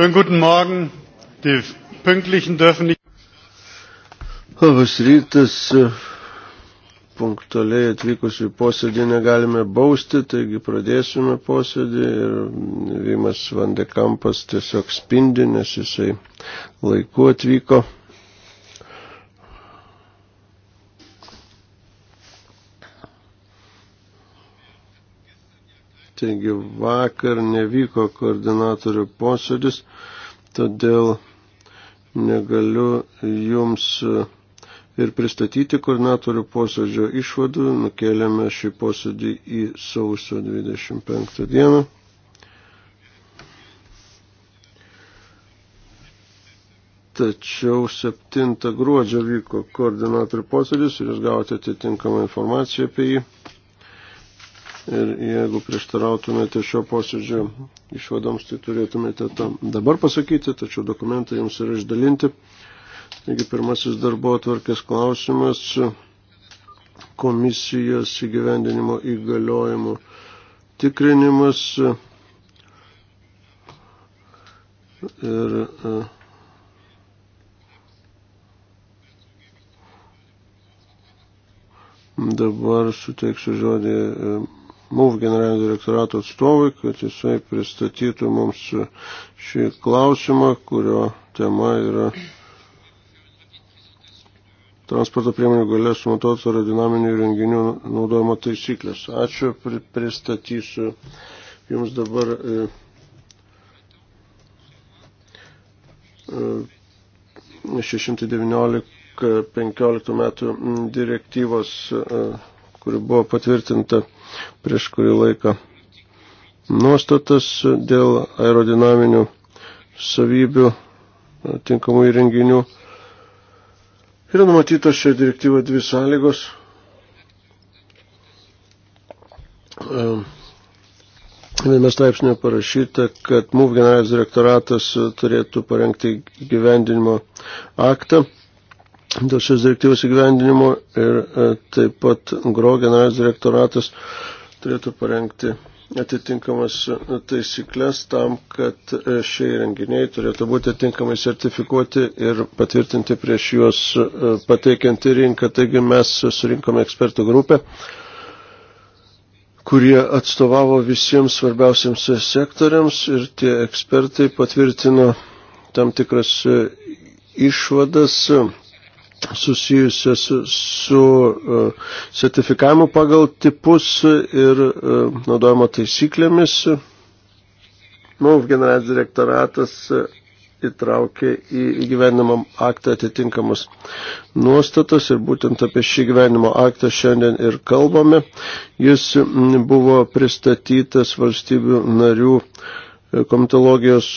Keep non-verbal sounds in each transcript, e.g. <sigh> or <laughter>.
Schönen guten Morgen. Die Pünktlichen dürfen nicht. Labas rytas. E, Punktualiai atvykusių į posėdį negalime bausti, taigi pradėsime posėdį ir Vimas Vandekampas tiesiog spindi, nes jisai laiku atvyko. Taigi vakar nevyko koordinatorių posėdis, todėl negaliu jums e, ir pristatyti koordinatorių posėdžio išvadų. Nukėlėme šį posėdį į sausio 25 dieną. Tačiau 7 gruodžio vyko koordinatorių posėdis ir jūs gavote atitinkamą informaciją apie jį. Ir jeigu prieštarautumėte šio posėdžio išvadoms, tai turėtumėte tam dabar pasakyti, tačiau dokumentai jums yra išdalinti. Taigi pirmasis darbo atvarkės klausimas komisijos įgyvendinimo įgaliojimų tikrinimas ir e, dabar suteiksiu žodį e, MUV generalinio direktorato atstovui, kad jisai pristatytų mums šį klausimą, kurio tema yra transporto priemonių galės sumatuotų aerodinaminių įrenginių naudojimo taisyklės. Ačiū, pristatysiu jums dabar e, e, 619-15 metų direktyvos e, kuri buvo patvirtinta prieš kurį laiką. Nuostatas dėl aerodinaminių savybių e, tinkamų įrenginių. Yra numatytos šioje direktyvoje dvi sąlygos. E, Viename straipsnėje parašyta, kad MUV generalinis direktoratas turėtų parengti gyvendinimo aktą dėl šios direktyvos įgyvendinimo ir e, taip pat GRO generalinis direktoratas turėtų parengti atitinkamas e, taisyklės tam, kad e, šie įrenginiai turėtų būti atitinkamai sertifikuoti ir patvirtinti prieš juos pateikiant į rinką. Taigi mes surinkome ekspertų grupę, kurie atstovavo visiems svarbiausiams sektoriams ir tie ekspertai patvirtino tam tikras išvadas susijusias su e, sertifikavimu pagal tipus ir e, naudojimo taisyklėmis. MUF nu, generalinis direktoratas e, įtraukė į gyvenimo aktą atitinkamas nuostatas ir būtent apie šį gyvenimo aktą šiandien ir kalbame. Jis buvo pristatytas valstybių narių komitologijos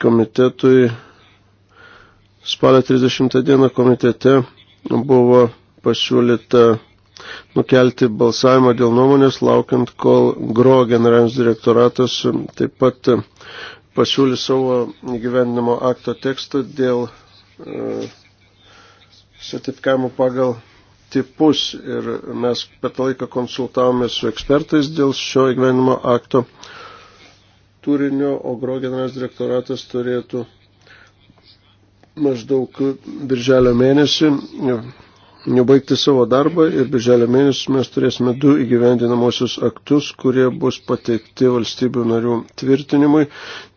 komitetui Spalio 30 dieną komitete buvo pasiūlyta nukelti balsavimą dėl nuomonės, laukiant, kol GRO generalinis direktoratas taip pat pasiūlys savo gyvenimo akto tekstą dėl e, sertifikavimo pagal tipus ir mes per tą laiką konsultavome su ekspertais dėl šio gyvenimo akto turinio, o GRO generalinis direktoratas turėtų maždaug birželio mėnesį nebaigti savo darbą ir birželio mėnesį mes turėsime du įgyvendinamosius aktus, kurie bus pateikti valstybių narių tvirtinimui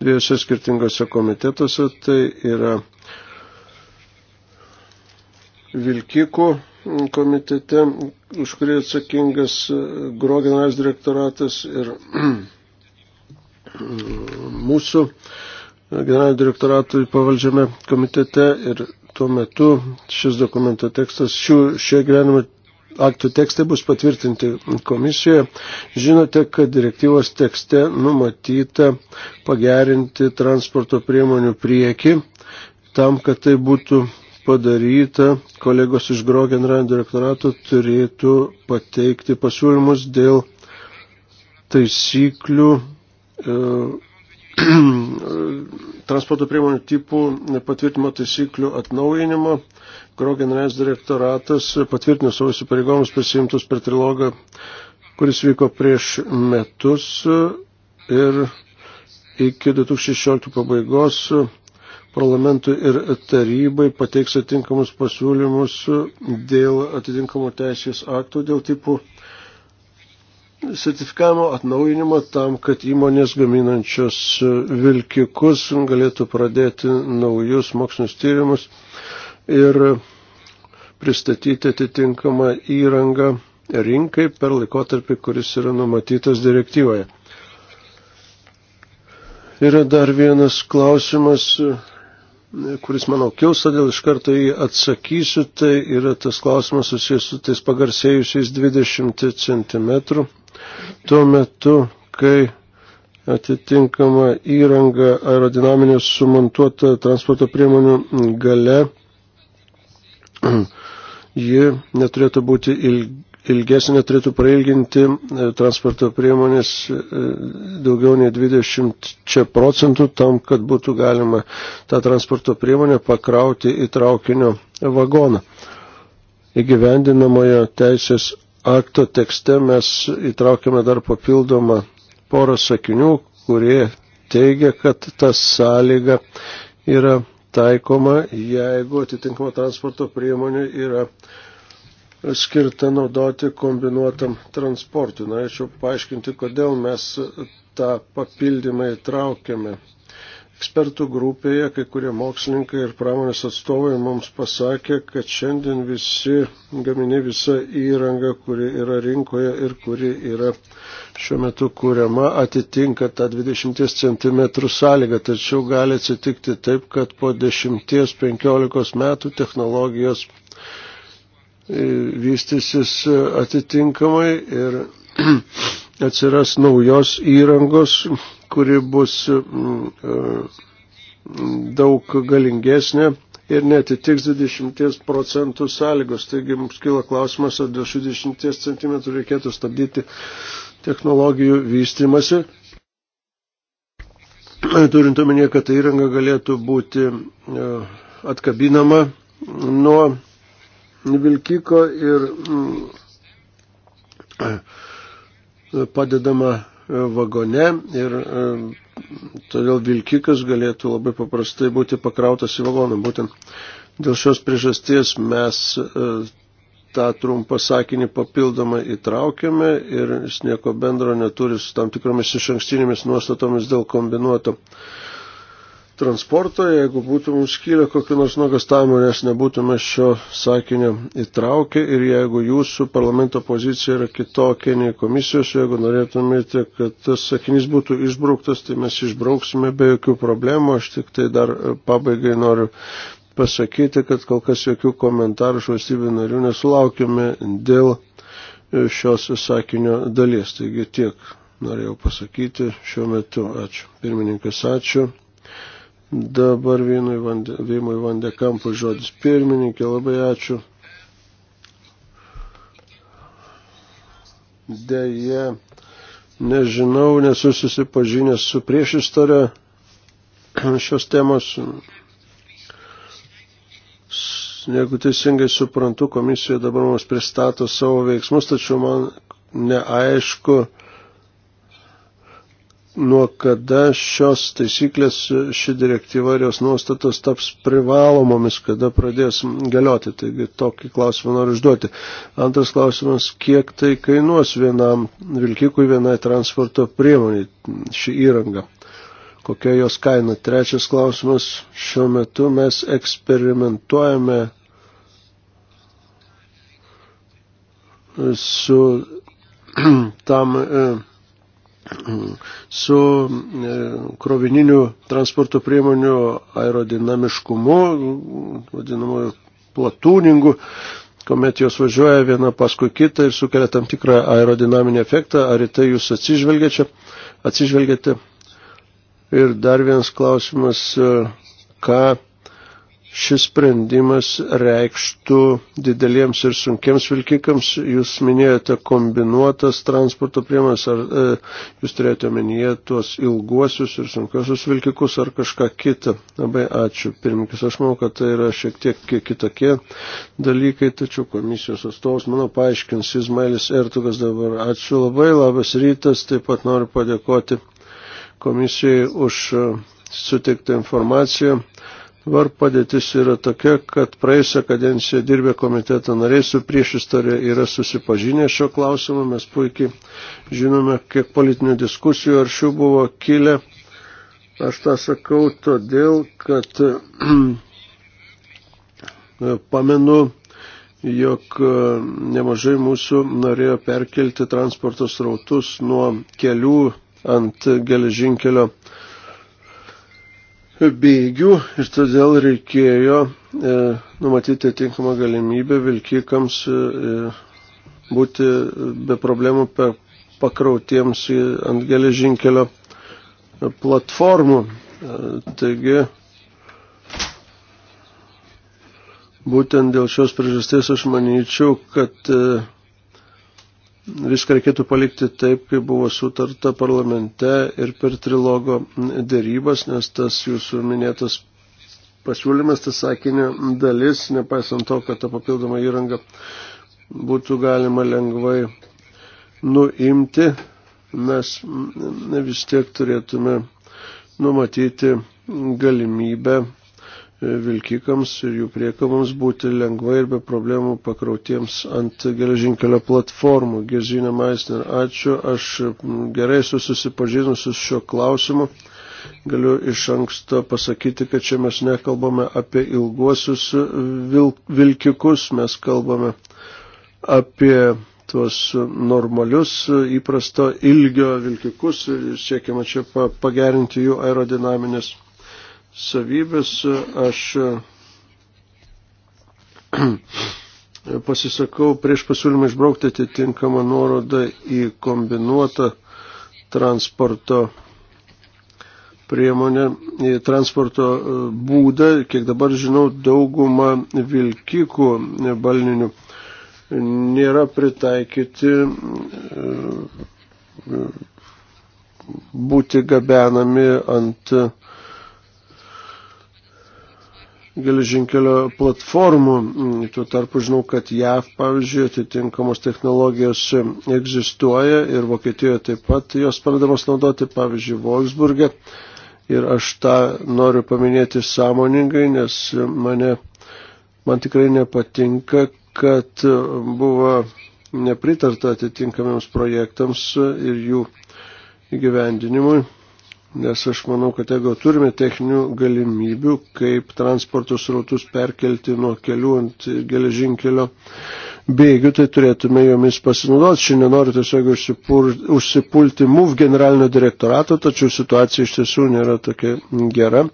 dviejose skirtingose komitetuose. Tai yra Vilkiko komitete, už kurį atsakingas GRO generalinis direktoratas ir <clears throat> mūsų generalinio direktoratui pavaldžiame komitete ir tuo metu šis dokumento tekstas, šių, šie gyvenimo aktų tekstai bus patvirtinti komisijoje. Žinote, kad direktyvos tekste numatyta pagerinti transporto priemonių priekį tam, kad tai būtų padaryta, kolegos iš GRO generalinio direktorato turėtų pateikti pasiūlymus dėl taisyklių e, <clears throat> transporto priemonių tipų patvirtimo taisyklių atnaujinimo, kurio generalinis direktoratas patvirtino savo įsipareigomus pasiimtus per trilogą, kuris vyko prieš metus ir iki 2016 pabaigos parlamentui ir tarybai pateiks atitinkamus pasiūlymus dėl atitinkamų teisės aktų, dėl tipų sertifikavimo atnaujinimo tam, kad įmonės gaminančios vilkikus galėtų pradėti naujus mokslinius tyrimus ir pristatyti atitinkamą įrangą rinkai per laikotarpį, kuris yra numatytas direktyvoje. Yra dar vienas klausimas, kuris, manau, kils, todėl iš karto jį atsakysiu. Tai yra tas klausimas susijęs su tais pagarsėjusiais 20 cm Tuo metu, kai atitinkama įranga aerodinaminė sumontuota transporto priemonių gale, <clears throat> ji neturėtų būti ilgesnė, neturėtų prailginti e, transporto priemonės e, daugiau nei 20 procentų tam, kad būtų galima tą transporto priemonę pakrauti į traukinio vagoną. Įgyvendinamojo teisės akto tekste mes įtraukėme dar papildomą porą sakinių, kurie teigia, kad ta sąlyga yra taikoma, jeigu atitinkama transporto priemonė yra skirta naudoti kombinuotam transportui. Norėčiau paaiškinti, kodėl mes tą papildymą įtraukėme. Ekspertų grupėje kai kurie mokslininkai ir pramonės atstovai mums pasakė, kad šiandien visi gaminiai, visa įranga, kuri yra rinkoje ir kuri yra šiuo metu kuriama, atitinka tą 20 cm sąlygą. Tačiau gali atsitikti taip, kad po 10-15 metų technologijos e, vystysis e, atitinkamai ir <clears throat> atsiras naujos įrangos, kuri bus mm, e, daug galingesnė ir netitiks 20 procentų sąlygos. Taigi mums kila klausimas, ar dėl 60 cm reikėtų stabdyti technologijų vystimasi. Turint omenyje, kad ta įranga galėtų būti e, atkabinama nuo vilkiko ir mm, e, padedama E, vagone ir e, todėl vilkikas galėtų labai paprastai būti pakrautas į vagoną. Būtent dėl šios priežasties mes e, tą trumpą sakinį papildomai įtraukiame ir jis nieko bendro neturi su tam tikromis iš ankstinėmis nuostatomis dėl kombinuoto transporto, jeigu būtų mums kilę kokiu nors nuogastavimu, nes nebūtume šio sakinio įtraukę ir jeigu jūsų parlamento pozicija yra kitokia nei komisijos, jeigu norėtumėte, kad tas sakinys būtų išbrauktas, tai mes išbrauksime be jokių problemų. Aš tik tai dar pabaigai noriu pasakyti, kad kol kas jokių komentarų iš valstybių narių nesulaukime dėl šios sakinio dalies. Taigi tiek norėjau pasakyti šiuo metu. Ačiū. Pirmininkas, ačiū. Dabar Vimui Vandekampui vande žodis pirmininkė, labai ačiū. Deja, nežinau, nesu susipažinęs su priešistorė šios temos. Jeigu teisingai suprantu, komisija dabar mums pristato savo veiksmus, tačiau man neaišku, nuo kada šios taisyklės, ši direktyva ir jos nuostatos taps privalomomis, kada pradės galioti. Taigi tokį klausimą noriu užduoti. Antras klausimas, kiek tai kainuos vienam vilkikui, vienai transporto priemoniai ši įranga kokia jos kaina. Trečias klausimas, šiuo metu mes eksperimentuojame su <clears throat> tam e, su e, krovininių transporto priemonių aerodinamiškumu, vadinamoju platūningu, kuomet jos važiuoja viena paskui kitą ir sukelia tam tikrą aerodinaminį efektą. Ar į tai jūs atsižvelgiate? atsižvelgiate? Ir dar vienas klausimas, e, ką šis sprendimas reikštų dideliems ir sunkiems vilkikams. Jūs minėjote kombinuotas transporto priemonės, ar e, jūs turėjote omenyje tuos ilguosius ir sunkiosius vilkikus ar kažką kitą. Labai ačiū. Pirmininkas, aš manau, kad tai yra šiek tiek kitokie dalykai, tačiau komisijos atstovas, manau, paaiškins Izmailis Ertugas dabar. Ačiū labai, labas rytas, taip pat noriu padėkoti komisijai už e, suteiktą informaciją. Dabar padėtis yra tokia, kad praėjusią kadenciją dirbę komiteto nariai su priešistorė yra susipažinę šio klausimu. Mes puikiai žinome, kiek politinių diskusijų ar šių buvo kilę. Aš tą sakau todėl, kad <clears throat> pamenu, jog nemažai mūsų norėjo perkelti transporto srautus nuo kelių ant geležinkelio bėgių ir todėl reikėjo e, numatyti atinkamą galimybę vilkikams e, būti be problemų per pakrautiems ant geležinkelio platformų. E, taigi, būtent dėl šios priežasties aš manyčiau, kad e, viską reikėtų palikti taip, kaip buvo sutarta parlamente ir per trilogo dėrybas, nes tas jūsų minėtas pasiūlymas, tas sakinio dalis, nepaisant to, kad tą papildomą įrangą būtų galima lengvai nuimti, mes vis tiek turėtume numatyti galimybę E, vilkikams ir jų priekabams būti lengvai ir be problemų pakrautiems ant geležinkelio platformų. Gezinė Maisner, ačiū, aš gerai esu susipažinusius šio klausimu. Galiu iš anksto pasakyti, kad čia mes nekalbame apie ilguosius e, vil, vilkikus, mes kalbame apie tuos normalius įprasto ilgio vilkikus ir siekiama čia pagerinti jų aerodinaminės savybės aš <clears throat> pasisakau prieš pasiūlymą išbraukti atitinkamą nuorodą į kombinuotą transporto priemonę, į transporto e, būdą. Kiek dabar žinau, dauguma vilkikų balninių nėra pritaikyti e, e, būti gabenami ant uh, geležinkelio platformų. Tuo tarpu žinau, kad JAV, pavyzdžiui, atitinkamos technologijos egzistuoja ir Vokietijoje taip pat jos pradamos naudoti, pavyzdžiui, Volksburgė. Ir aš tą noriu paminėti sąmoningai, nes mane, man tikrai nepatinka, kad buvo nepritarta atitinkamiems projektams ir jų įgyvendinimui nes aš manau, kad jeigu turime techninių galimybių, kaip transporto srautus perkelti nuo kelių ant geležinkelio bėgių, tai turėtume jomis pasinaudoti. Šiandien noriu tiesiog užsipulti MUV generalinio direktorato, tačiau situacija iš tiesų nėra tokia gera,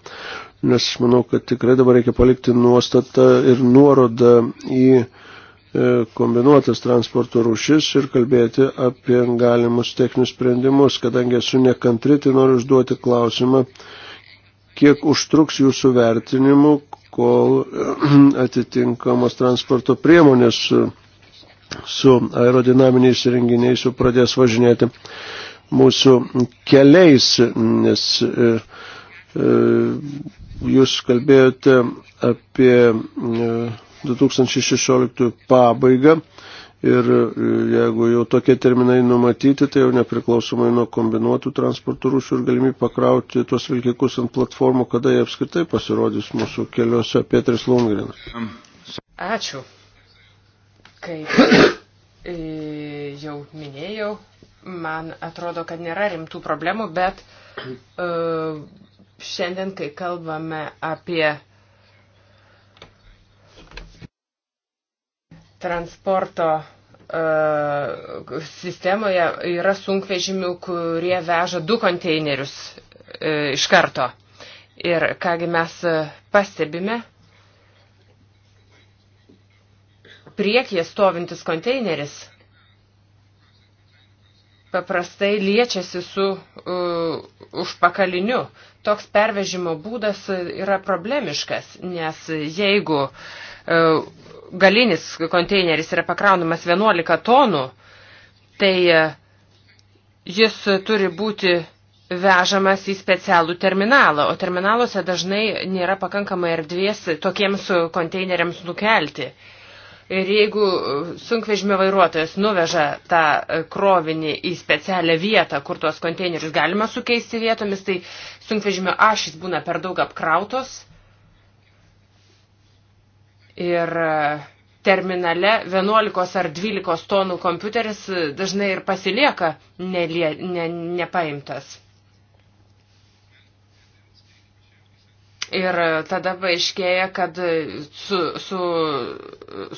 nes manau, kad tikrai dabar reikia palikti nuostatą ir nuorodą į E, kombinuotas transporto rūšis ir kalbėti apie galimus techninius sprendimus. Kadangi esu nekantri, tai noriu užduoti klausimą, kiek užtruks jūsų vertinimu, kol e, <clears throat> atitinkamos transporto priemonės e, su aerodinaminiais renginiais jau pradės važinėti mūsų keliais, nes jūs kalbėjote apie 2016 pabaigą. Ir e, jeigu jau tokie terminai numatyti, tai jau nepriklausomai nuo kombinuotų transporto rūšių ir galimybę pakrauti tuos vilkikus ant platformų, kada jie apskritai pasirodys mūsų keliuose Pietris Lungrinas. Ačiū. Kaip e, jau minėjau, man atrodo, kad nėra rimtų problemų, bet e, šiandien, kai kalbame apie transporto e, sistemoje yra sunkvežimių, kurie veža du konteinerius e, iš karto. Ir kągi mes pastebime, priekyje stovintis konteineris paprastai liečiasi su uh, užpakaliniu. Toks pervežimo būdas yra problemiškas, nes jeigu uh, galinis konteineris yra pakraunamas 11 tonų, tai e, jis turi būti vežamas į specialų terminalą, o terminaluose dažnai nėra pakankamai erdvės tokiems konteineriams nukelti. Ir jeigu sunkvežimio vairuotojas nuveža tą krovinį į specialią vietą, kur tuos konteinerius galima sukeisti vietomis, tai sunkvežimio ašys būna per daug apkrautos Ir e, terminale 11 ar 12 tonų kompiuteris e, dažnai ir pasilieka nelie, ne, nepaimtas. Ir e, tada paaiškėja, kad su, su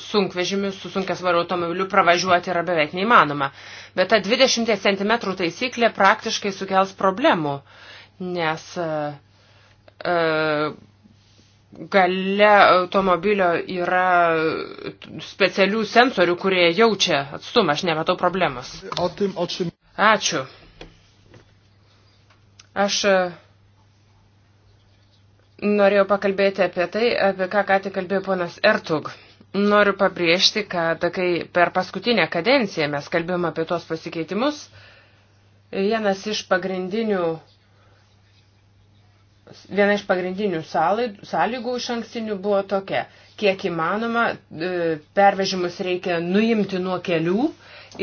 sunkvežimiu, su sunkiasvariu automobiliu pravažiuoti yra beveik neįmanoma. Bet ta 20 cm taisyklė praktiškai sukels problemų, nes uh, e, uh, e, gale automobilio yra specialių sensorių, kurie jaučia atstumą. Aš nematau problemos. Ačiū. Aš e, norėjau pakalbėti apie tai, apie ką ką tik kalbėjo ponas Ertug. Noriu pabrėžti, kad kai per paskutinę kadenciją mes kalbėjom apie tuos pasikeitimus, vienas iš pagrindinių viena iš pagrindinių sąlygų iš ankstinių buvo tokia. Kiek įmanoma, e, pervežimus reikia nuimti nuo kelių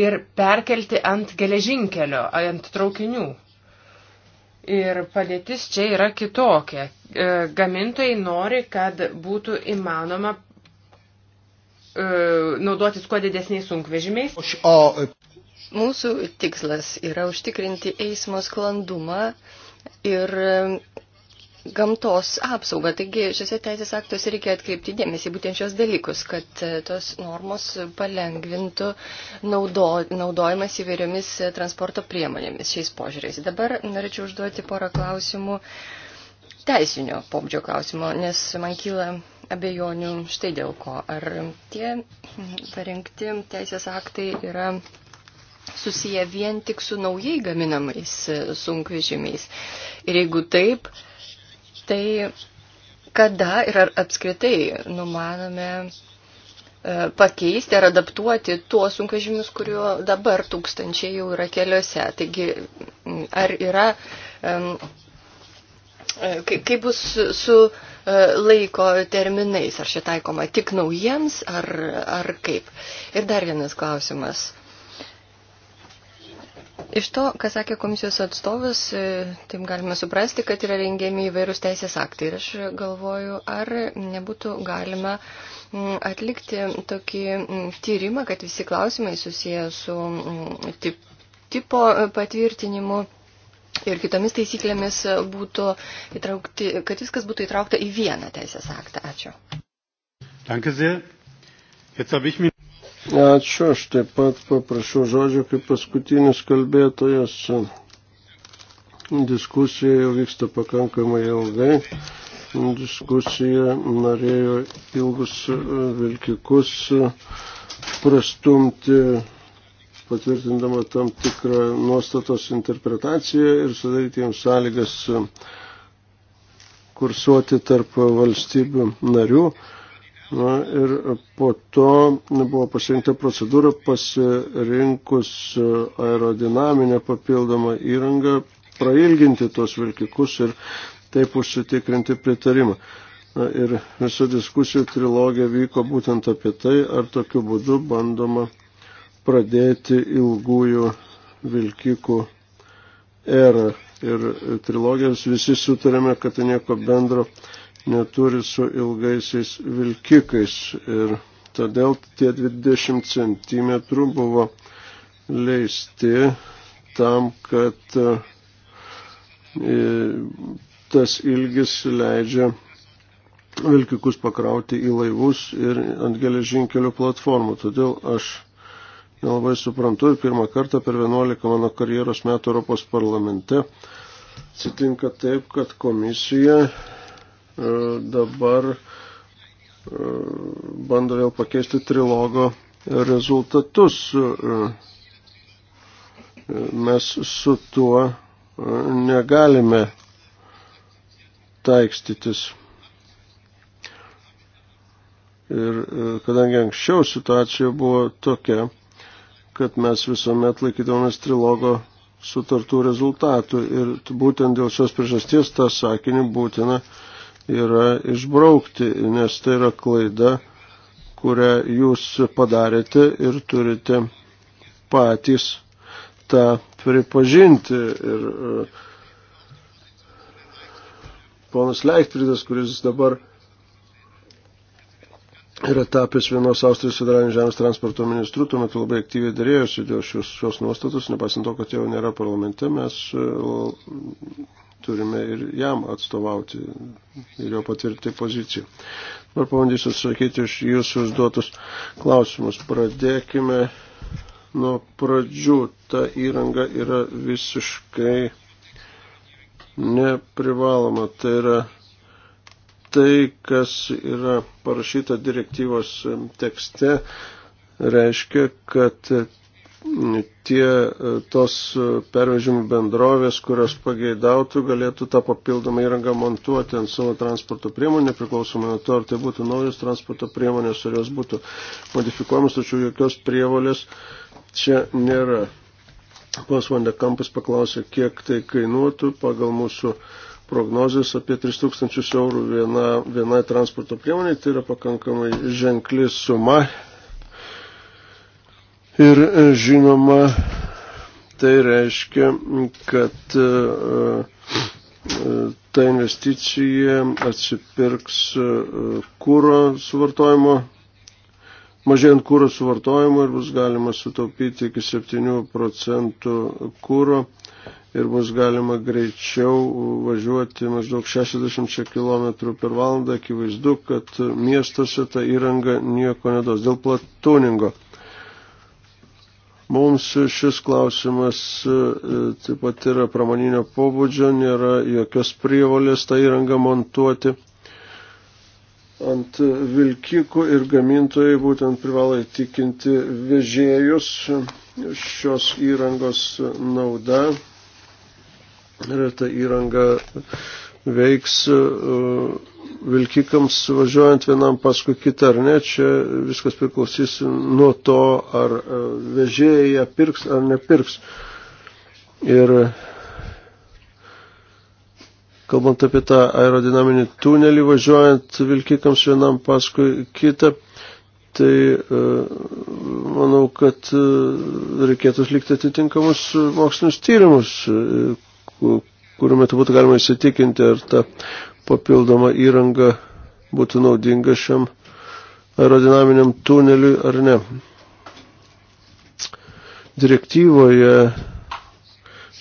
ir perkelti ant geležinkelio, ant traukinių. Ir padėtis čia yra kitokia. E, gamintojai nori, kad būtų įmanoma e, naudotis kuo didesniais sunkvežimiais. Mūsų tikslas yra užtikrinti eismo sklandumą ir gamtos apsaugą. Taigi šiuose teisės aktuose reikia atkreipti dėmesį būtent šios dalykus, kad e, tos normos palengvintų naudo, naudojimas įvairiomis e, transporto priemonėmis šiais požiūriais. Dabar norėčiau užduoti porą klausimų teisinio pobūdžio klausimo, nes man kyla abejonių štai dėl ko. Ar tie parengti teisės aktai yra susiję vien tik su naujai gaminamais e, sunkvežimiais? Ir jeigu taip, Tai kada ir ar apskritai numanome e, pakeisti ar adaptuoti tuos sunkvežimius, kuriuo dabar tūkstančiai jau yra keliuose. Taigi, ar yra, e, kaip bus su e, laiko terminais, ar šitaikoma tik naujiems, ar, ar kaip. Ir dar vienas klausimas. Iš to, ką sakė komisijos atstovas, e, taip galima suprasti, kad yra rengiami įvairūs teisės aktai. Ir aš galvoju, ar nebūtų galima atlikti tokį tyrimą, kad visi klausimai susiję su tip, tipo patvirtinimu. Ir kitomis taisyklėmis būtų įtraukti, kad viskas būtų įtraukta į vieną teisės aktą. Ačiū. Danke sehr. Jetzt habe ich mich Ačiū, aš taip pat paprašau žodžio, kaip paskutinis kalbėtojas. Diskusija jau vyksta pakankamai ilgai. Diskusija norėjo ilgus e, vilkikus e, prastumti patvirtindama tam tikrą nuostatos interpretaciją ir sudaryti jiems sąlygas e, kursuoti tarp valstybių narių. Na ir po to buvo pasirinkta procedūra pasirinkus aerodinaminę papildomą įrangą, prailginti tos vilkikus ir taip užsitikrinti pritarimą. Na, ir visa diskusijų trilogija vyko būtent apie tai, ar tokiu būdu bandoma pradėti ilgųjų vilkikų erą. Ir trilogijos visi sutarėme, kad tai nieko bendro neturi su ilgaisiais vilkikais. Ir todėl tie 20 cm buvo leisti tam, kad e, tas ilgis leidžia vilkikus pakrauti į laivus ir ant geležinkelių platformų. Todėl aš nelabai suprantu ir pirmą kartą per 11 mano karjeros metų Europos parlamente atsitinka taip, kad komisija E, dabar e, bando vėl pakeisti trilogo rezultatus. E, mes su tuo negalime taikstytis. Ir kadangi anksčiau situacija buvo tokia, kad mes visuomet laikydavomės trilogo sutartų rezultatų ir būtent dėl šios priežasties tą sakinį būtina uh, yra išbraukti, nes tai yra klaida, kurią jūs padarėte ir turite patys tą pripažinti. Ir e, ponas Leichtfriedas, kuris dabar yra tapęs vienos Austrijos federalinės žemės transporto ministru, tuo metu labai aktyviai dėrėjosi dėl šios, šios nuostatos, nepasinto, kad jau nėra parlamente, mes e, turime ir jam atstovauti ir jo patvirti poziciją. Dabar pabandysiu atsakyti iš jūsų užduotus klausimus. Pradėkime nuo pradžių. Ta įranga yra visiškai neprivaloma. Tai yra tai, kas yra parašyta direktyvos tekste, reiškia, kad tie e, tos e, pervežimų bendrovės, kurios pageidautų, galėtų tą papildomą įrangą montuoti ant savo transporto priemonių, priklausomai nuo to, ar tai būtų naujos transporto priemonės, ar jos būtų modifikuojamos, tačiau jokios prievolės čia nėra. Pas Vandekampas paklausė, kiek tai kainuotų pagal mūsų prognozijas apie 3000 eurų viena, vienai transporto priemoniai, tai yra pakankamai ženkli suma Ir e, žinoma, tai reiškia, kad e, e, ta investicija atsipirks kūro suvartojimo, mažėjant kūro suvartojimo ir bus galima sutaupyti iki 7 procentų kūro ir bus galima greičiau važiuoti maždaug 60 km per valandą. Akivaizdu, kad miestuose ta įranga nieko nedos dėl platuningo. Mums šis klausimas e, e, taip pat yra pramoninio pobūdžio, nėra jokios prievolės tą įrangą montuoti ant vilkikų ir gamintojai būtent privalo įtikinti vežėjus šios įrangos nauda. Ir ta įranga veiks e, vilkikams važiuojant vienam paskui kitą ar ne, čia viskas priklausys nuo to, ar e, vežėjai ją pirks ar nepirks. Ir kalbant apie tą aerodinaminį tunelį važiuojant vilkikams vienam paskui kitą, tai e, manau, kad reikėtų atlikti atitinkamus mokslinius tyrimus, kuriuo metu būtų galima įsitikinti, ar ta papildoma įranga būtų naudinga šiam aerodinaminiam tuneliui ar ne. Direktyvoje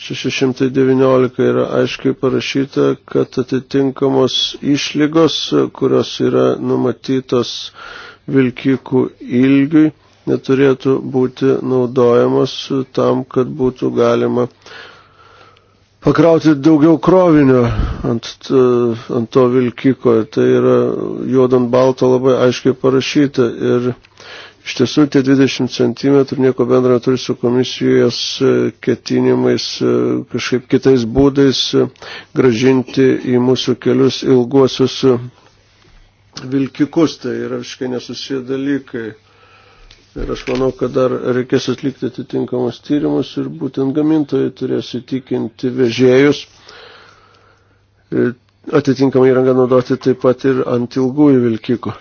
619 yra aiškiai parašyta, kad atitinkamos išlygos, kurios yra numatytos vilkikų ilgiui, neturėtų būti naudojamos tam, kad būtų galima uh, pakrauti daugiau krovinio ant, ant to vilkiko. Tai yra juodant balto labai aiškiai parašyta. Ir iš tiesų tie 20 cm nieko bendra turi su komisijos e, ketinimais e, kažkaip kitais būdais e, gražinti į mūsų kelius ilguosius vilkikus. Tai yra visiškai nesusiję dalykai. Ir aš manau, kad dar reikės atlikti atitinkamus tyrimus ir būtent gamintojai turės įtikinti vežėjus atitinkamą įrangą naudoti taip pat ir ant ilgųjų vilkikų.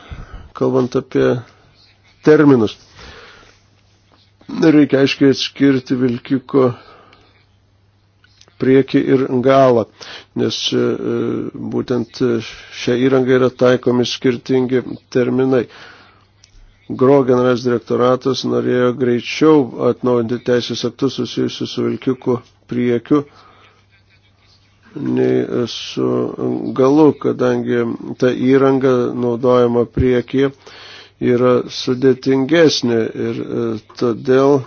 Kalbant apie terminus, reikia aiškiai atskirti vilkiko priekį ir galą, nes e, būtent e, šią įrangą yra taikomi skirtingi terminai. GRO generalinis direktoratas norėjo greičiau atnaujinti teisės aktus susijusius su vilkiku priekiu nei su galu, kadangi ta įranga naudojama priekyje yra sudėtingesnė ir e, todėl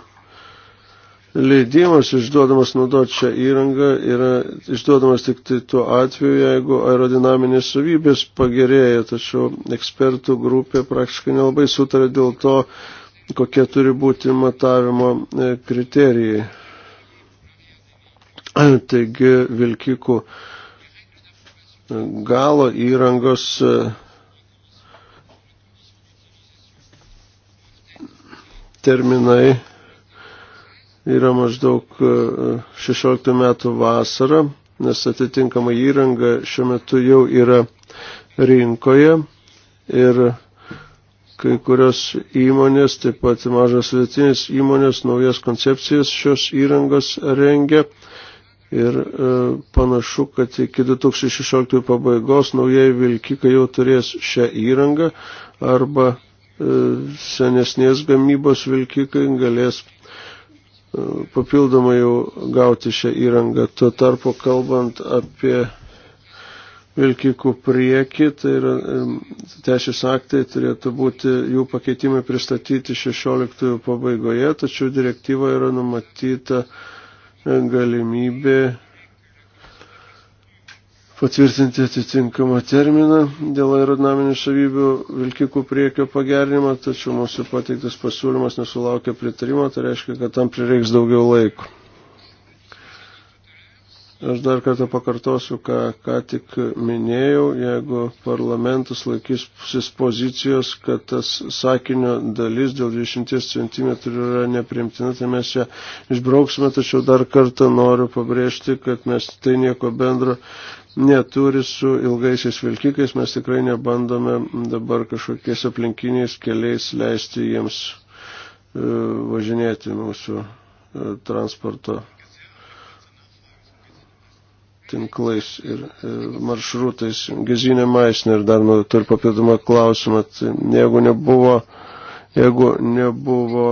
Leidimas išduodamas naudoti šią įrangą yra išduodamas tik tai tuo atveju, jeigu aerodinaminės savybės pagerėja, tačiau ekspertų grupė praktiškai nelabai sutarė dėl to, kokie turi būti matavimo e, kriterijai. <clears throat> Taigi vilkikų e, galo įrangos e, terminai yra maždaug 16 e, metų vasara, nes atitinkama įranga šiuo metu jau yra rinkoje ir kai kurios įmonės, taip pat mažas vietinės įmonės, naujas koncepcijas šios įrangos rengia. Ir e, panašu, kad iki 2016 pabaigos naujai vilkikai jau turės šią įrangą arba e, senesnės gamybos vilkikai galės papildomai jau gauti šią įrangą. Tuo tarpu kalbant apie vilkikų priekį, tai yra teisės aktai turėtų būti jų pakeitimai pristatyti 16 pabaigoje, tačiau direktyva yra numatyta galimybė patvirtinti atitinkamą terminą dėl aerodinaminių savybių vilkikų priekio pagerinimo, tačiau mūsų pateiktas pasiūlymas nesulaukė pritarimo, tai reiškia, kad tam prireiks daugiau laiko. Aš dar kartą pakartosiu, ką, ką tik minėjau, jeigu parlamentas laikysis pozicijos, kad tas sakinio dalis dėl 20 cm yra neprimtina, tai mes ją išbrauksime, tačiau dar kartą noriu pabrėžti, kad mes tai nieko bendro neturi su ilgaisiais vilkikais, mes tikrai nebandome dabar kažkokiais aplinkiniais keliais leisti jiems e, važinėti mūsų e, transporto tinklais ir e, maršrutais. Gezinė Maisner dar turi papildomą klausimą. Tai jeigu nebuvo, jeigu nebuvo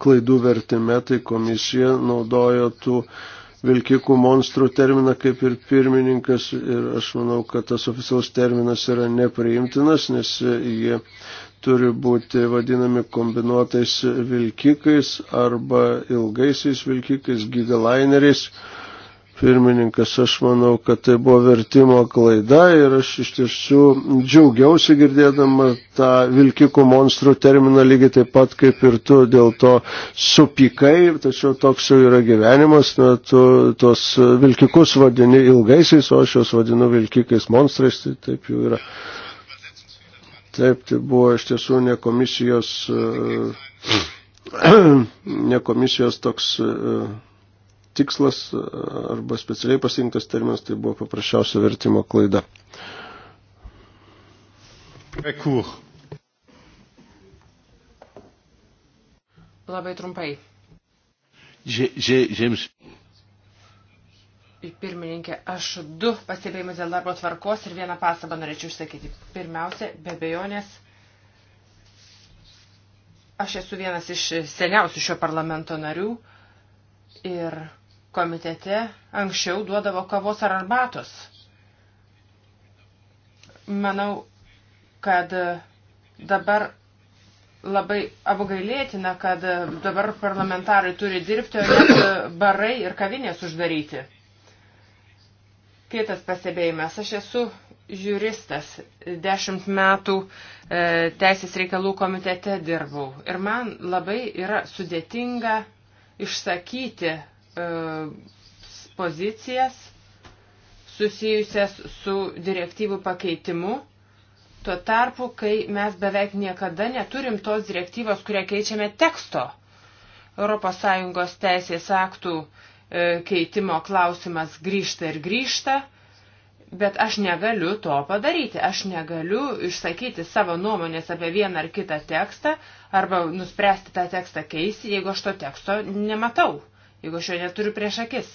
klaidų vertime, tai komisija naudojo tų uh, vilkikų monstrų terminą kaip ir pirmininkas ir aš manau, kad tas oficialus terminas yra nepriimtinas, nes jie turi būti vadinami kombinuotais vilkikais arba ilgaisiais vilkikais, gigalaineriais pirmininkas, aš manau, kad tai buvo vertimo klaida ir aš iš tiesų džiaugiausi girdėdama tą vilkikų monstrų terminą lygiai taip pat kaip ir tu dėl to supykai, tačiau toks jau yra gyvenimas, na, tu tos vilkikus vadini ilgaisiais, o aš juos vadinu vilkikais monstrais, tai taip jau yra. Taip, tai buvo iš tiesų ne komisijos, <clears throat> ne komisijos toks tikslas e, arba specialiai pasirinktas terminas, tai buvo paprasčiausia vertimo klaida. Rekur. Labai trumpai. Žems. Pirmininkė, aš du pastebėjimus dėl darbo tvarkos ir vieną pastabą norėčiau išsakyti. Pirmiausia, be bejonės, aš esu vienas iš seniausių šio parlamento narių ir komitete anksčiau duodavo kavos ar arbatos. Manau, kad dabar labai apgailėtina, kad dabar parlamentarai turi dirbti, o net barai ir kavinės uždaryti. Kitas pastebėjimas. Aš esu juristas, dešimt metų e, Teisės reikalų komitete dirbau. Ir man labai yra sudėtinga išsakyti E, pozicijas susijusias su direktyvų pakeitimu. Tuo tarpu, kai mes beveik niekada neturim tos direktyvos, kurią keičiame teksto. ES teisės aktų e, keitimo klausimas grįžta ir grįžta, bet aš negaliu to padaryti. Aš negaliu išsakyti savo nuomonės apie vieną ar kitą tekstą arba nuspręsti tą tekstą keisti, jeigu aš to teksto nematau jeigu aš jo neturiu prieš akis.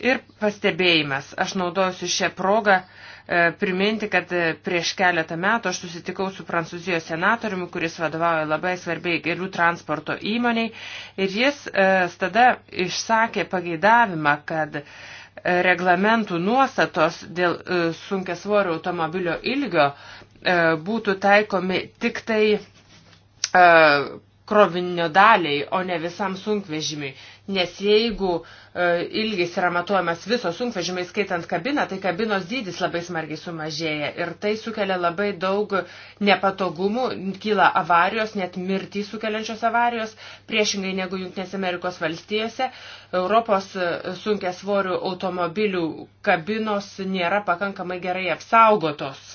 Ir pastebėjimas, aš naudosiu šią progą e, priminti, kad e, prieš keletą metų aš susitikau su prancūzijos senatoriumi, kuris vadovauja labai svarbiai gėlių transporto įmoniai ir jis e, tada išsakė pageidavimą, kad e, reglamentų nuostatos dėl e, sunkiasvorio automobilio ilgio e, būtų taikomi tik tai e, krovinio daliai, o ne visam sunkvežimiui. Nes jeigu e, ilgis yra matuojamas viso sunkvežimiai skaitant kabiną, tai kabinos dydis labai smarkiai sumažėja ir tai sukelia labai daug nepatogumų, kyla avarijos, net mirtį sukeliančios avarijos, priešingai negu Junktinės Amerikos valstijose. Europos e, sunkia svorių automobilių kabinos nėra pakankamai gerai apsaugotos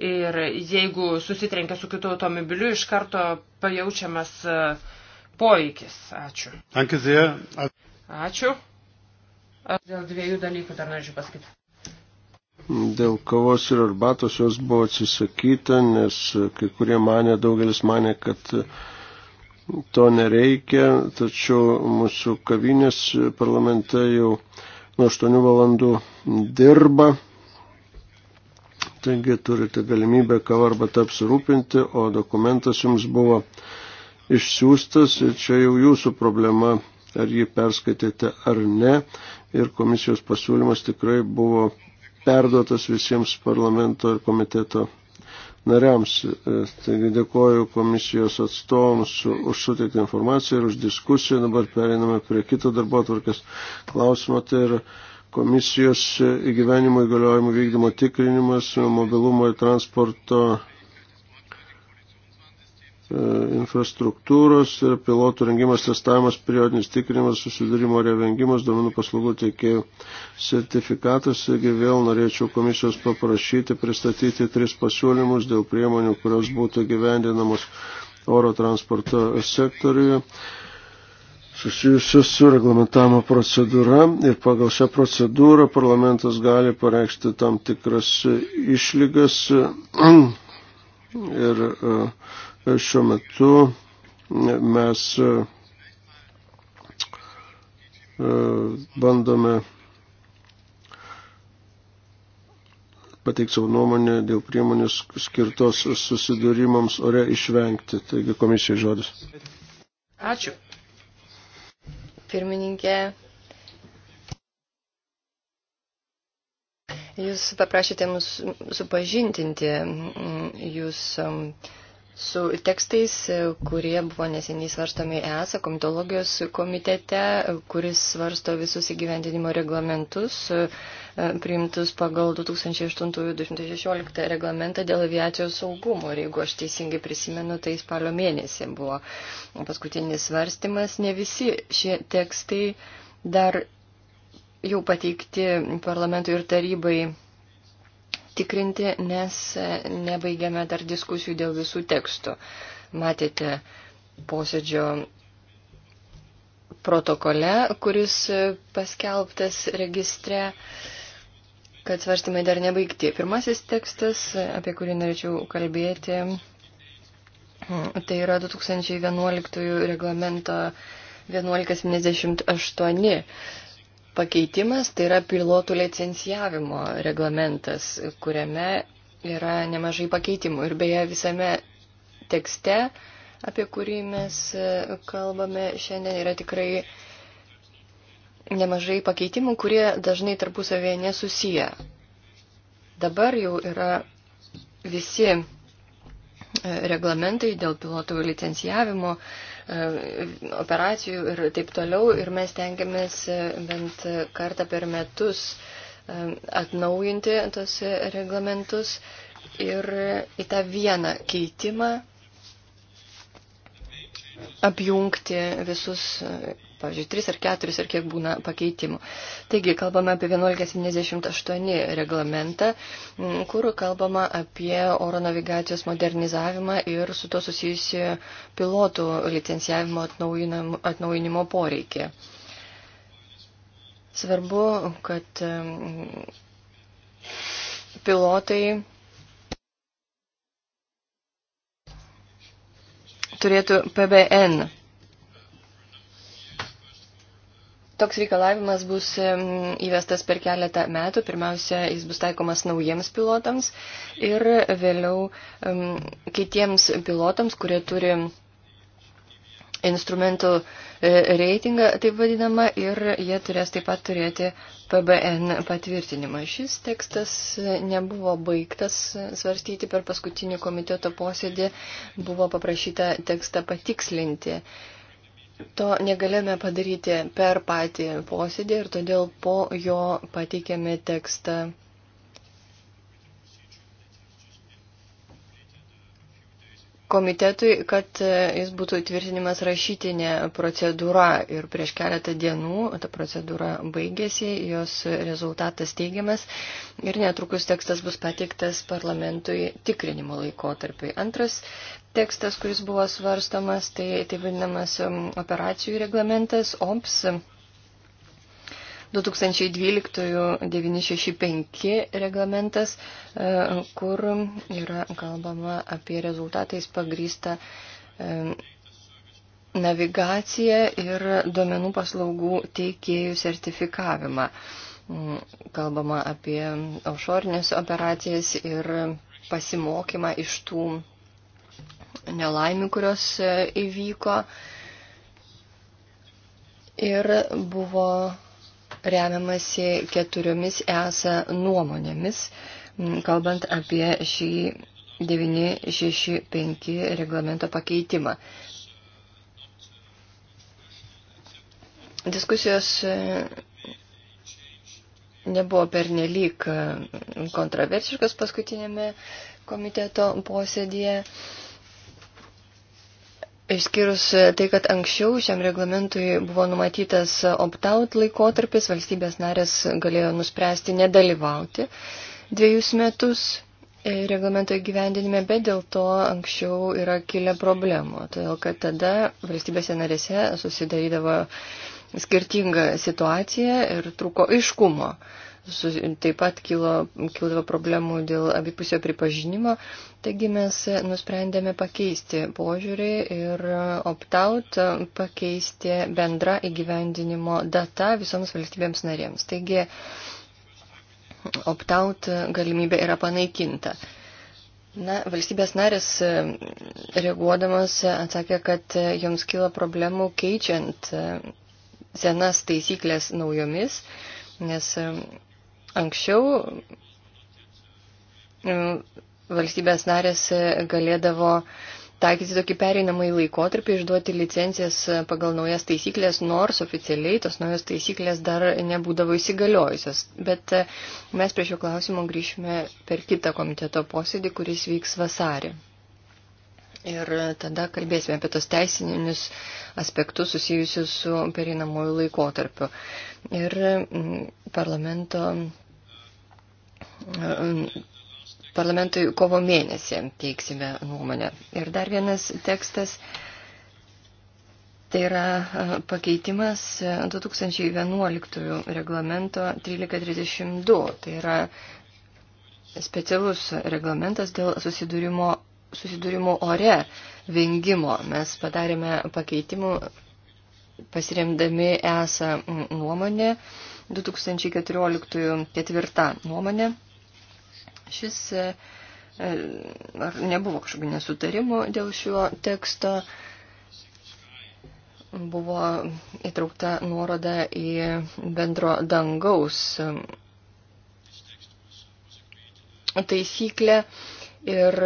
ir jeigu susitrenkia su kitu automobiliu, iš karto pajaučiamas e, poveikis. Ačiū. Ačiū. Aš dėl dviejų dalykų dar norėčiau pasakyti. Dėl kavos ir arbatos jos buvo atsisakyta, nes kai kurie mane, daugelis mane, kad to nereikia, tačiau mūsų kavinės parlamente jau nuo 8 valandų dirba taigi turite galimybę kavą arba apsirūpinti, o dokumentas jums buvo išsiųstas ir čia jau jūsų problema, ar jį perskaitėte ar ne. Ir komisijos pasiūlymas tikrai buvo perduotas visiems parlamento ir komiteto nariams. E, taigi dėkoju komisijos atstovams už suteiktą informaciją ir už diskusiją. Dabar pereiname prie kito darbo tvarkės klausimo. Tai yra Komisijos įgyvenimo įgaliojimų vykdymo tikrinimas, mobilumo ir transporto e, infrastruktūros ir pilotų rengimas, testavimas, periodinis tikrinimas, susidarimo revengimas, duomenų paslaugų teikėjų sertifikatas. Irgi vėl norėčiau komisijos paprašyti pristatyti tris pasiūlymus dėl priemonių, kurios būtų gyvendinamos oro transporto sektoriuje susijusios su reglamentavimo procedūra ir pagal šią procedūrą parlamentas gali pareikšti tam tikras išlygas ir e, šiuo metu mes e, bandome pateikti savo nuomonę dėl priemonės skirtos susidūrimams ore išvengti. Taigi komisijai žodis. Ačiū pirmininkė. Jūs paprašėte mus supažintinti, jūs um, su tekstais, kurie buvo neseniai svarstomi ESA komitologijos komitete, kuris svarsto visus įgyvendinimo reglamentus, e, priimtus pagal 2008-216 reglamentą dėl aviacijos saugumo. Ir jeigu aš teisingai prisimenu, tai spalio mėnesį buvo paskutinis svarstymas. Ne visi šie tekstai dar jau pateikti parlamentui ir tarybai tikrinti, nes nebaigėme dar diskusijų dėl visų tekstų. Matėte posėdžio protokole, kuris paskelbtas registre, kad svarstymai dar nebaigti. Pirmasis tekstas, apie kurį norėčiau kalbėti, tai yra 2011 reglamento 1178 pakeitimas tai yra pilotų licencijavimo reglamentas, kuriame yra nemažai pakeitimų. Ir beje, visame tekste, apie kurį mes e, kalbame šiandien, yra tikrai nemažai pakeitimų, kurie dažnai tarpusavėje nesusiję. Dabar jau yra visi e, reglamentai dėl pilotų licencijavimo, uh, E, operacijų ir taip toliau. Ir mes tengiamės e, bent kartą per metus e, atnaujinti tos reglamentus ir į tą vieną keitimą apjungti visus pavyzdžiui, 3 ar 4 ar kiek būna pakeitimų. Taigi, kalbame apie 1178 reglamentą, kur kalbama apie oro navigacijos modernizavimą ir su to susijusi pilotų licencijavimo atnaujinimo poreikį. Svarbu, kad pilotai turėtų PBN Toks reikalavimas bus įvestas per keletą metų. Pirmiausia, jis bus taikomas naujiems pilotams ir vėliau kitiems pilotams, kurie turi instrumentų e, reitingą, taip vadinama, ir jie turės taip pat turėti PBN patvirtinimą. Šis tekstas nebuvo baigtas svarstyti per paskutinį komiteto posėdį, buvo paprašyta tekstą patikslinti. To negalėjome padaryti per patį posėdį ir todėl po jo pateikėme tekstą komitetui, kad e, jis būtų tvirtinimas rašytinė procedūra ir prieš keletą dienų ta procedūra baigėsi, jos rezultatas teigiamas ir netrukus tekstas bus pateiktas parlamentui tikrinimo laikotarpiai. Antras tekstas, kuris buvo svarstomas, tai taip vadinamas operacijų reglamentas OMPS 2012-965 reglamentas, e, kur yra kalbama apie rezultatais pagrįstą e, navigaciją ir duomenų paslaugų teikėjų sertifikavimą. Mm, kalbama apie offshore'nės operacijas ir pasimokymą iš tų nelaimių, kurios e, įvyko. Ir buvo remiamasi keturiomis esą nuomonėmis, kalbant apie šį 965 reglamento pakeitimą. Diskusijos e, nebuvo pernelyg e, kontroversiškas paskutinėme komiteto posėdėje. Išskyrus tai, kad anksčiau šiam reglamentui buvo numatytas opt-out laikotarpis, valstybės narės galėjo nuspręsti nedalyvauti dviejus metus reglamento įgyvendinime, bet dėl to anksčiau yra kilę problemų, todėl kad tada valstybėse narėse susidarydavo skirtinga situacija ir trūko aiškumo taip pat kilo, kildavo problemų dėl abipusio pripažinimo, taigi mes nusprendėme pakeisti požiūrį ir opt-out pakeisti bendrą įgyvendinimo datą visoms valstybėms narėms. Taigi opt-out galimybė yra panaikinta. Na, valstybės narės reaguodamas atsakė, kad joms kyla problemų keičiant senas taisyklės naujomis, nes Anksčiau e, valstybės narės galėdavo taikyti tokį pereinamąjį laikotarpį, išduoti licencijas pagal naujas taisyklės, nors oficialiai tos naujos taisyklės dar nebūdavo įsigaliojusios. Bet e, mes prie šio klausimo grįšime per kitą komiteto posėdį, kuris vyks vasarį. Ir tada kalbėsime apie tos teisininius aspektus susijusius su pereinamojų laikotarpiu. Ir parlamento parlamentui kovo mėnesį teiksime nuomonę. Ir dar vienas tekstas. Tai yra e, pakeitimas 2011 e, reglamento 1332. Tai yra specialus reglamentas dėl susidūrimo, susidūrimo ore vengimo. Mes padarėme pakeitimų pasiremdami esą nuomonę 2014 ketvirtą nuomonę Šis e, e, ar nebuvo kažkokių nesutarimų dėl šio teksto. Buvo įtraukta nuoroda į bendro dangaus e, taisyklę ir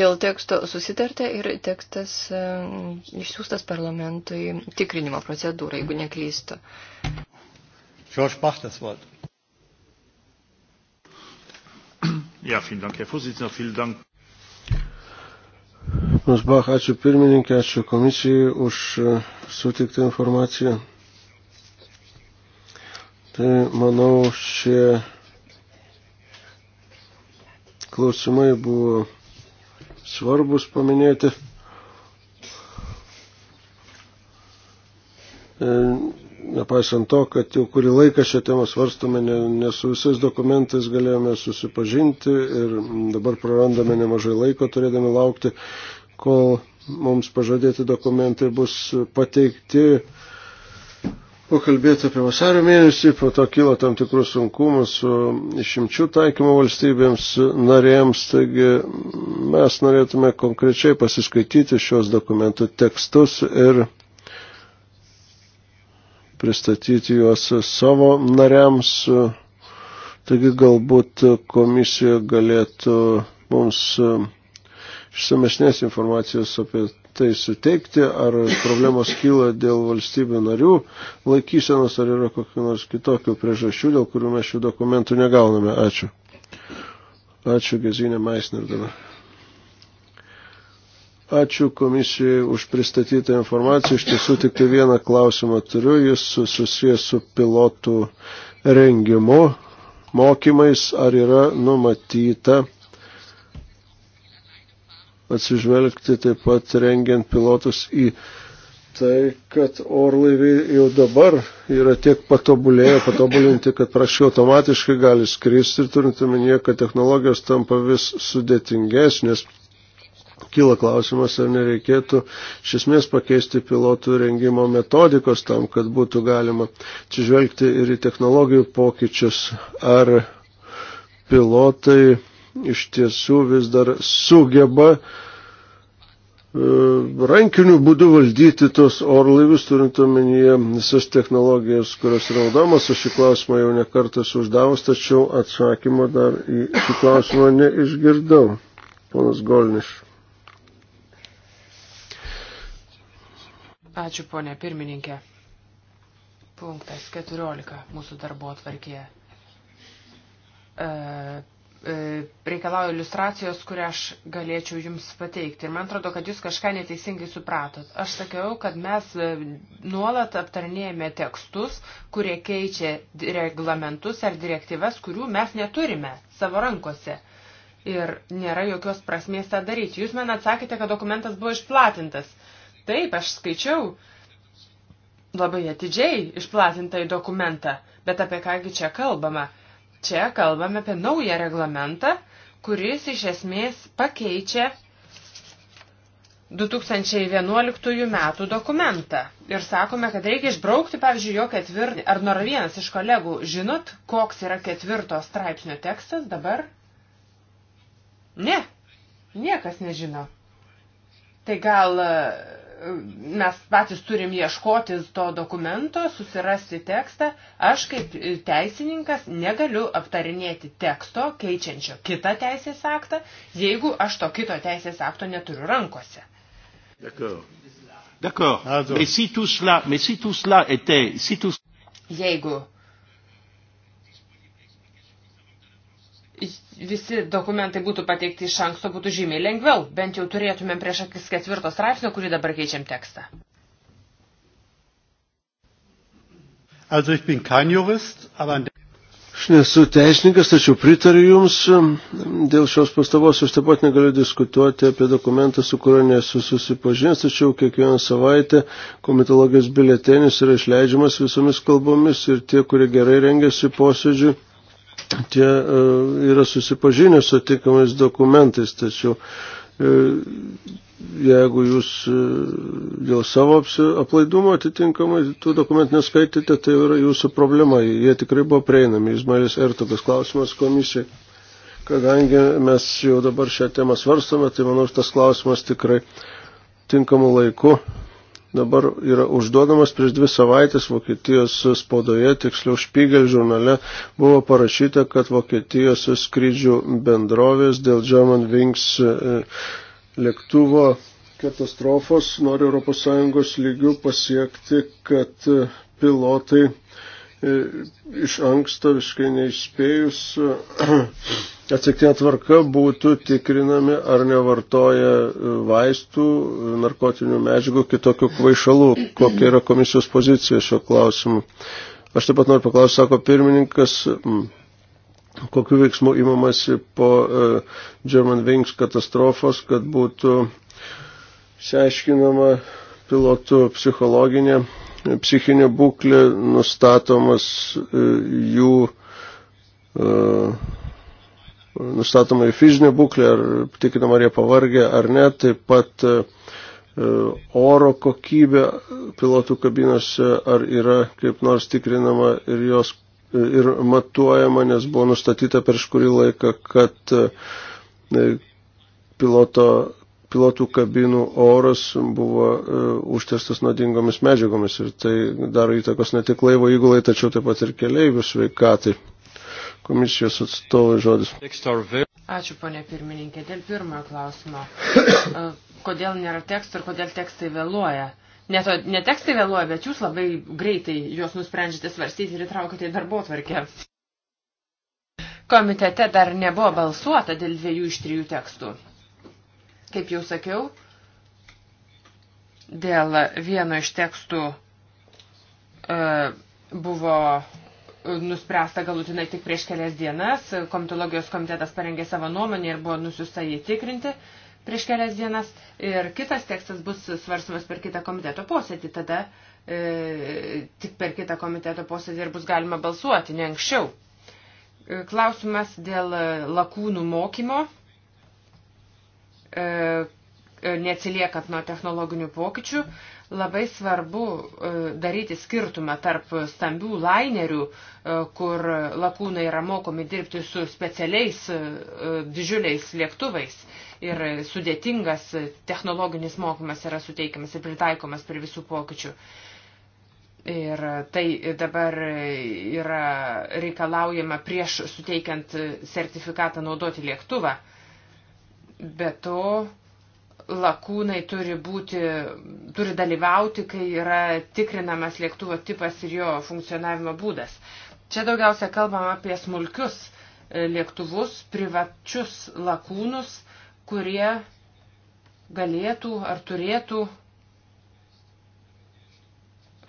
dėl teksto susitarta ir tekstas išsiųstas parlamentui tikrinimo procedūrai, jeigu neklystu. George Bach, das Wort. Ja, vielen Dank, Herr Vorsitzender, vielen Dank. Mums Bach, ačiū pirmininkė, ačiū komisijai už e, sutiktą informaciją. Tai, manau, šie klausimai buvo svarbus paminėti. E, nepaisant to, kad jau kurį laiką šią temą svarstome, nes su visais dokumentais galėjome susipažinti ir dabar prarandame nemažai laiko, turėdami laukti, kol mums pažadėti dokumentai bus pateikti. Pakalbėti apie vasario mėnesį, po to kilo tam tikrų sunkumų su išimčių taikymo valstybėms narėms, taigi mes norėtume konkrečiai pasiskaityti šios dokumentų tekstus ir pristatyti juos savo nariams. Taigi galbūt komisija galėtų mums išsamesnės informacijos apie tai suteikti, ar problemos kyla dėl valstybių narių laikysenos, ar yra kokių nors kitokių priežasčių, dėl kurių mes šių dokumentų negauname. Ačiū. Ačiū, Gezinė Maisner dabar. Ačiū komisijai už pristatytą informaciją. Iš tiesų tik tai vieną klausimą turiu. Jis susijęs su pilotų rengimu, mokymais. Ar yra numatyta atsižvelgti taip pat rengiant pilotus į tai, kad orlaiviai jau dabar yra tiek patobulėję, patobulinti, kad prašiau automatiškai gali skristi ir turint omenyje, kad technologijos tampa vis sudėtingesnės Kyla klausimas, ar nereikėtų iš esmės pakeisti pilotų rengimo metodikos tam, kad būtų galima atsižvelgti ir į technologijų pokyčius, ar pilotai iš tiesų vis dar sugeba e, rankiniu būdu valdyti tos orlaivius, turint omenyje visas technologijas, kurios yra naudomas. Aš šį klausimą jau nekartas uždavus, tačiau atsakymo dar į šį klausimą neišgirdau. Ponas Golniš. Ačiū, ponė pirmininkė. Punktas 14 mūsų darbo atvarkėje. E, e, reikalauju iliustracijos, kurią aš galėčiau jums pateikti. Ir man atrodo, kad jūs kažką neteisingai supratot. Aš sakiau, kad mes e, nuolat aptarnėjame tekstus, kurie keičia reglamentus ar direktyvas, kurių mes neturime savo rankose ir nėra jokios prasmės tą daryti. Jūs man atsakėte, kad dokumentas buvo išplatintas. Taip, aš skaičiau labai atidžiai išplatintą į dokumentą, bet apie kągi čia kalbama. Čia kalbame apie naują reglamentą, kuris iš esmės pakeičia 2011 metų dokumentą. Ir sakome, kad reikia išbraukti, pavyzdžiui, jo ketvirtį. Ar nor vienas iš kolegų žinot, koks yra ketvirto straipsnio tekstas dabar? Ne, niekas nežino. Tai gal mes patys turim ieškoti to dokumento, susirasti tekstą. Aš kaip teisininkas negaliu aptarinėti teksto, keičiančio kitą teisės aktą, jeigu aš to kito teisės akto neturiu rankose. D'accord. Si si tout... Jeigu visi dokumentai būtų pateikti iš anksto, būtų žymiai lengviau. Bent jau turėtumėm prieš akis ketvirto straipsnio, kurį dabar keičiam tekstą. Also ich bin kein Jurist, aber an Aš nesu teisininkas, tačiau pritariu Jums. Um, dėl šios pastabos aš taip pat negaliu diskutuoti apie dokumentą, su kuriuo nesu susipažinęs, tačiau kiekvieną savaitę komitologijos biletenis yra išleidžiamas visomis kalbomis ir tie, kurie gerai rengiasi posėdžiui tie e, yra susipažinę su atikamais dokumentais, tačiau e, jeigu jūs e, dėl savo aplaidumo atitinkamai tų dokumentų neskaitėte, tai yra jūsų problema, jie tikrai buvo prieinami. Izmailis Ertogas klausimas komisijai. Kadangi mes jau dabar šią temą svarstame, tai manau, tas klausimas tikrai tinkamu laiku dabar yra užduodamas prieš dvi savaitės Vokietijos spaudoje, tiksliau Špygel žurnale, buvo parašyta, kad Vokietijos skrydžių bendrovės dėl German Wings e, lėktuvo katastrofos nori ES lygių pasiekti, kad e, pilotai E, iš anksto visiškai neįspėjus <clears throat> atsiktinė tvarka būtų tikrinami, ar nevartoja e, vaistų, e, narkotinių medžiagų, kitokių kvaišalų. Kokia yra komisijos pozicija šio klausimu? Aš taip pat noriu paklausti, sako pirmininkas, kokiu veiksmu imamasi po German Wings katastrofos, kad būtų išsiaiškinama pilotų psichologinė psichinė būklė, nustatomas e, jų, e, nustatoma jų fizinė būklė, ar tikinama, ar jie pavargė, ar ne, taip pat e, oro kokybė pilotų kabinose, ar yra kaip nors tikrinama ir jos ir matuojama, nes buvo nustatyta prieš kurį laiką, kad piloto pilotų kabinų oras buvo e, užtestas nuodingomis medžiagomis ir tai daro įtakos ne tik laivo įgulai, tačiau taip pat ir keleivių sveikatai. Komisijos atstovai žodis. Ačiū, ponė pirmininkė, dėl pirmojo klausimo. <coughs> E, kodėl nėra tekstų ir kodėl tekstai vėluoja? Ne, to, ne tekstai vėluoja, bet jūs labai greitai juos nusprendžiate svarstyti ir įtraukite į darbo tvarkę. Komitete dar nebuvo balsuota dėl dviejų iš trijų tekstų. Kaip jau sakiau, dėl vieno iš tekstų e, buvo nuspręsta galutinai tik prieš kelias dienas. Komitologijos komitetas parengė savo nuomonę ir buvo nusiusta jį tikrinti prieš kelias dienas. Ir kitas tekstas bus svarstumas per kitą komiteto posėdį. Tada e, tik per kitą komiteto posėdį ir bus galima balsuoti, ne anksčiau. E, klausimas dėl e, lakūnų mokymo E, e, neatsiliekant nuo technologinių pokyčių, labai svarbu e, daryti skirtumą tarp stambių lainerių, kur lakūnai yra mokomi dirbti su specialiais didžiuliais lėktuvais ir sudėtingas technologinis mokymas yra suteikiamas ir pritaikomas prie visų pokyčių. Ir tai dabar yra reikalaujama prieš suteikiant sertifikatą naudoti lėktuvą. Be to, lakūnai turi, būti, turi dalyvauti, kai yra tikrinamas lėktuvo tipas ir jo funkcionavimo būdas. Čia daugiausia kalbam apie smulkius e, lėktuvus, privačius lakūnus, kurie galėtų ar turėtų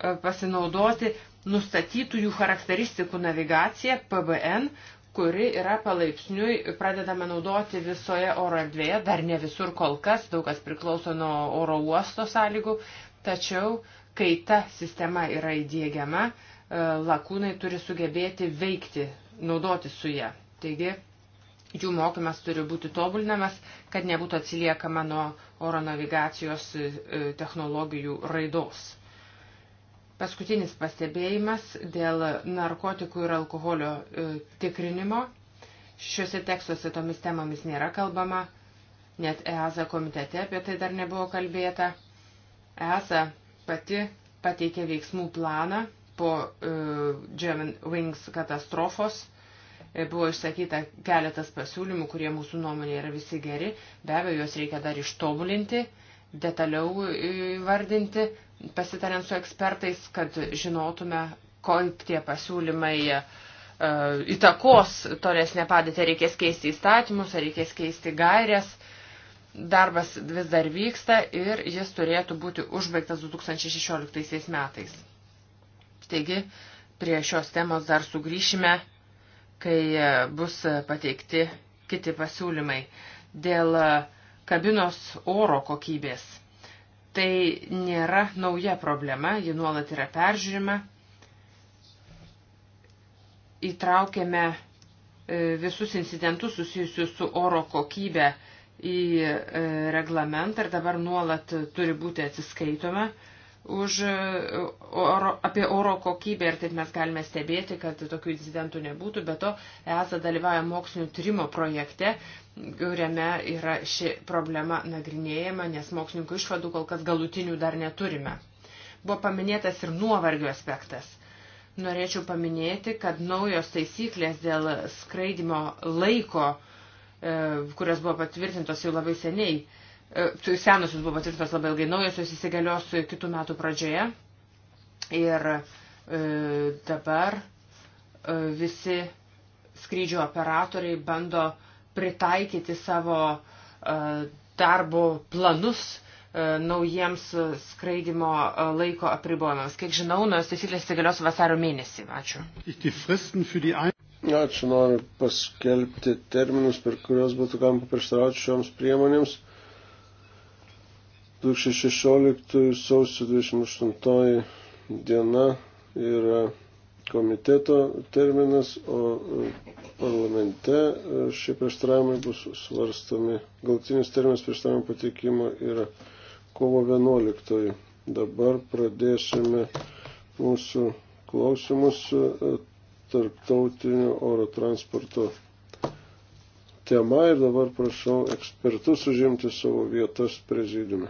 e, pasinaudoti nustatytųjų charakteristikų navigacija PBN, kuri yra palaipsniui pradedama naudoti visoje oro erdvėje, dar ne visur kol kas, daug kas priklauso nuo oro uosto sąlygų, tačiau kai ta sistema yra įdėgiama, e, lakūnai turi sugebėti veikti, naudoti su ją. Taigi, jų mokymas turi būti tobulinamas, kad nebūtų atsiliekama nuo oro navigacijos e, technologijų raidos. Paskutinis pastebėjimas dėl narkotikų ir alkoholio e, tikrinimo. Šiuose tekstuose tomis temomis nėra kalbama, net EASA komitete apie tai dar nebuvo kalbėta. EASA pati pateikė veiksmų planą po uh, German Wings katastrofos. E, buvo išsakyta keletas pasiūlymų, kurie mūsų nuomonė yra visi geri. Be abejo, juos reikia dar ištobulinti. Uh, detaliau įvardinti, pasitarėm su ekspertais, kad žinotume, kaip tie pasiūlymai e, įtakos tolesnė padėtė, reikės keisti įstatymus, ar reikės keisti gairias. Darbas vis dar vyksta ir jis turėtų būti užbaigtas 2016 metais. Taigi, prie šios temos dar sugrįšime, kai e, bus pateikti kiti pasiūlymai. Dėl uh, kabinos oro kokybės. Tai nėra nauja problema, ji nuolat yra peržiūrima. Įtraukėme e, visus incidentus susijusius su oro kokybė į e, reglamentą ir dabar nuolat turi būti atsiskaitoma už, e, oro, apie oro kokybę ir taip mes galime stebėti, kad tokių incidentų nebūtų. Be to, ESA dalyvauja mokslinio tyrimo projekte, kuriame yra ši problema nagrinėjama, nes mokslininkų išvadų kol kas galutinių dar neturime. Buvo paminėtas ir nuovargio aspektas. Norėčiau paminėti, kad naujos taisyklės dėl skraidimo laiko, e, kurios buvo patvirtintos jau labai seniai, E, senosios buvo patvirtintos labai ilgai, naujosios įsigalios kitų metų pradžioje. Ir e, dabar e, visi skrydžio operatoriai bando pritaikyti savo e, darbo planus e, naujiems skraidimo e, laiko apribojimams. Kiek žinau, nors taisyklės įsigalios vasario mėnesį. Ačiū. Ačiū, noriu paskelbti terminus, per kuriuos būtų galima paprieštarauti šioms priemonėms. 2016 sausio 28 diena yra komiteto terminas, o e, parlamente e, šie prieštaravimai bus svarstomi. Galtinis terminas prieštaravimo pateikimo yra kovo 11. -oji. Dabar pradėsime mūsų klausimus e, tarptautinio oro transporto tema ir dabar prašau ekspertus užimti savo vietas prezidiume.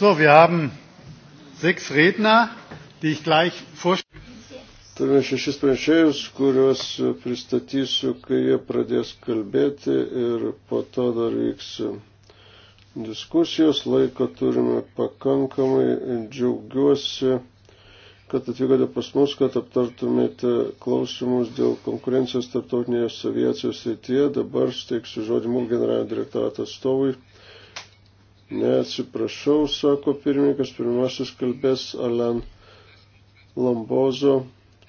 So, wir haben sechs Redner, die ich gleich vorstelle. Turime šešis pranešėjus, kuriuos pristatysiu, kai jie pradės kalbėti ir po to dar vyks diskusijos. Laiko turime pakankamai. Džiaugiuosi, kad atvykote pas mus, kad aptartumėte klausimus dėl konkurencijos tarptautinėje aviacijos srityje. Dabar steiksiu žodį mūsų generalinio direktorato atstovui Neatsiprašau, sako pirmininkas, pirmasis kalbės Alen Lambozo,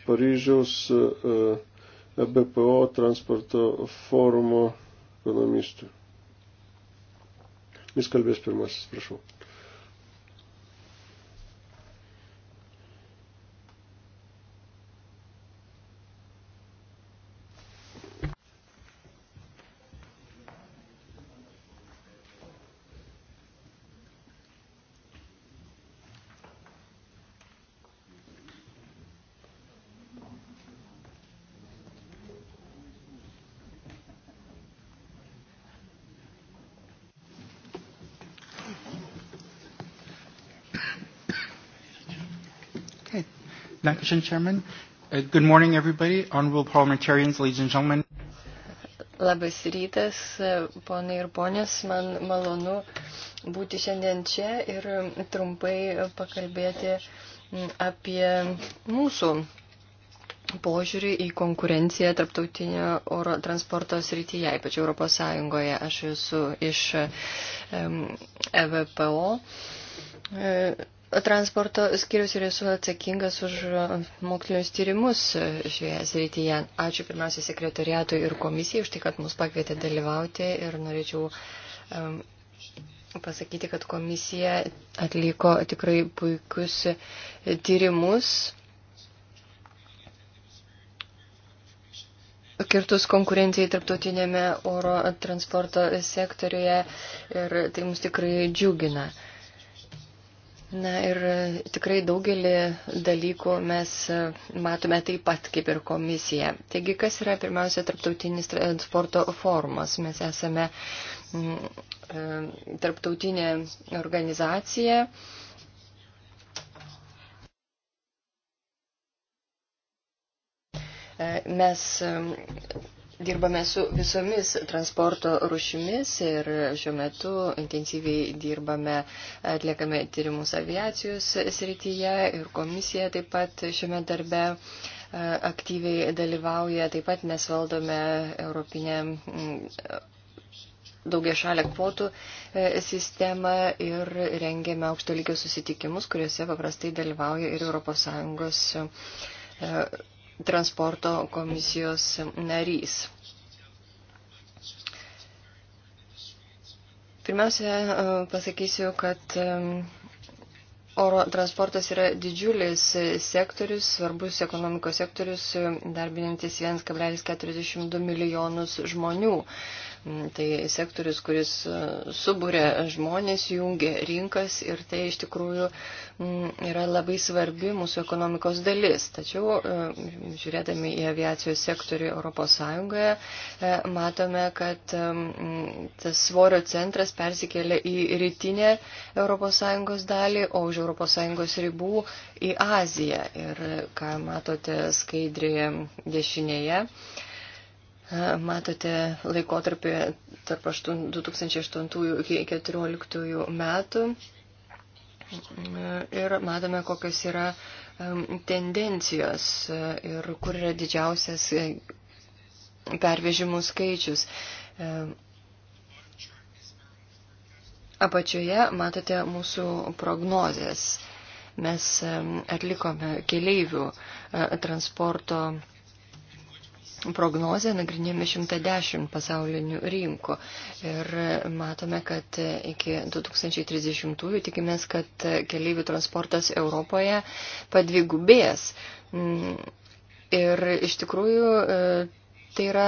Paryžiaus EBPO e, e transporto forumo ekonomistų. Jis kalbės pirmasis, prašau. Mr. Chairman. Uh, good morning, everybody. Honorable parliamentarians, ladies and gentlemen. Labas rytas, uh, ponai ir ponės. Man malonu būti šiandien čia ir trumpai pakalbėti mm, apie mūsų požiūrį į konkurenciją tarptautinio oro transporto srityje, ypač Europos Sąjungoje. Aš esu iš EVPO transporto skirius ir esu atsakingas už mokslinius tyrimus šioje srityje. Ačiū pirmiausia sekretariatui ir komisijai už tai, kad mus pakvietė dalyvauti ir norėčiau um, pasakyti, kad komisija atliko tikrai puikius tyrimus. kirtus konkurencijai tarptautinėme oro transporto sektoriuje ir tai mus tikrai džiugina. Uh, Na ir e, tikrai daugelį dalykų mes e, matome taip pat kaip ir komisija. Taigi, kas yra pirmiausia tarptautinis transporto formas? Mes esame mm, e, tarptautinė organizacija. Mes Dirbame su visomis transporto rušimis ir šiuo metu intensyviai dirbame, atliekame tyrimus aviacijos srityje ir komisija taip pat šiame darbe e, aktyviai dalyvauja, taip pat mes valdome Europinę mm, daugia šalia kvotų e, sistemą ir rengiame aukšto lygio susitikimus, kuriuose paprastai dalyvauja ir ES transporto komisijos narys. Pirmiausia, e, pasakysiu, kad e, oro transportas yra didžiulis sektorius, svarbus ekonomikos sektorius, e, darbinantis 1,42 milijonus žmonių. Mm, tai sektorius, kuris e, subūrė žmonės, jungia rinkas ir tai iš tikrųjų mm, yra labai svarbi mūsų ekonomikos dalis. Tačiau, e, žiūrėdami į aviacijos sektorių ES, e, matome, kad mm, tas svorio centras persikėlė į rytinę ES dalį, o už ES ribų į Aziją. Ir ką matote skaidrėje dešinėje, matote laikotarpį tarp 2008 iki 2014 metų. Ir matome, kokios yra tendencijos ir kur yra didžiausias e, pervežimų skaičius. Apačioje matote mūsų prognozės. Mes atlikome keleivių e, transporto prognozę nagrinėjame 110 pasaulinių rinkų ir matome, kad iki 2030-ųjų tikimės, kad keliaivių transportas Europoje padvigubės. Ir iš tikrųjų tai yra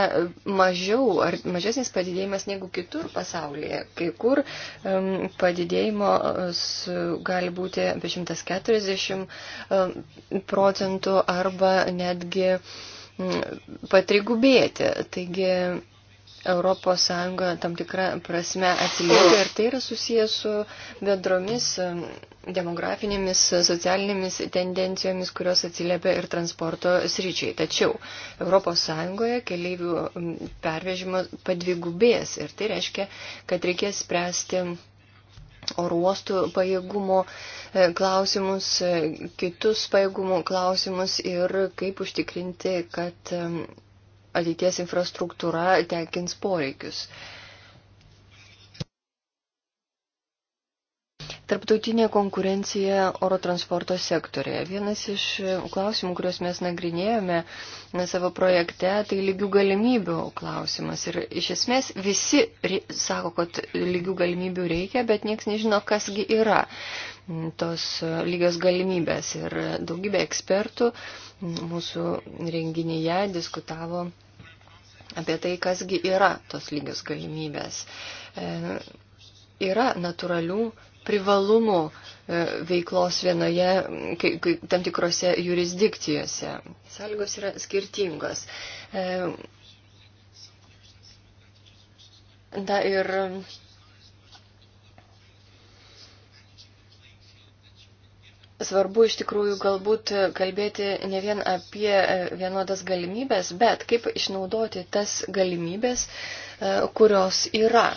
mažiau ar mažesnis padidėjimas negu kitur pasaulyje. Kai kur um, padidėjimo su, gali būti apie 140 um, procentų arba netgi uh, patrigubėti. Taigi ES tam tikrą prasme atsilieka ir tai yra susijęs su bendromis um, demografinėmis, socialinėmis tendencijomis, kurios atsiliepia ir transporto sryčiai. Tačiau ES keleivių um, pervežimas padvigubės ir tai reiškia, kad reikės spręsti oro uostų pajėgumų e, klausimus, e, kitus pajėgumų klausimus ir kaip užtikrinti, kad ateities infrastruktūra tenkins poreikius. Tarptautinė konkurencija oro transporto sektorėje. Vienas iš klausimų, kuriuos mes nagrinėjome na, savo projekte, tai lygių galimybių klausimas. Ir iš esmės visi sako, kad lygių galimybių reikia, bet niekas nežino, kasgi yra tos lygios galimybės. Ir daugybė ekspertų mūsų renginyje diskutavo apie tai, kasgi yra tos lygios galimybės. E, yra natūralių privalumų e, veiklos vienoje, kai, kai, tam tikrose jurisdikcijose. Sąlygos yra skirtingos. Da e, ir svarbu iš tikrųjų galbūt kalbėti ne vien apie e, vienodas galimybės, bet kaip išnaudoti tas galimybės, kurios yra.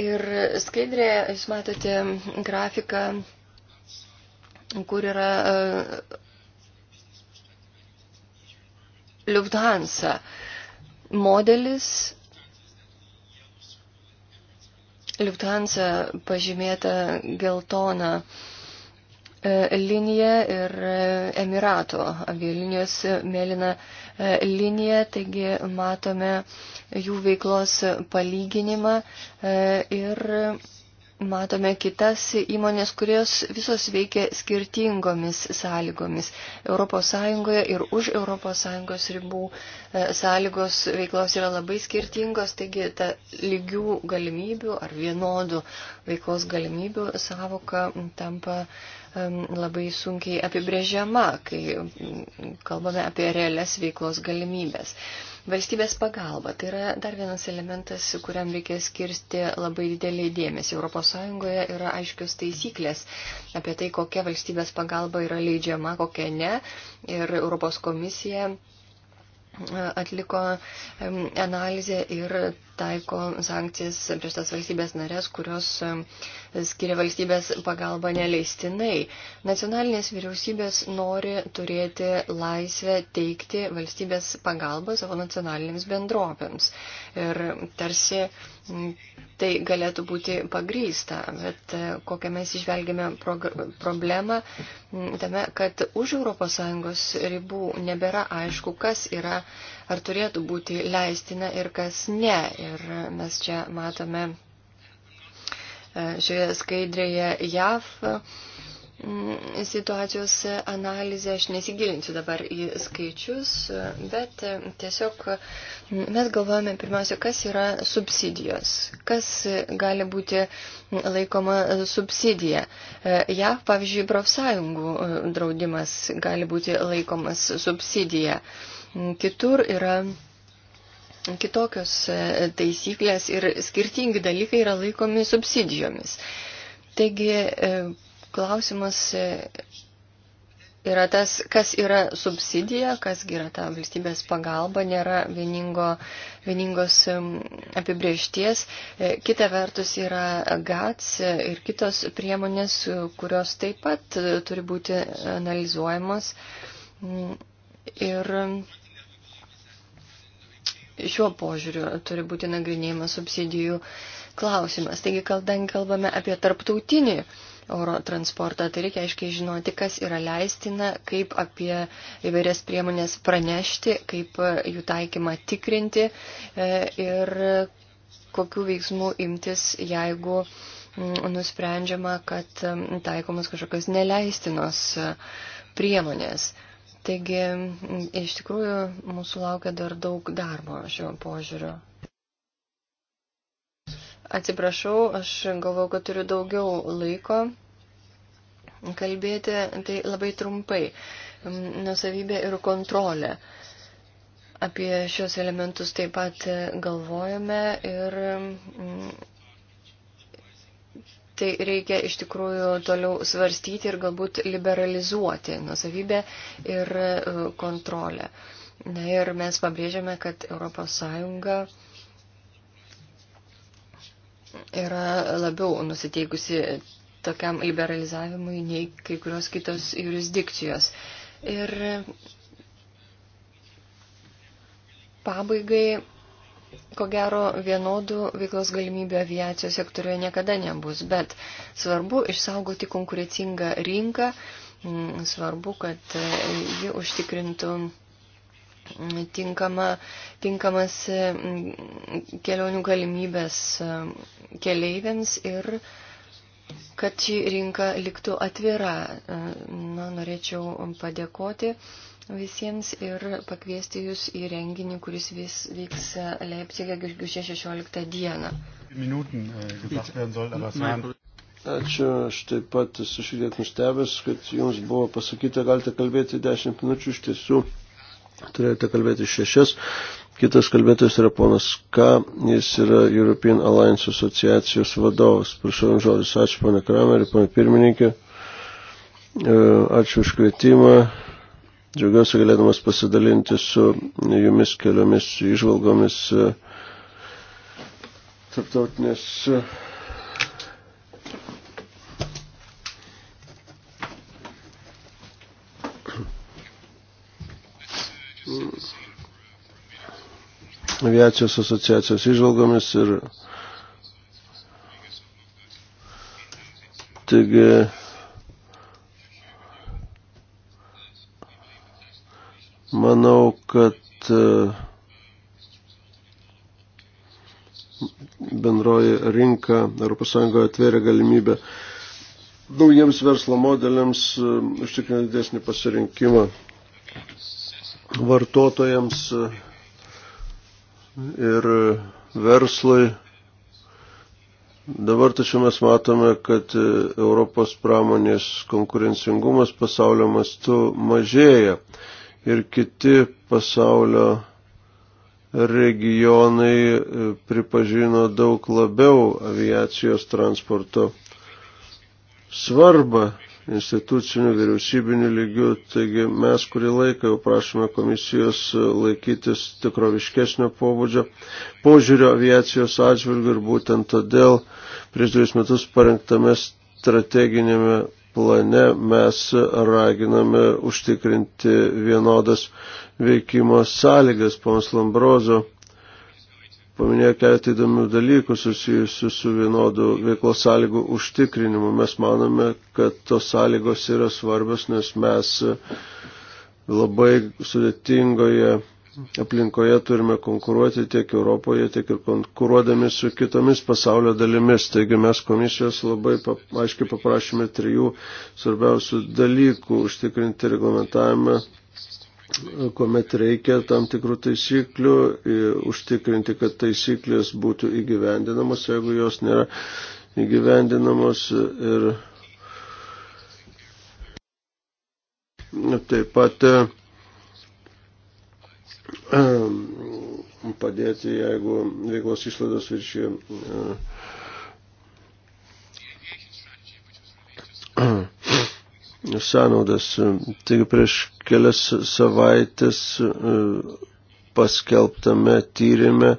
Ir skaidrėje jūs matote grafiką, kur yra e, Lufthansa modelis. Lufthansa pažymėta geltona e, linija ir e, Emirato avialinijos mėlyna linija E, liniją, taigi matome jų veiklos palyginimą e, ir matome kitas įmonės, kurios visos veikia skirtingomis sąlygomis. ES ir už ES ribų e, sąlygos veiklos yra labai skirtingos, taigi ta lygių galimybių ar vienodų veiklos galimybių savoka tampa labai sunkiai apibrėžiama, kai kalbame apie realias veiklos galimybės. Valstybės pagalba tai yra dar vienas elementas, kuriam reikia skirsti labai didelį dėmesį. ES yra aiškios taisyklės apie tai, kokia valstybės pagalba yra leidžiama, kokia ne. Ir Europos komisija e, atliko analizę ir taiko sankcijas prieš tas valstybės narės, kurios skiria valstybės pagalba neleistinai. Nacionalinės vyriausybės nori turėti laisvę teikti valstybės pagalbą savo nacionalinėms bendrovėms. Ir tarsi tai galėtų būti pagrysta, bet e, kokią mes išvelgiame problemą tame, kad už ES ribų nebėra aišku, kas yra ar turėtų būti leistina ir kas ne. Ir mes čia matome šioje skaidrėje JAV mm, situacijos analizę. Aš nesigilinsiu dabar į skaičius, bet tiesiog mes galvojame pirmiausia, kas yra subsidijos, kas gali būti laikoma subsidija. JAV, pavyzdžiui, profsąjungų draudimas gali būti laikomas subsidija. Kitur yra kitokios e, taisyklės ir skirtingi dalykai yra laikomi subsidijomis. Taigi e, klausimas e, yra tas, kas yra subsidija, kasgi yra ta valstybės pagalba, nėra vieningo, vieningos apibriešties. Kita vertus yra GATS ir kitos priemonės, kurios taip pat turi būti analizuojamos. Ir šiuo požiūriu turi būti nagrinėjimas subsidijų klausimas. Taigi, kadangi kalbame apie tarptautinį oro transportą, tai reikia aiškiai žinoti, kas yra leistina, kaip apie įvairias priemonės pranešti, kaip e, jų taikymą tikrinti e, ir kokių veiksmų imtis, jeigu mm, nusprendžiama, kad taikomas kažkokios neleistinos e, priemonės. Taigi, iš tikrųjų, mūsų laukia dar daug darbo šiuo požiūriu. Atsiprašau, aš galvau, kad turiu daugiau laiko kalbėti, tai labai trumpai. Nusavybė ir kontrolė. Apie šios elementus taip pat galvojame ir tai reikia iš tikrųjų toliau svarstyti ir galbūt liberalizuoti nusavybę ir e, kontrolę. Na ir mes pabrėžiame, kad ES yra labiau nusiteikusi tokiam liberalizavimui nei kai kurios kitos jurisdikcijos. Ir pabaigai Ko gero, vienodų veiklos galimybių aviacijos sektoriuje niekada nebus, bet svarbu išsaugoti konkurencingą rinką, mm, svarbu, kad e, ji užtikrintų mm, tinkama, tinkamas mm, kelionių galimybės e, keleiviams ir kad ši rinka liktų atvira. E, na, norėčiau padėkoti visiems ir pakviesti jūs į renginį, kuris vis vyks Leipzigė gegužė 16 dieną. Minuten, uh, Ačiū, aš taip pat esu šiek tiek nustebęs, kad jums buvo pasakyta, galite kalbėti 10 minučių, iš tiesų turėjote kalbėti 6. Kitas kalbėtojas yra ponas K, jis yra European Alliance asociacijos vadovas. Prašau jums žodis, ačiū ponė Kramerį, ponė pirmininkė, ačiū už kvietimą, Džiaugiuosi galėdamas pasidalinti su jumis keliomis išvalgomis e, tarptautinės e, aviacijos asociacijos išvalgomis ir taigi Manau, kad e, bendroji rinka ES atvėrė galimybę naujiems verslo modeliams e, užtikrinti didesnį pasirinkimą vartotojams e, ir verslui. Dabar tačiau mes matome, kad Europos pramonės konkurencingumas pasaulio mastu mažėja ir kiti pasaulio regionai e, pripažino daug labiau aviacijos transporto svarbą institucinių vyriausybinių lygių. Taigi mes kurį laiką jau prašome komisijos e, laikytis tikroviškesnio pobūdžio požiūrio aviacijos atžvilgių ir būtent todėl prieš dviejus metus parengtame strateginėme plane mes raginame užtikrinti vienodas veikimo sąlygas. Ponas Lambrozo paminėjo keletą įdomių dalykų susijusių su vienodu veiklos sąlygų užtikrinimu. Mes manome, kad tos sąlygos yra svarbios, nes mes labai sudėtingoje aplinkoje turime konkuruoti tiek Europoje, tiek ir konkuruodami su kitomis pasaulio dalimis. Taigi mes komisijos labai pap, aiškiai paprašėme trijų svarbiausių dalykų užtikrinti reglamentavimą kuomet reikia tam tikrų taisyklių, užtikrinti, kad taisyklės būtų įgyvendinamos, jeigu jos nėra įgyvendinamos ir taip pat e, Ehm, padėti, jeigu veiklos išlaidos viršyje sąnaudas. Taigi prieš kelias savaitės e, paskelbtame tyrimė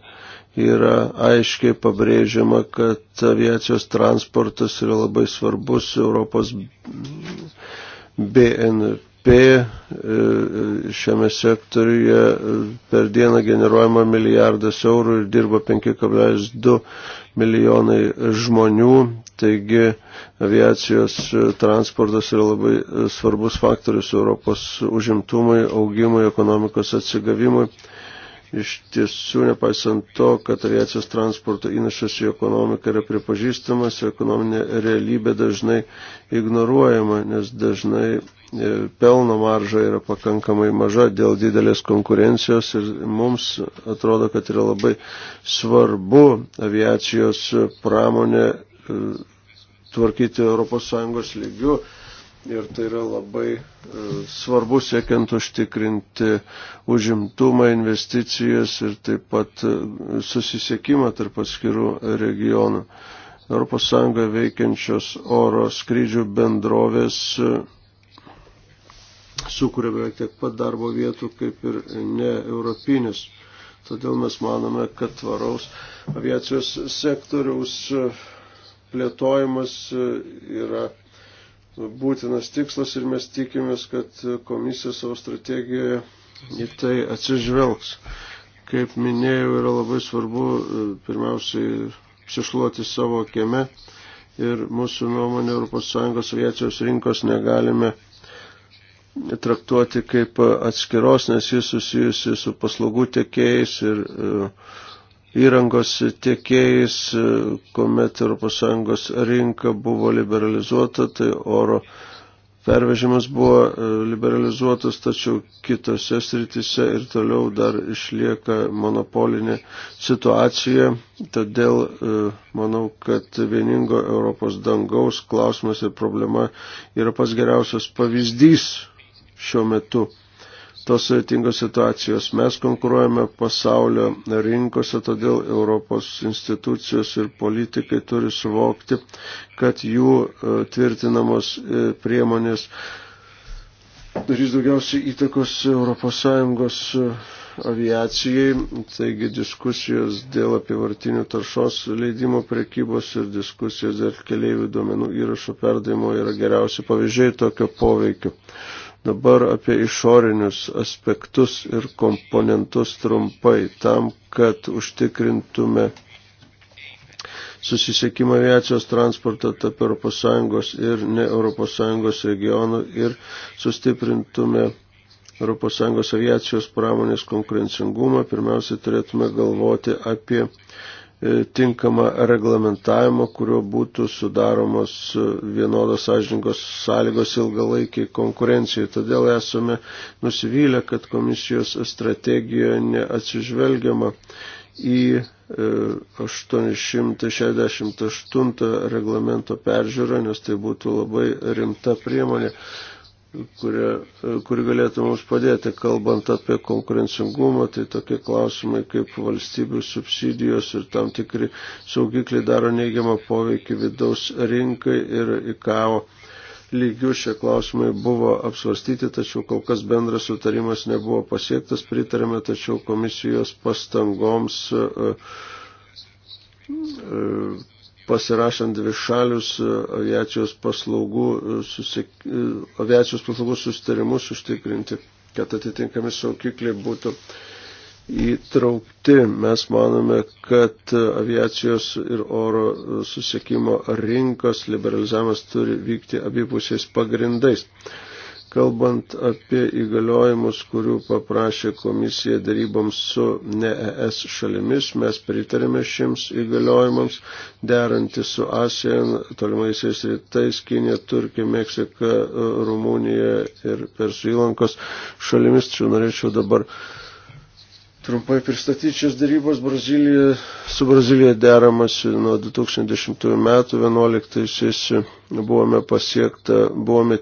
yra aiškiai pabrėžiama, kad aviacijos transportas yra labai svarbus Europos BNP BŽUP e, e, šiame sektoriuje e, per dieną generuojama milijardas eurų ir dirba 5,2 milijonai žmonių. Taigi aviacijos transportas yra labai svarbus faktorius Europos užimtumui, augimui, ekonomikos atsigavimui. Iš tiesų, nepaisant to, kad aviacijos transporto įnašas į ekonomiką yra pripažįstamas, ekonominė realybė dažnai ignoruojama, nes dažnai e, pelno marža yra pakankamai maža dėl didelės konkurencijos ir mums atrodo, kad yra labai svarbu aviacijos pramonė e, tvarkyti ES lygių ir tai yra labai e, svarbu siekiant užtikrinti užimtumą, investicijas ir taip pat e, susisiekimą tarp atskirų regionų. ES veikiančios oro skrydžių bendrovės e, sukuria beveik tiek pat darbo vietų kaip ir ne europinis. Todėl mes manome, kad tvaraus aviacijos sektoriaus plėtojimas yra būtinas tikslas ir mes tikimės, kad komisija savo strategijoje į tai atsižvelgs. Kaip minėjau, yra labai svarbu e, pirmiausiai apsišluoti savo kieme ir mūsų nuomonė ES aviacijos rinkos negalime traktuoti kaip atskiros, nes jis susijusi su paslaugų tiekėjais ir uh, įrangos tiekėjais, kuomet ES rinka buvo liberalizuota, tai oro pervežimas buvo e, liberalizuotas, tačiau kitose sritise ir toliau dar išlieka monopolinė situacija. Todėl e, manau, kad vieningo Europos dangaus klausimas ir problema yra pas geriausias pavyzdys šiuo metu tos sudėtingos situacijos. Mes konkuruojame pasaulio rinkose, todėl Europos institucijos ir politikai turi suvokti, kad jų e, tvirtinamos e, priemonės darys daugiausiai įtakos ES e, aviacijai, taigi diskusijos dėl apivartinių taršos leidimo prekybos ir diskusijos dėl keliaivių duomenų įrašo perdavimo yra geriausi pavyzdžiai tokio poveikio. Dabar apie išorinius aspektus ir komponentus trumpai, tam, kad užtikrintume susisiekimą aviacijos transportą tarp ES ir ne ES regionų ir sustiprintume ES aviacijos pramonės konkurencingumą, pirmiausia turėtume galvoti apie E, tinkamą reglamentavimą, kuriuo būtų sudaromos e, vienodos sąžininkos sąlygos ilgalaikiai konkurencijai. Todėl esame nusivylę, kad komisijos strategijoje neatsižvelgiama į 868 e, reglamento peržiūrą, nes tai būtų labai rimta priemonė kuri, kuri galėtų mums padėti, kalbant apie konkurencingumą, tai tokie klausimai kaip valstybių subsidijos ir tam tikri saugikliai daro neigiamą poveikį vidaus rinkai ir įkavo lygių šie klausimai buvo apsvarstyti, tačiau kol kas bendras sutarimas nebuvo pasiektas, pritarėme, tačiau komisijos pastangoms uh, uh, pasirašant dvišalius e, aviacijos paslaugų, e, susik... E, aviacijos paslaugų sustarimus užtikrinti, kad atitinkami saukikliai būtų įtraukti. Mes manome, kad aviacijos ir oro susiekimo rinkos liberalizavimas turi vykti abipusiais pagrindais. Kalbant apie įgaliojimus, kurių paprašė komisija daryboms su ne ES šalimis, mes pritarėme šiems įgaliojimams, derantį su ASEAN, tolimaisiais rytais, Kinė, Turkija, Meksika, Rumunija ir Persų įlankos šalimis. Čia norėčiau dabar Trumpai pristatyčios darybos Brazilija, su Brazilija deramasi nuo 2010 metų 11 buvome pasiekta, buvome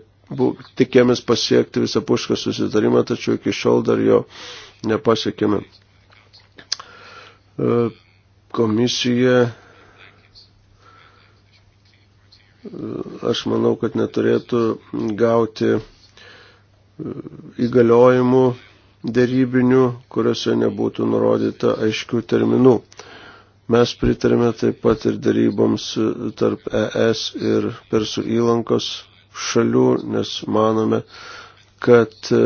tikėmės pasiekti visapušką susitarimą, tačiau iki šiol dar jo nepasiekėme. E, komisija, e, aš manau, kad neturėtų gauti e, įgaliojimų dėrybinių, kuriuose nebūtų nurodyta aiškių terminų. Mes pritarėme taip pat ir daryboms tarp ES ir Persų įlankos šalių, nes manome, kad e,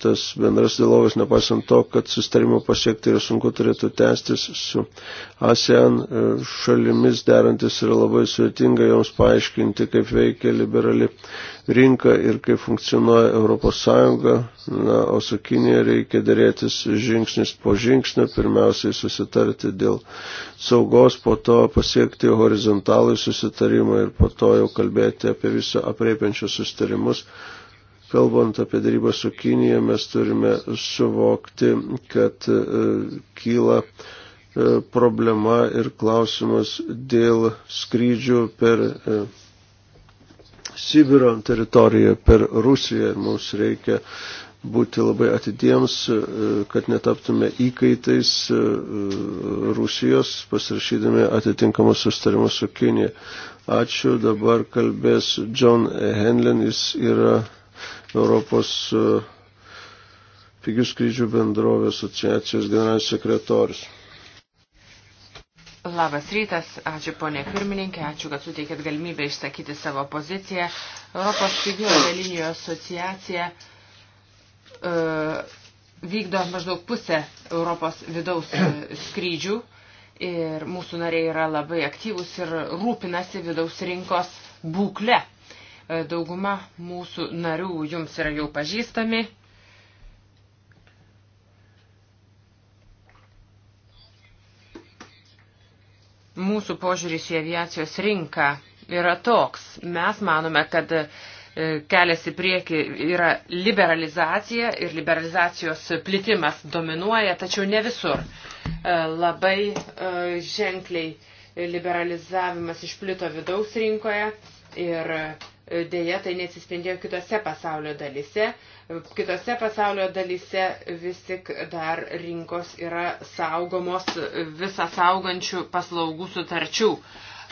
tas bendras dialogas, nepaisant to, kad sustarimo pasiekti yra sunku, turėtų tęstis su ASEAN e, šalimis derantis yra labai sudėtinga joms paaiškinti, kaip veikia liberali rinka ir kaip funkcionuoja Europos Sąjunga, Na, o su Kinėje reikia dėrėtis žingsnis po žingsnio, pirmiausiai susitarti dėl saugos, po to pasiekti horizontalai susitarimą ir po to jau kalbėti apie visą apreipiančius sustarimus kalbant apie darybą su Kinija, mes turime suvokti, kad e, kyla e, problema ir klausimas dėl skrydžių per e, Sibiro teritoriją, per Rusiją. Mums reikia būti labai atidiems, kad netaptume įkaitais Rusijos, pasirašydami atitinkamus sustarimus su Kinija. Ačiū, dabar kalbės John Henlen, jis yra Europos e, pigių skrydžių bendrovė asociacijos generalinis sekretorius. Labas rytas, ačiū ponė pirmininkė, ačiū, kad suteikėt galimybę išsakyti savo poziciją. Europos pigių avialinijų asociacija uh, vykdo maždaug pusę Europos vidaus e, skrydžių ir mūsų nariai yra labai aktyvūs ir rūpinasi vidaus rinkos būklę. E, dauguma mūsų narių jums yra jau pažįstami. Mūsų požiūris į aviacijos rinką yra toks. Mes manome, kad e, kelias į priekį yra liberalizacija ir liberalizacijos plitimas dominuoja, tačiau ne visur. E, labai ženkliai liberalizavimas išplito vidaus rinkoje ir Deja, tai nesispindėjo kitose pasaulio dalise. Kitose pasaulio dalise vis tik dar rinkos yra saugomos visą saugančių paslaugų sutarčių.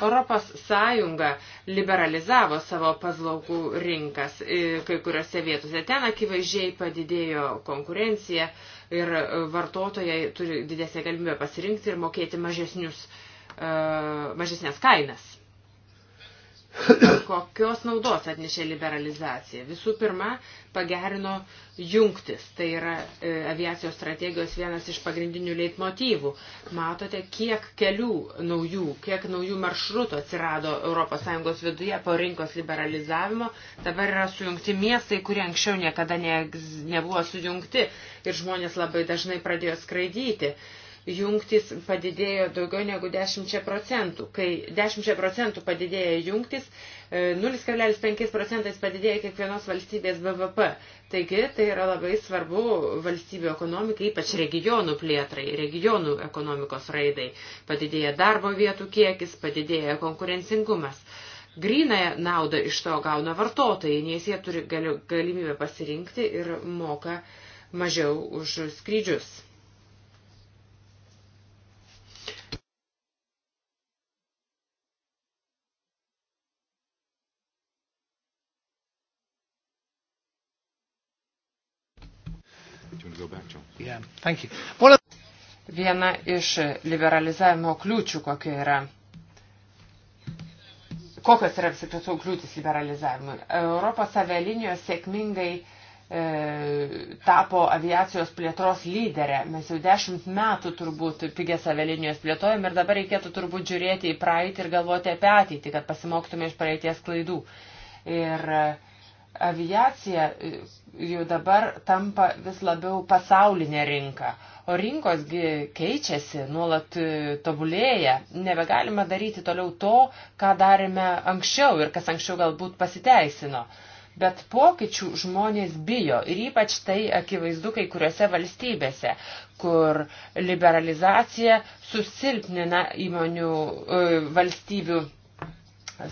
Europos Sąjunga liberalizavo savo paslaugų rinkas e, kai kuriuose vietose. Ten akivaizdžiai padidėjo konkurencija ir vartotojai turi didesnę galimybę pasirinkti ir mokėti mažesnius, e, mažesnės kainas. Kokios naudos atnešė liberalizacija? Visų pirma, pagerino jungtis. Tai yra e, aviacijos strategijos vienas iš pagrindinių leitmotyvų. Matote, kiek kelių naujų, kiek naujų maršrutų atsirado ES viduje po rinkos liberalizavimo. Dabar yra sujungti miestai, kurie anksčiau niekada ne, nebuvo sujungti ir žmonės labai dažnai pradėjo skraidyti. E, jungtis padidėjo daugiau negu 10 procentų. Kai 10 procentų padidėja jungtis, 0,5 e, procentais padidėja kiekvienos valstybės BVP. Taigi tai yra labai svarbu valstybių ekonomikai, ypač regionų plėtrai, regionų ekonomikos raidai. Padidėja darbo vietų kiekis, padidėja konkurencingumas. Grynąją naudą iš to gauna vartotojai, nes jie turi galimybę pasirinkti ir moka mažiau už skrydžius. Yeah, thank you. Well, Viena iš liberalizavimo kliūčių kokia yra. Kokios yra apsipratų kliūtis liberalizavimui? Europos avialinijos sėkmingai e, tapo aviacijos plėtros lyderė. Mes jau dešimt metų turbūt pigės avialinijos plėtojam ir dabar reikėtų turbūt žiūrėti į praeitį ir galvoti apie ateitį, kad pasimoktume iš praeities klaidų. Ir e, aviacija e, jau dabar tampa vis labiau pasaulinė rinka, o rinkos keičiasi, nuolat e, tobulėja. Nebegalime daryti toliau to, ką darėme anksčiau ir kas anksčiau galbūt pasiteisino. Bet pokyčių žmonės bijo ir ypač tai akivaizdu kai kuriuose valstybėse, kur liberalizacija susilpnina įmonių e, valstybių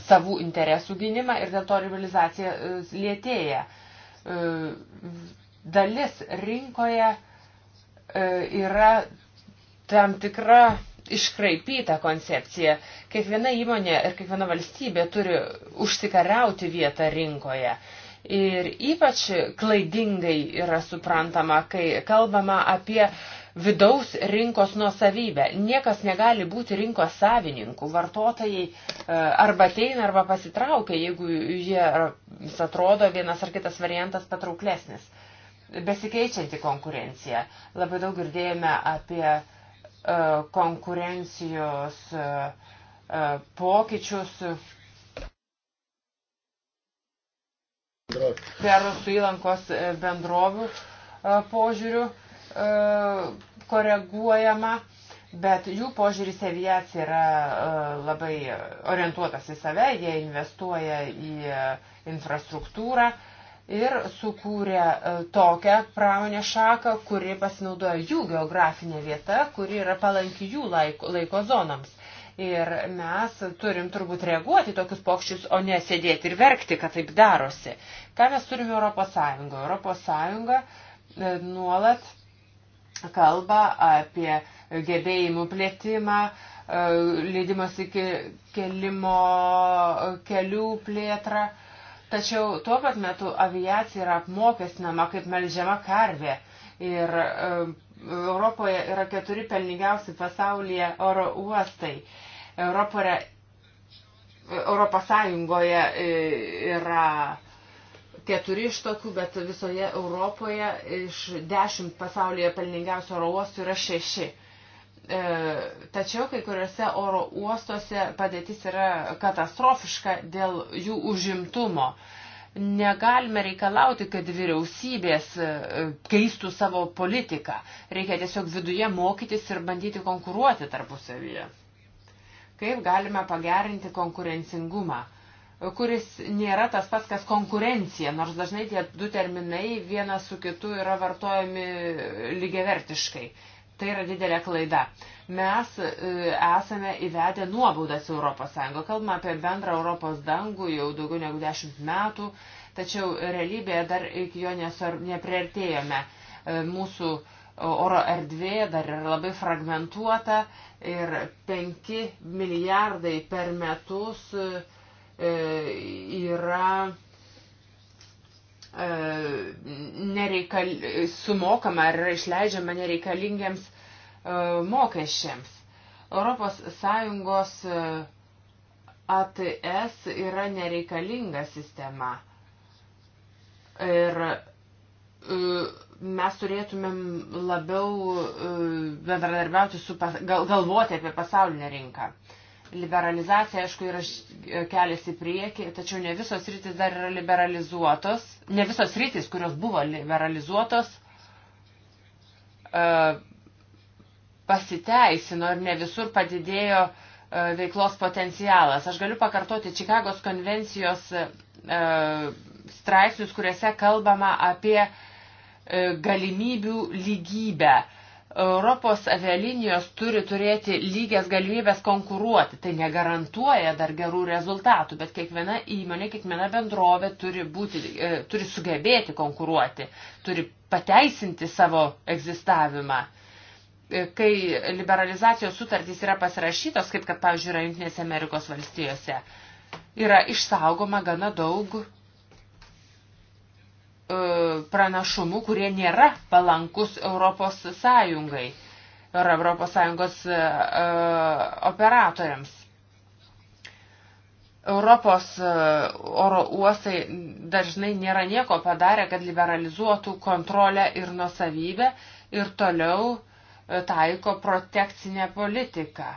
savų interesų gynimą ir dėl to rivalizacija e, lėtėja. E, dalis rinkoje e, yra tam tikra iškraipyta koncepcija. Kiekviena įmonė ir kiekviena valstybė turi užsikariauti vietą rinkoje. Ir ypač klaidingai yra suprantama, kai kalbama apie uh, vidaus rinkos nuosavybę. Niekas negali būti rinkos savininkų. Vartotojai e, arba ateina, arba pasitraukia, jeigu jie atrodo vienas ar kitas variantas patrauklesnis. Besikeičianti konkurencija. Labai daug girdėjome apie e, konkurencijos e, pokyčius. Perų su įlankos bendrovių požiūriu. E, koreguojama, bet jų požiūris į aviaciją yra e, labai orientuotas į save, jie investuoja į e, infrastruktūrą ir sukūrė tokią pramonę šaką, kuri pasinaudoja jų geografinė vieta, kuri yra palanki jų laiko, laiko zonams. Ir mes turim turbūt reaguoti tokius pokščius, o ne sėdėti ir verkti, kad taip darosi. Ką mes turime Europos Sąjungoje? Europos Sąjunga nuolat kalba apie gebėjimų plėtimą, e, leidimas iki kelimo kelių plėtrą. Tačiau tuo pat metu aviacija yra apmokestinama kaip melžiama karvė. Ir e, Europoje yra keturi pelningiausi pasaulyje oro uostai. Europoje, Europos Sąjungoje e, yra keturi iš tokių, bet visoje Europoje iš dešimt pasaulyje pelningiausių oro uostų yra šeši. E, tačiau kai kuriuose oro uostuose padėtis yra katastrofiška dėl jų užimtumo. Negalime reikalauti, kad vyriausybės e, keistų savo politiką. Reikia tiesiog viduje mokytis ir bandyti konkuruoti tarpusavyje. Kaip galime pagerinti konkurencingumą? kuris nėra tas pats, kas konkurencija, nors dažnai tie du terminai vienas su kitu yra vartojami lygiavertiškai. Tai yra didelė klaida. Mes e, esame įvedę nuobaudas Europos Sąjungo. Kalbame apie bendrą Europos dangų jau daugiau negu dešimt metų, tačiau realybėje dar iki jo nepriartėjome. E, mūsų oro erdvė dar yra labai fragmentuota ir 5 milijardai per metus uh, E, yra e, nereikal, sumokama ar yra išleidžiama nereikalingiams e, mokesčiams. Europos Sąjungos ATS yra nereikalinga sistema. Ir mes turėtumėm labiau bendradarbiauti su, gal, galvoti apie pasaulinę rinką. Uh, Liberalizacija, aišku, yra e, kelias į priekį, tačiau ne visos rytis dar yra liberalizuotos. Ne visos rytis, kurios buvo liberalizuotos, e, pasiteisino ir ne visur padidėjo e, veiklos potencialas. Aš galiu pakartoti Čikagos konvencijos straipsnius, kuriuose kalbama apie galimybių lygybę Europos avialinijos turi turėti lygias galimybės konkuruoti. Tai negarantuoja dar gerų rezultatų, bet kiekviena įmonė, kiekviena bendrovė turi, būti, e, turi sugebėti konkuruoti, turi pateisinti savo egzistavimą. E, kai liberalizacijos sutartys yra pasirašytos, kaip kad, pavyzdžiui, yra Junktinėse Amerikos valstijose, yra išsaugoma gana daug E, pranašumų, kurie nėra palankus Europos Sąjungai ir Europos Sąjungos e, e, operatoriams. Europos oro uostai dažnai nėra nieko padarę, kad liberalizuotų kontrolę ir nusavybę ir toliau taiko protekcinę politiką.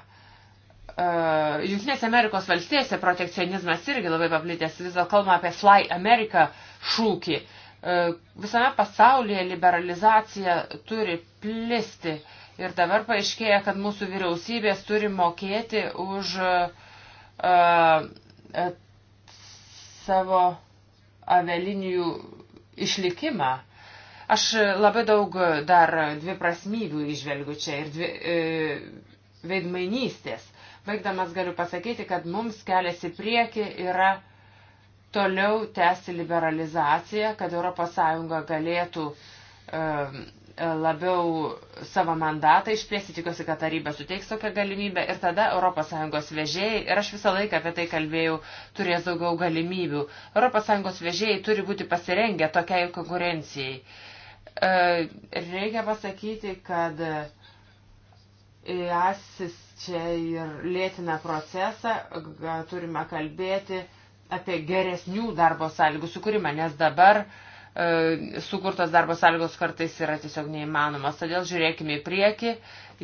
Junktinėse Amerikos valstijose protekcionizmas irgi labai paplitęs, vis dėlto kalbama apie Fly America šūkį. Uh, E, visame pasaulyje liberalizacija turi plisti ir dabar paaiškėja, kad mūsų vyriausybės turi mokėti už uh, savo avelinijų išlikimą. Aš labai daug dar dviprasmybių išvelgiu čia ir dvi, e, veidmainystės. Baigdamas galiu pasakyti, kad mums kelias į priekį yra toliau tęsti liberalizaciją, kad ES galėtų labiau savo mandatą išplėsti, tikiuosi, kad taryba suteiks tokią galimybę ir tada ES vežėjai, ir aš visą laiką apie tai kalbėjau, turės daugiau galimybių. ES vežėjai turi būti pasirengę tokiai konkurencijai. E, reikia pasakyti, kad ASIS čia ir lėtina procesą, turime kalbėti apie geresnių darbo sąlygų sukūrimą, nes dabar e, sukurtos darbo sąlygos kartais yra tiesiog neįmanomas. Todėl žiūrėkime į priekį,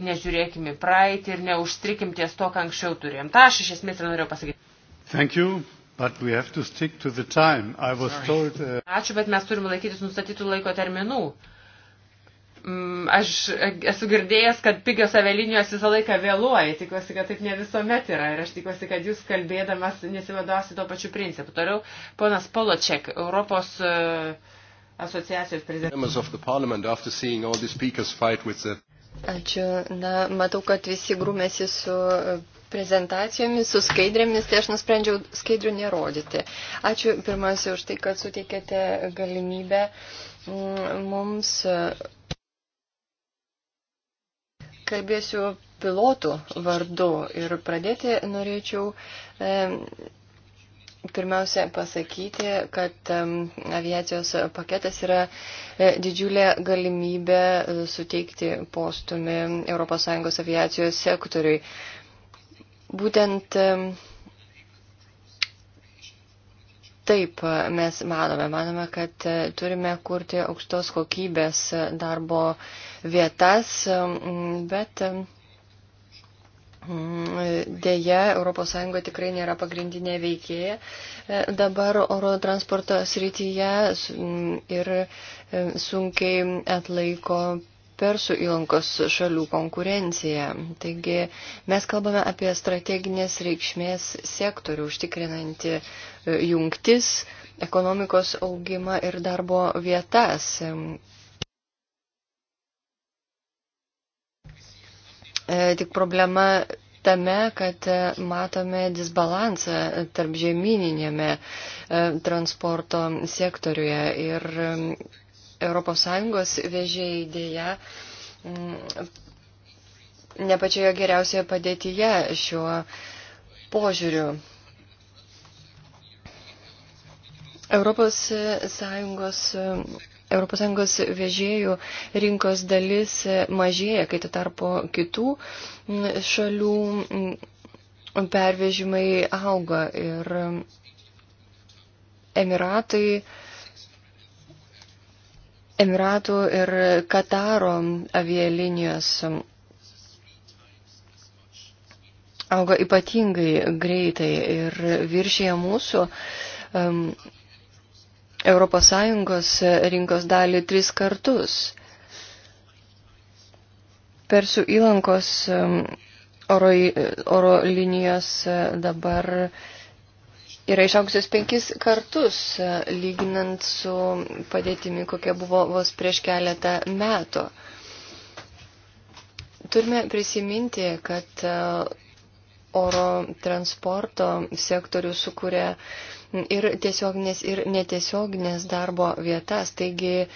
nežiūrėkime į praeitį ir neužstrikim ties to, ką anksčiau turėjom. Ta aš iš esmės ir norėjau pasakyti. Thank you. But we have to stick to the time. I was Sorry. told, uh... Ačiū, bet mes turime laikytis nustatytų laiko terminų. Uh, Mm, aš esu girdėjęs, kad pigios avelinijos visą laiką vėluoja, tikiuosi, kad taip ne visuomet yra ir aš tikiuosi, kad jūs kalbėdamas nesivadosi to pačiu principu. Toliau, ponas Poloček, Europos e, asociacijos prezidentas. Ačiū. Na, matau, kad visi grūmėsi su e, prezentacijomis, su skaidrėmis, tai aš nusprendžiau skaidrių nerodyti. Ačiū pirmiausia už tai, kad suteikėte galimybę mm, mums kalbėsiu pilotų vardu ir pradėti norėčiau e, pirmiausia pasakyti, kad e, aviacijos paketas yra e, didžiulė galimybė e, suteikti postumį ES aviacijos sektoriui. Būtent e, Taip, mes manome, manome, kad e, turime kurti aukštos kokybės e, darbo uh, vietas, bet dėja ES tikrai nėra pagrindinė veikėja e, dabar oro transporto srityje ir e, sunkiai atlaiko Persų įlankos šalių konkurencija. Taigi mes kalbame apie strateginės reikšmės sektorių, užtikrinantį e, jungtis, ekonomikos augimą ir darbo vietas. E, tik problema tame, kad matome disbalansą tarp žemyninėme e, transporto sektoriuje ir ES vežėjai dėja ne pačioje geriausioje padėtyje šiuo požiūriu. Europos Sąjungos ES vežėjų rinkos dalis mažėja, kai tuo tarpu kitų šalių pervežimai auga ir Emiratai. Emiratų ir Kataro avialinijos auga ypatingai greitai ir viršyje mūsų um, ES rinkos dalį tris kartus. Persų įlankos um, oro, oro linijos uh, dabar yra išaugusios penkis kartus, uh, lyginant su padėtimi, kokia buvo vos prieš keletą metų. Turime prisiminti, kad uh, oro transporto sektorius sukuria uh, ir tiesioginės ir netiesioginės darbo vietas. Taigi e,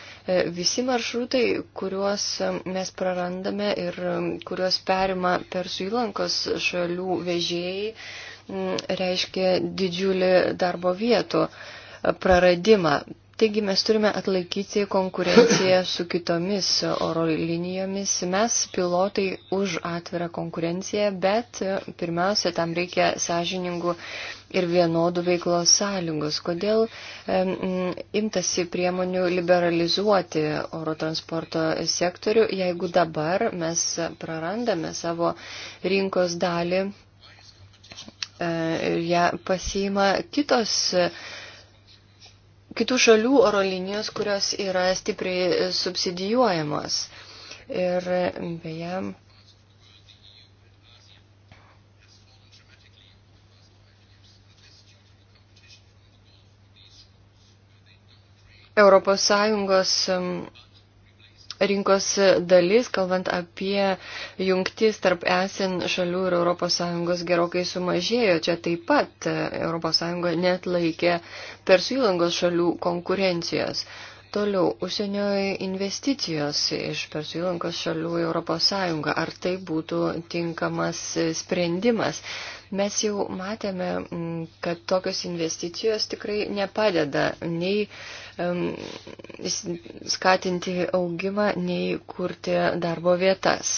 visi maršrutai, kuriuos e, mes prarandame ir e, kuriuos perima Persų įlankos šalių vežėjai, reiškia didžiulį darbo vietų praradimą. Taigi mes turime atlaikyti konkurenciją su kitomis oro linijomis. Mes pilotai už atvirą konkurenciją, bet e, pirmiausia, tam reikia sąžiningų ir vienodų veiklos sąlygos. Kodėl um, imtasi priemonių liberalizuoti oro transporto sektorių, jeigu dabar mes prarandame savo rinkos dalį e, ir ją pasiima kitos. Uh, kitų šalių oro linijos, kurios yra stipriai subsidijuojamos. Ir beje, Europos Sąjungos rinkos dalis, kalbant apie jungtis tarp ESN šalių ir ES gerokai sumažėjo. Čia taip pat ES net laikė Persų įlangos šalių konkurencijos. Toliau, užsienio investicijos iš Persų įlankos šalių į ES. Ar tai būtų tinkamas sprendimas? Mes jau matėme, kad tokios investicijos tikrai nepadeda nei um, skatinti augimą, nei kurti darbo vietas.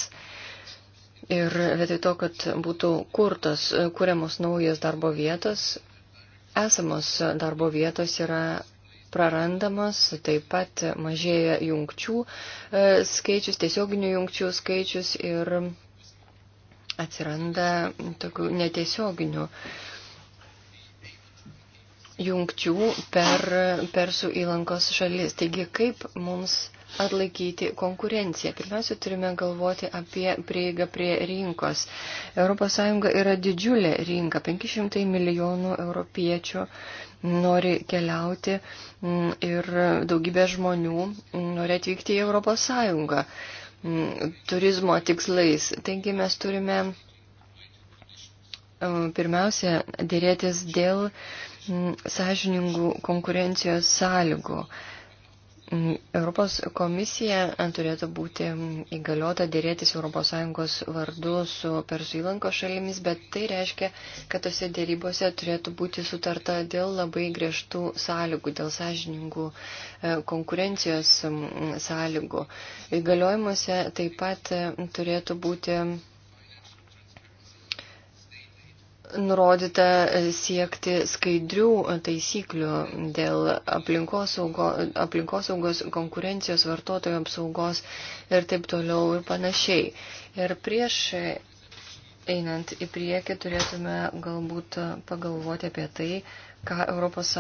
Ir vietoj to, kad būtų kurtos, kuriamos naujas darbo vietos, esamos darbo vietos yra prarandamos, taip pat mažėja jungčių e, skaičius, tiesioginių jungčių skaičius ir atsiranda tokių netiesioginių jungčių per Persų įlankos šalis. Taigi, kaip mums atlaikyti konkurenciją? Pirmiausia, turime galvoti apie prieigą prie rinkos. ES yra didžiulė rinka, 500 milijonų europiečių nori keliauti mm, ir daugybė žmonių mm, nori atvykti į ES turizmo tikslais. Taigi mes turime e, pirmiausia dėrėtis dėl sąžiningų konkurencijos sąlygų. Europos komisija turėtų būti įgaliota dėrėtis ES vardu su Persų įlanko šalimis, bet tai reiškia, kad tose dėrybose turėtų būti sutarta dėl labai griežtų sąlygų, dėl sąžiningų e, konkurencijos sąlygų. Įgaliojimuose taip pat e, turėtų būti nurodyta siekti skaidrių taisyklių dėl aplinkosaugos, aplinkosaugos konkurencijos, vartotojų apsaugos ir taip toliau ir panašiai. Ir prieš einant į priekį turėtume galbūt pagalvoti apie tai, ką ES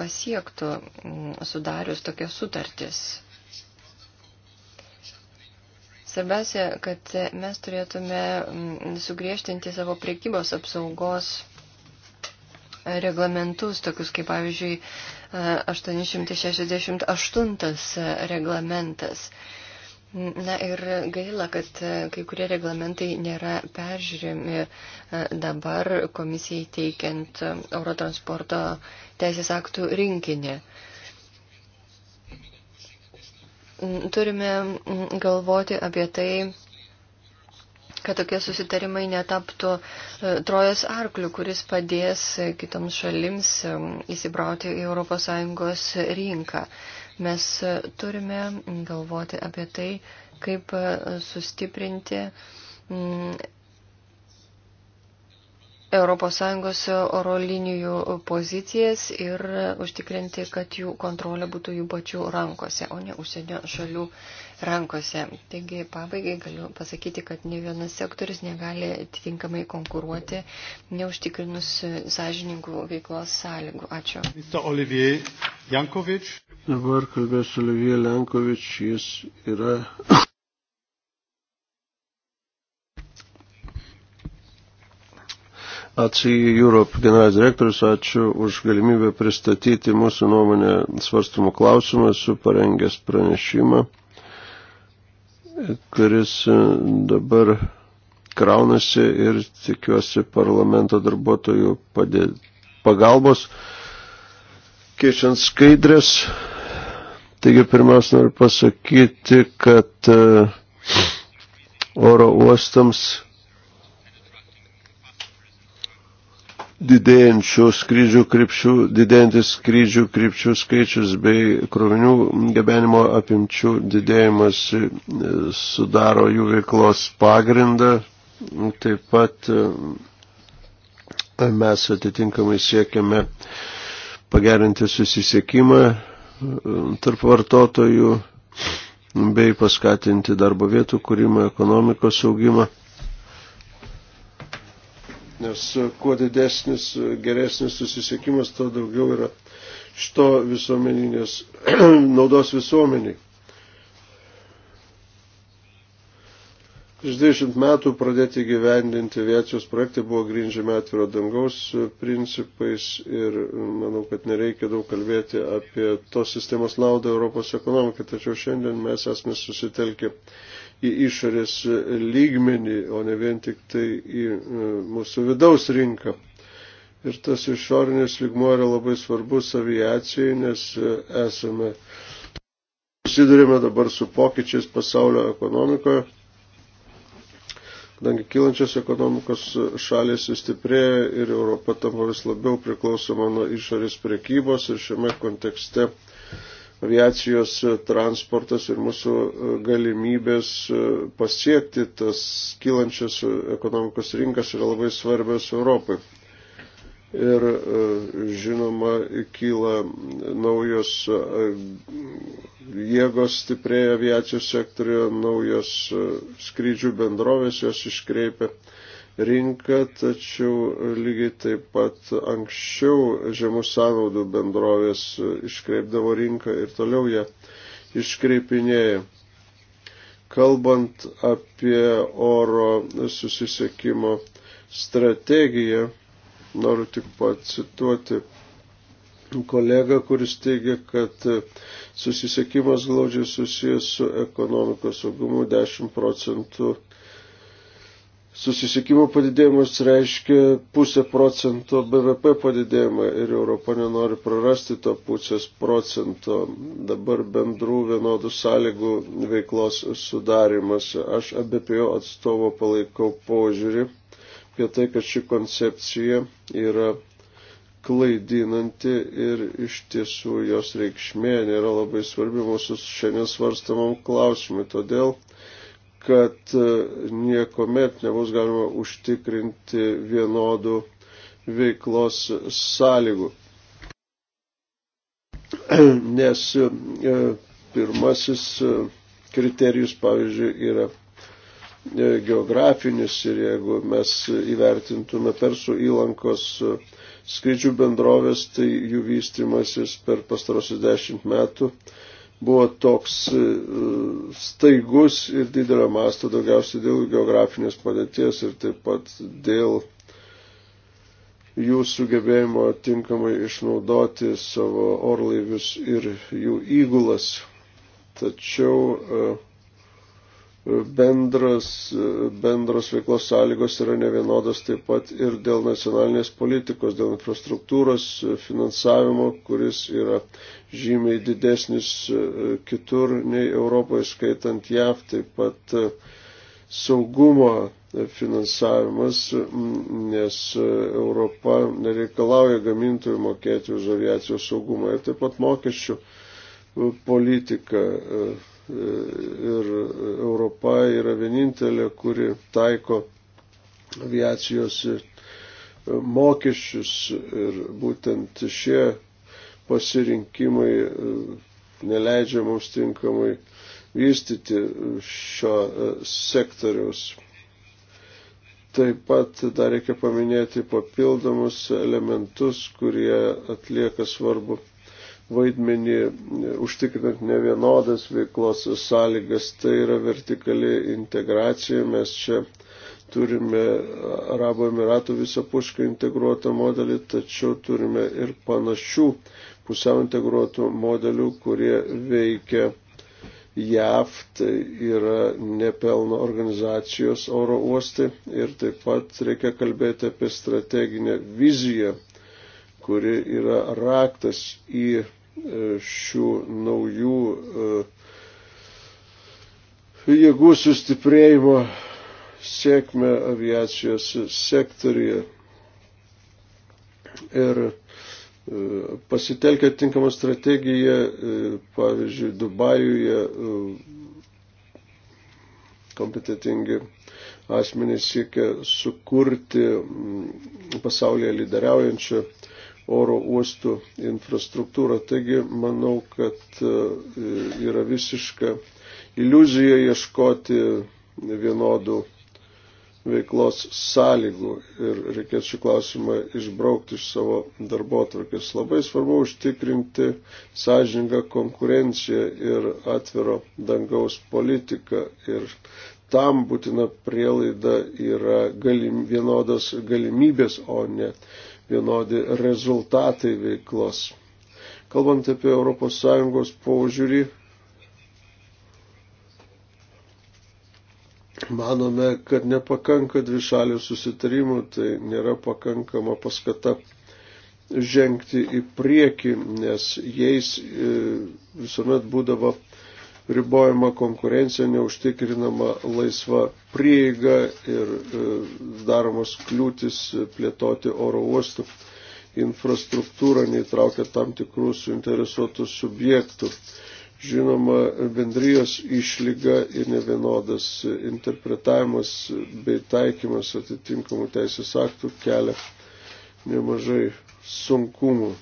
pasiektų mm, sudarius tokias sutartis. Svarbiausia, kad mes turėtume mm, sugriežtinti savo priekybos apsaugos reglamentus, tokius kaip pavyzdžiui 868 e, reglamentas. Na ir gaila, kad kai kurie reglamentai nėra peržiūrimi e, dabar komisijai teikiant Eurotransporto teisės aktų rinkinį. Mm, turime mm, galvoti apie tai, kad tokie susitarimai netaptų e, Trojos arklių, kuris padės e, kitoms šalims e, įsibrauti į ES rinką. Mes turime mm, galvoti apie tai, kaip sustiprinti ES oro linijų pozicijas ir užtikrinti, kad jų kontrolė būtų jų pačių rankose, o ne užsienio šalių rankose. Taigi pabaigai galiu pasakyti, kad ne vienas sektoris negali tinkamai konkuruoti, neužtikrinus sąžininkų veiklos sąlygų. Ačiū. Dabar kalbės Olivier Jankovič, jis yra ACI Europe generalinis direktorius, ačiū už galimybę pristatyti mūsų nuomonę svarstumų klausimą, esu parengęs pranešimą, kuris dabar kraunasi ir tikiuosi parlamento darbuotojų padė... pagalbos, keičiant skaidrės. Taigi pirmiausia noriu pasakyti, kad oro uostams didėjančių skrydžių krypčių, didėjantis skrydžių krypčių skaičius bei krovinių gabenimo apimčių didėjimas e, sudaro jų veiklos pagrindą. Taip pat e, mes atitinkamai siekiame pagerinti susisiekimą e, tarp vartotojų bei paskatinti darbo vietų kūrimą, ekonomikos augimą nes kuo didesnis, geresnis susisiekimas, tuo daugiau yra šito visuomeninės <clears throat> naudos visuomeniai. Iš 20 metų pradėti gyvendinti aviacijos projektai buvo grindžiami atviro dangaus principais ir manau, kad nereikia daug kalbėti apie tos sistemos naudą Europos ekonomikai, tačiau šiandien mes esame susitelkę į išorės lygmenį, o ne vien tik tai į e, mūsų vidaus rinką. Ir tas išorinis lygmo yra labai svarbus aviacijai, nes e, esame, susidurime dabar su pokyčiais pasaulio ekonomikoje, kadangi kylančios ekonomikos šalys sustiprėja ir Europa tampa vis labiau priklausoma nuo išorės prekybos ir šiame kontekste aviacijos e, transportas ir mūsų e, galimybės e, pasiekti tas kylančias ekonomikos rinkas yra labai svarbios Europai. Ir žinoma, kyla naujos jėgos stiprėja aviacijos sektorio, naujos skrydžių bendrovės jos iškreipia rinką, tačiau lygiai taip pat anksčiau žemų sąnaudų bendrovės iškreipdavo rinką ir toliau ją iškreipinėja. Kalbant apie oro susisiekimo strategiją, noriu tik pacituoti kolegą, kuris teigia, kad susisiekimas glaudžiai susijęs su ekonomikos saugumu 10 procentų susisiekimo padidėjimas reiškia pusę procento BVP padidėjimą ir Europa nenori prarasti to pusės procento dabar bendrų vienodų sąlygų veiklos sudarimas. Aš ABPO atstovo palaikau požiūrį apie tai, kad ši koncepcija yra klaidinanti ir iš tiesų jos reikšmė nėra labai svarbi mūsų šiandien svarstamam klausimui. Todėl kad e, niekuomet nebus galima užtikrinti vienodų veiklos sąlygų. <clears throat> Nes e, pirmasis e, kriterijus, pavyzdžiui, yra geografinis ir jeigu mes įvertintume Persų įlankos skrydžių bendrovės, tai jų vystimasis per pastarosius dešimt metų buvo toks e, staigus ir didelio masto, daugiausiai dėl geografinės padėties ir taip pat dėl jų sugebėjimo tinkamai išnaudoti savo orlaivius ir jų įgulas. Tačiau e, bendras, bendros veiklos sąlygos yra nevienodas taip pat ir dėl nacionalinės politikos, dėl infrastruktūros finansavimo, kuris yra žymiai didesnis e, kitur nei Europoje, skaitant JAV, taip pat e, saugumo finansavimas, nes e, Europa nereikalauja gamintojų mokėti už aviacijos saugumą ir taip pat mokesčių politika ir Europa yra vienintelė, kuri taiko aviacijos mokesčius ir būtent šie pasirinkimai e, neleidžia mums tinkamai vystyti šio e, sektoriaus. Taip pat dar reikia paminėti papildomus elementus, kurie atlieka svarbu vaidmenį e, užtikrinant ne vienodas veiklos sąlygas. Tai yra vertikali integracija. Mes čia turime Arabo Emiratų visapuškai integruotą modelį, tačiau turime ir panašių pusiau integruotų modelių, kurie veikia JAV, tai yra nepelno organizacijos oro uostai ir taip pat reikia kalbėti apie strateginę viziją, kuri yra raktas į E, šių naujų e, jėgų sustiprėjimo sėkmę aviacijos sektorija. Ir e, pasitelkę tinkamą strategiją, pavyzdžiui, Dubajuje kompetitingi asmenys siekia sukurti pasaulyje lyderiaujančią oro uostų infrastruktūrą. Taigi manau, kad e, yra visiška iliuzija ieškoti vienodų veiklos sąlygų ir reikės šį klausimą išbraukti iš savo darbo atvarkės. Labai svarbu užtikrinti sąžiningą konkurenciją ir atviro dangaus politiką ir tam būtina prielaida yra galim, vienodas galimybės, o ne vienodi rezultatai veiklos. Kalbant apie ES požiūrį, manome, kad nepakanka dvišalių susitarimų, tai nėra pakankama paskata žengti į priekį, nes jais e, visuomet būdavo ribojama konkurencija, neužtikrinama laisva prieiga ir e, daromas kliūtis plėtoti oro uostų infrastruktūrą, neįtraukia tam tikrų suinteresuotų subjektų. Žinoma, bendrijos išlyga ir nevienodas interpretavimas bei taikymas atitinkamų teisės aktų kelia nemažai sunkumų.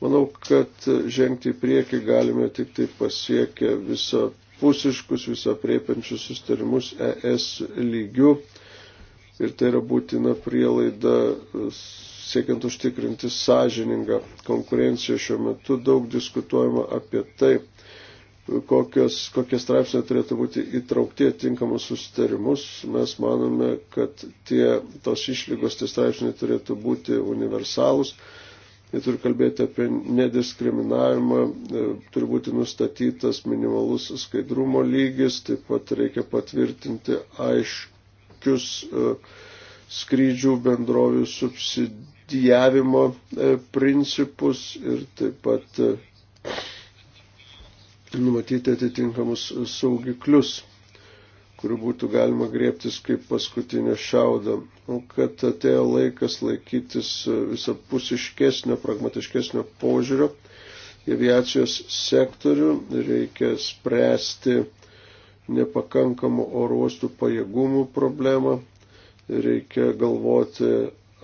Manau, kad žengti į priekį galime tik tai pasiekę visą pusiškus, visą priepiančius sustarimus ES lygių. Ir tai yra būtina prielaida siekiant užtikrinti sąžiningą konkurenciją šiuo metu. Daug diskutuojama apie tai, kokios, kokie straipsniai turėtų būti įtraukti atinkamus sustarimus. Mes manome, kad tie, tos išlygos, tie straipsniai turėtų būti universalūs jie turi kalbėti apie nediskriminavimą, e, turi būti nustatytas minimalus skaidrumo lygis, taip pat reikia patvirtinti aiškius e, skrydžių bendrovių subsidijavimo e, principus ir taip pat numatyti atitinkamus saugiklius kurių būtų galima griebtis kaip paskutinio šaudo. O kad atėjo laikas laikytis visapusiškesnio, pragmatiškesnio požiūrio į aviacijos sektorių, reikia spręsti nepakankamų oro uostų pajėgumų problemą, reikia galvoti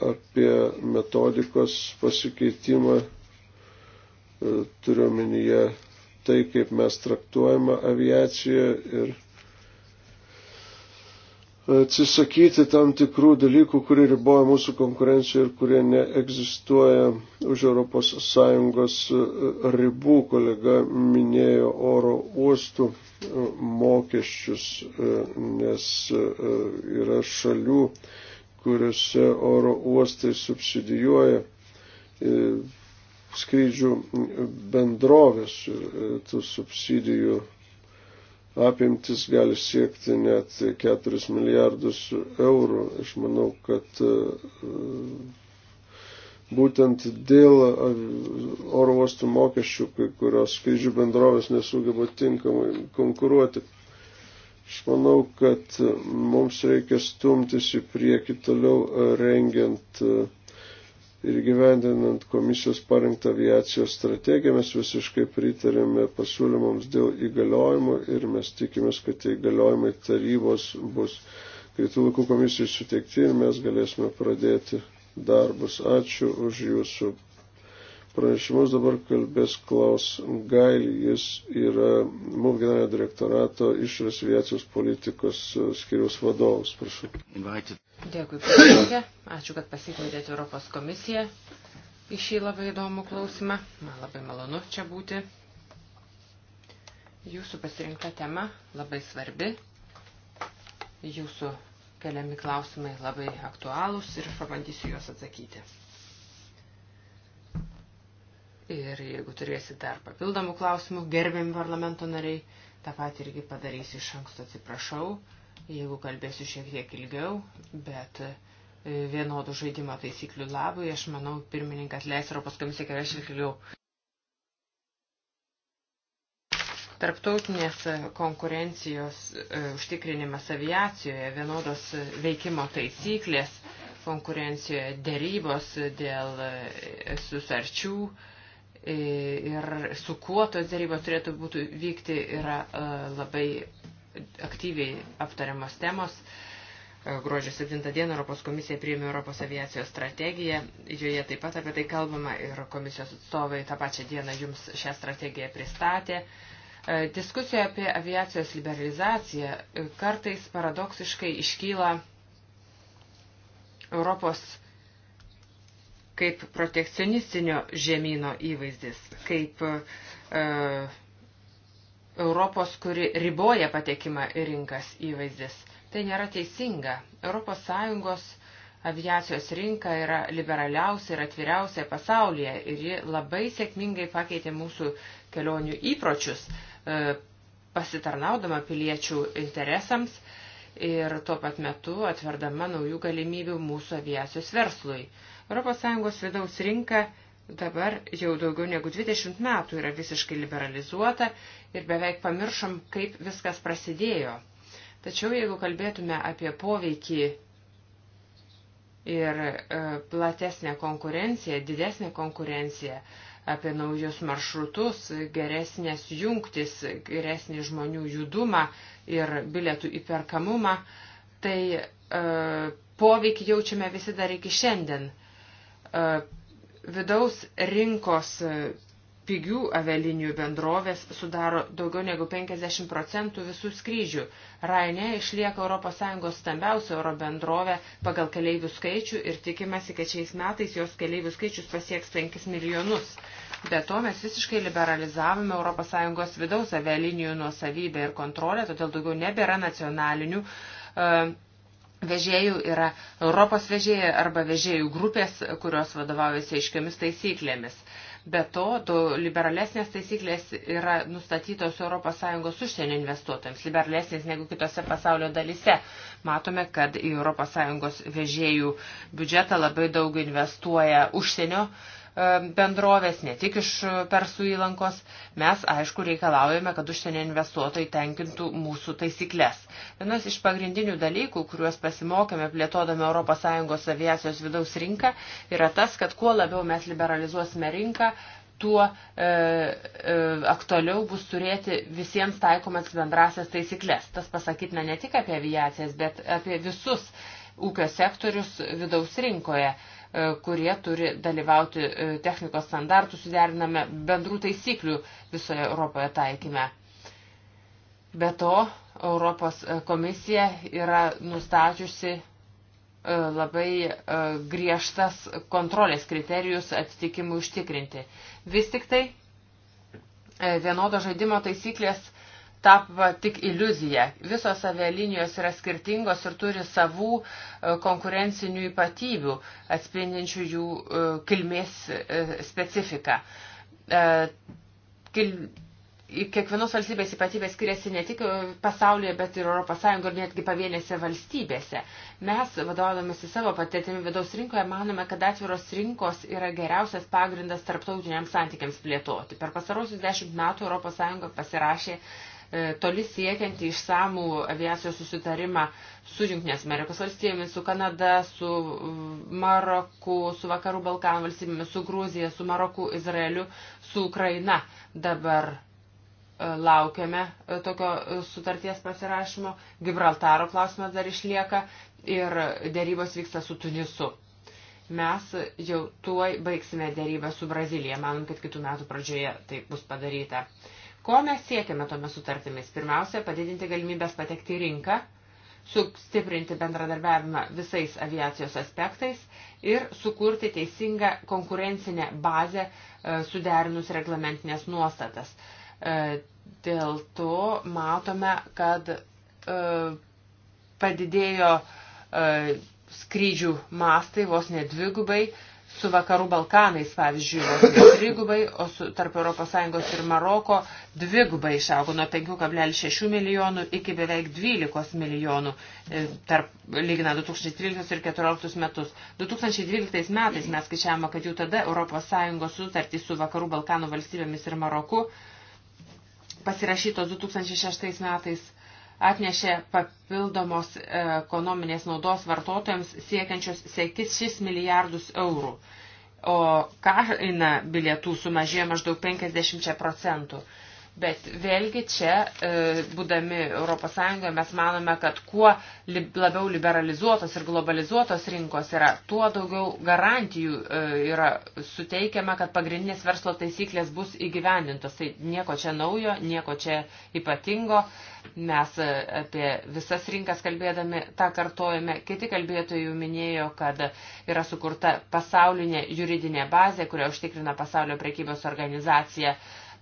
apie metodikos pasikeitimą, e, turiuomenyje tai, kaip mes traktuojame aviaciją ir atsisakyti tam tikrų dalykų, kurie riboja mūsų konkurenciją ir kurie neegzistuoja už ES e, ribų. Kolega minėjo oro uostų e, mokesčius, e, nes yra šalių, kuriuose oro uostai subsidijuoja skrydžių bendrovės ir tų subsidijų apimtis gali siekti net 4 milijardus eurų. Aš manau, kad e, būtent dėl oro uostų mokesčių kai kurios skrydžių bendrovės nesugeba tinkamai konkuruoti. Aš manau, kad mums reikia stumtis į priekį toliau rengiant uh, ir gyvendinant komisijos parengtą aviacijos strategiją mes visiškai pritarėme pasiūlymams dėl įgaliojimų ir mes tikimės, kad tie įgaliojimai tarybos bus greitų laikų komisijai suteikti ir mes galėsime pradėti darbus. Ačiū už jūsų pranešimus dabar kalbės Klaus Gail, jis yra MUF generalinio direktorato išorės aviacijos politikos e, skiriaus vadovas. Prašau. Dėkui, pirmininkė. Ačiū, kad pasikvietėte Europos komisiją į šį labai įdomų klausimą. Man labai malonu čia būti. Jūsų pasirinkta tema labai svarbi. Jūsų keliami klausimai labai aktualūs ir pabandysiu juos atsakyti. Ir jeigu turėsit dar papildomų klausimų, gerbiami parlamento nariai, tą patį irgi padarysiu iš anksto, atsiprašau, jeigu kalbėsiu šiek tiek ilgiau, bet e, vienodų žaidimo taisyklių labui, aš manau, pirmininkas leis Europos komisija kelias ilgiau. Tarptautinės e, konkurencijos e, užtikrinimas aviacijoje, vienodos veikimo taisyklės konkurencijoje, dėrybos dėl susarčių, ir su kuo tos dėrybos turėtų būti vykti yra e, labai aktyviai aptariamos temos. E, gruodžio 7 dieną Europos komisija priėmė Europos aviacijos strategiją. Joje taip pat apie tai kalbama ir komisijos atstovai tą pačią dieną jums šią strategiją pristatė. E, diskusija apie aviacijos liberalizaciją kartais paradoksiškai iškyla Europos kaip protekcionistinio žemynų įvaizdis, kaip e, Europos, kuri riboja patekimą į rinkas įvaizdis. Tai nėra teisinga. ES aviacijos rinka yra liberaliausia ir atviriausia pasaulyje ir ji labai sėkmingai pakeitė mūsų kelionių įpročius, e, pasitarnaudama piliečių interesams ir tuo pat metu atverdama naujų galimybių mūsų aviacijos verslui. E, ES vidaus rinka dabar jau daugiau negu 20 metų yra visiškai liberalizuota ir beveik pamiršom, kaip viskas prasidėjo. Tačiau jeigu kalbėtume apie poveikį ir e, platesnę konkurenciją, didesnę konkurenciją, apie naujus maršrutus, geresnės jungtis, geresnį žmonių judumą ir bilietų įperkamumą, tai e, poveikį jaučiame visi dar iki šiandien. E, E, vidaus rinkos pigių avelinių bendrovės sudaro daugiau negu 50 procentų visų skrydžių. Rainė išlieka ES stambiausia oro bendrovė pagal keleivių skaičių ir tikimasi, kad šiais metais jos keleivių skaičius pasieks 5 milijonus. Be to mes visiškai liberalizavome ES vidaus avialinijų nuosavybę ir kontrolę, todėl daugiau nebėra nacionalinių uh, vežėjų yra Europos vežėjai arba vežėjų grupės, kurios vadovaujasi aiškiomis taisyklėmis. Be to, to liberalesnės taisyklės yra nustatytos ES užsienio investuotojams, liberalesnės negu kitose pasaulio dalise. Matome, kad į ES vežėjų biudžetą labai daug investuoja užsienio uh, bendrovės, ne tik iš Persų įlankos. Mes, aišku, reikalaujame, kad užsienio investuotojai tenkintų mūsų taisyklės. Vienas iš pagrindinių dalykų, kuriuos pasimokėme plėtodami ES aviacijos vidaus rinką, yra tas, kad kuo labiau mes liberalizuosime rinką, tuo e, e, aktualiau bus turėti visiems taikomas bendrasias taisyklės. Tas pasakytina ne tik apie aviacijas, bet apie visus ūkio sektorius vidaus rinkoje. E, E, kurie turi dalyvauti e, technikos standartų suderiname bendrų taisyklių visoje Europoje taikyme. Be to, Europos e, komisija yra nustačiusi labai griežtas kontrolės kriterijus atitikimui užtikrinti. Vis tik tai vienodo žaidimo taisyklės tapo tik iliuzija. Visos avialinijos yra skirtingos ir turi savų e, konkurencinių ypatybių, atspindinčių jų e, kilmės e, specifiką. Kil... Kiekvienos valstybės ypatybės skiriasi ne tik pasaulyje, bet ir ES ir netgi pavienėse valstybėse. Mes, vadovaudomės į savo patirtimi vidaus rinkoje, manome, kad atviros rinkos yra geriausias pagrindas tarptautiniams santykiams plėtoti. Per pasarosius dešimt metų ES pasirašė E, toli siekiantį išsamų aviacijos susitarimą su Junktinės Amerikos valstybėmis, su Kanada, su mm, Maroku, su Vakarų Balkanų valstybėmis, su Gruzija, su Maroku, Izraeliu, su Ukraina. Dabar e, laukiame e, tokio sutarties pasirašymo. Gibraltaro klausimas dar išlieka ir dėrybos vyksta su Tunisu. Mes jau tuoj baigsime dėrybę su Brazilija. Manom, kad kitų metų pradžioje tai bus padaryta. Uh, Ko mes siekiame tomis sutartimis? Pirmiausia, padidinti galimybės patekti į rinką, sustiprinti bendradarbiavimą visais aviacijos aspektais ir sukurti teisingą konkurencinę bazę e, suderinus reglamentinės nuostatas. E, dėl to matome, kad e, padidėjo skrydžių mastai vos nedvigubai, dvigubai su Vakarų Balkanais, pavyzdžiui, vos trigubai, o su, tarp ES ir Maroko dvigubai išaugo nuo 5,6 milijonų iki beveik 12 milijonų, e, tarp, lygina 2013 ir 2014 metus. 2012 metais mes skaičiavome, kad jau tada ES sutartys su Vakarų Balkanų valstybėmis ir Maroku pasirašytos 2006 metais atnešė papildomos e, ekonominės naudos vartotojams siekiančios 6 milijardus eurų, o kaina bilietų sumažėjo maždaug 50 procentų. Bet vėlgi čia, e, būdami ES, mes manome, kad kuo labiau liberalizuotos ir globalizuotos rinkos yra, tuo daugiau garantijų e, yra suteikiama, kad pagrindinės verslo taisyklės bus įgyvendintos. Tai nieko čia naujo, nieko čia ypatingo. Mes e, apie visas rinkas kalbėdami tą kartojame. Kiti kalbėtojai jau minėjo, kad yra sukurta pasaulinė juridinė bazė, kurią užtikrina pasaulio prekybos organizacija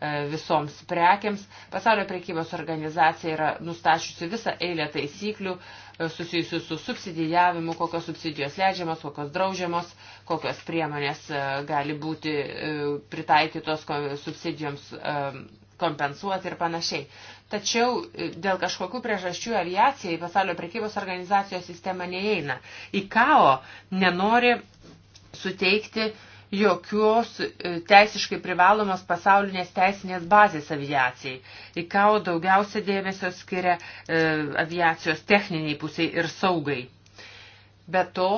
E, visoms prekiams. Pasaulio prekybos organizacija yra nustačiusi visą eilę taisyklių e, susijusių su subsidijavimu, kokios subsidijos leidžiamos, kokios draužiamos, kokios priemonės e, gali būti pritaikytos subsidijoms kompensuoti ir panašiai. Tačiau dėl kažkokių priežasčių aviacija į pasaulio prekybos organizacijos sistemą neįeina. ICAO nenori suteikti uh, jokios e, teisiškai privalomos pasaulinės teisinės bazės aviacijai. ICAO daugiausia dėmesio skiria e, aviacijos techniniai pusiai ir saugai. Be to,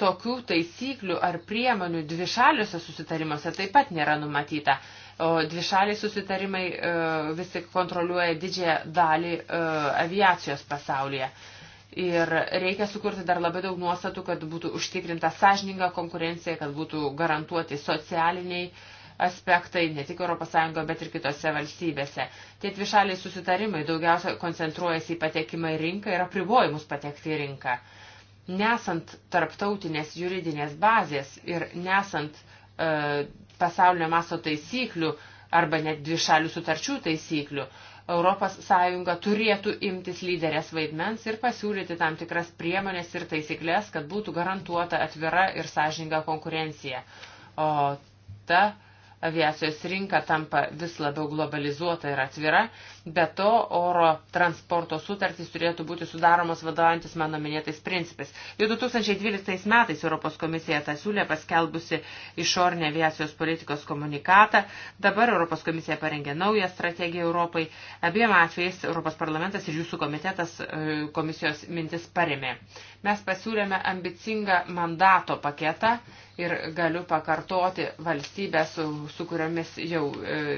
tokių taisyklių ar priemonių dvišaliuose susitarimuose taip pat nėra numatyta, o dvišaliai susitarimai e, vis tik kontroliuoja didžiąją dalį e, aviacijos pasaulyje. E, Ir reikia sukurti dar labai daug nuostatų, kad būtų užtikrinta sąžininga konkurencija, kad būtų garantuoti socialiniai aspektai ne tik ES, bet ir kitose valstybėse. Tie dvišaliai susitarimai daugiausia koncentruojasi į patekimą į rinką ir apribojimus patekti į rinką. Nesant tarptautinės juridinės bazės ir nesant e, pasaulinio maso taisyklių arba net dvišalių sutarčių taisyklių, e, ES turėtų imtis lyderės vaidmens ir pasiūlyti tam tikras priemonės ir taisyklės, kad būtų garantuota atvira ir sąžininga konkurencija. O ta aviacijos rinka tampa vis labiau globalizuota ir atvira, be to oro transporto sutartys turėtų būti sudaromos vadovantis mano minėtais principais. Jau 2012 metais Europos komisija tą siūlė paskelbusi išornę aviacijos politikos komunikatą, dabar Europos komisija parengė naują strategiją Europai, abiem atvejais Europos parlamentas ir jūsų komitetas e, komisijos mintis paremė. Mes pasiūlėme ambicingą mandato paketą, Ir galiu pakartoti valstybę, su, su kuriomis jau e,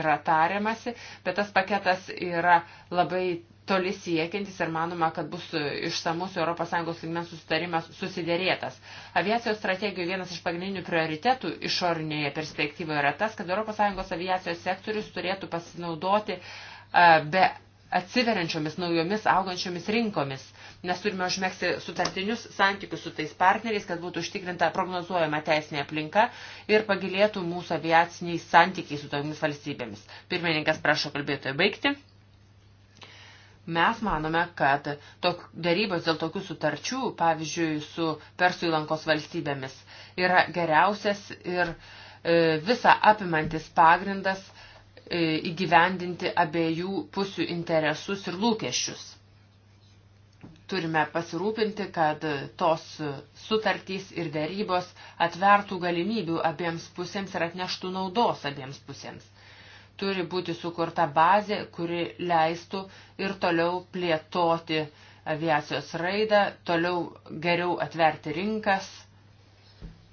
yra tariamasi, bet tas paketas yra labai toli siekiantis ir manoma, kad bus išsamus ES lygmens susitarimas susidėrėtas. Aviacijos strategijoje vienas iš pagrindinių prioritetų išorinėje perspektyvoje yra tas, kad ES aviacijos sektorius turėtų pasinaudoti e, be atsiveriančiomis naujomis augančiomis rinkomis. Mes turime užmėgsti sutartinius santykius su tais partneriais, kad būtų užtikrinta prognozuojama teisinė aplinka ir pagilėtų mūsų aviaciniai santykiai su tomis valstybėmis. Pirmininkas prašo kalbėtoje baigti. Mes manome, kad tok, darybos dėl tokių sutarčių, pavyzdžiui, su Persų įlankos valstybėmis, yra geriausias ir e, visa apimantis pagrindas e, E, įgyvendinti abiejų pusių interesus ir lūkesčius. Turime pasirūpinti, kad tos sutartys ir dėrybos atvertų galimybių abiems pusėms ir atneštų naudos abiems pusėms. Turi būti sukurta bazė, kuri leistų ir toliau plėtoti aviacijos raidą, toliau geriau atverti rinkas.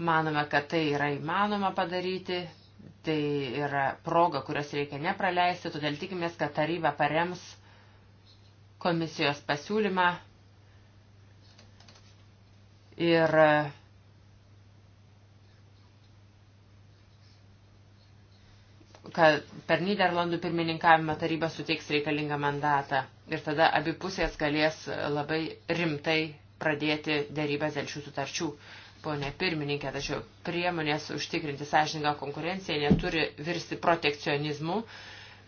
Manome, kad tai yra įmanoma padaryti, Tai yra proga, kurios reikia nepraleisti, todėl tikimės, kad taryba parems komisijos pasiūlymą ir kad per Niderlandų pirmininkavimą taryba suteiks reikalingą mandatą ir tada abi pusės galės labai rimtai pradėti dėrybęs dėl šių sutarčių ponė pirmininkė, tačiau priemonės užtikrinti sąžininką konkurenciją neturi virsti protekcionizmu,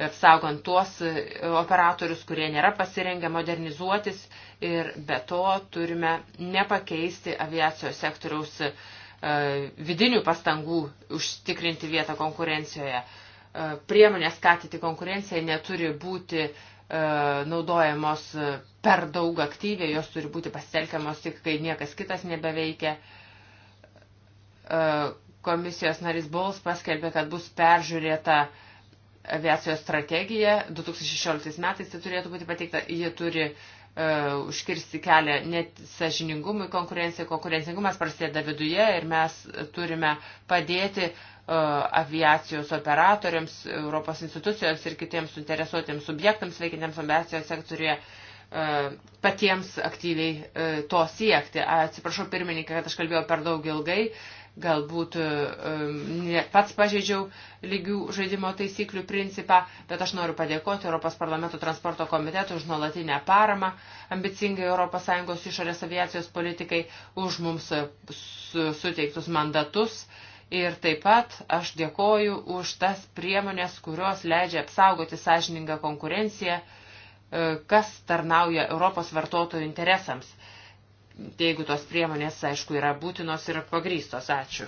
apsaugant tuos e, operatorius, kurie nėra pasirengę modernizuotis ir be to turime nepakeisti aviacijos sektoriaus e, vidinių pastangų užtikrinti vietą konkurencijoje. E, priemonės skatyti konkurenciją neturi būti naudojamos per daug aktyviai, jos turi būti pasitelkiamos tik, kai niekas kitas nebeveikia. E, komisijos narys Bols paskelbė, kad bus peržiūrėta aviacijos strategija 2016 metais, tai turėtų būti pateikta, jie turi uh, užkirsti kelią net sažiningumui konkurencijai, konkurencingumas prasideda viduje ir mes turime padėti uh, aviacijos operatoriams, Europos institucijoms ir kitiems suinteresuotiems subjektams veikintiems aviacijos sektoriuje uh, patiems aktyviai uh, to siekti. Atsiprašau pirmininkai, kad aš kalbėjau per daug ilgai. Uh, galbūt e, e, pats pažeidžiau lygių žaidimo taisyklių principą, bet aš noriu padėkoti Europos parlamento transporto komitetui už nuolatinę paramą ambicingai ES išorės aviacijos politikai, už mums e, suteiktus mandatus. Ir taip pat aš dėkoju už tas priemonės, kurios leidžia apsaugoti sąžiningą konkurenciją, kas tarnauja Europos vartotojų interesams. Tai jeigu tos priemonės, aišku, yra būtinos ir pagrystos. Ačiū.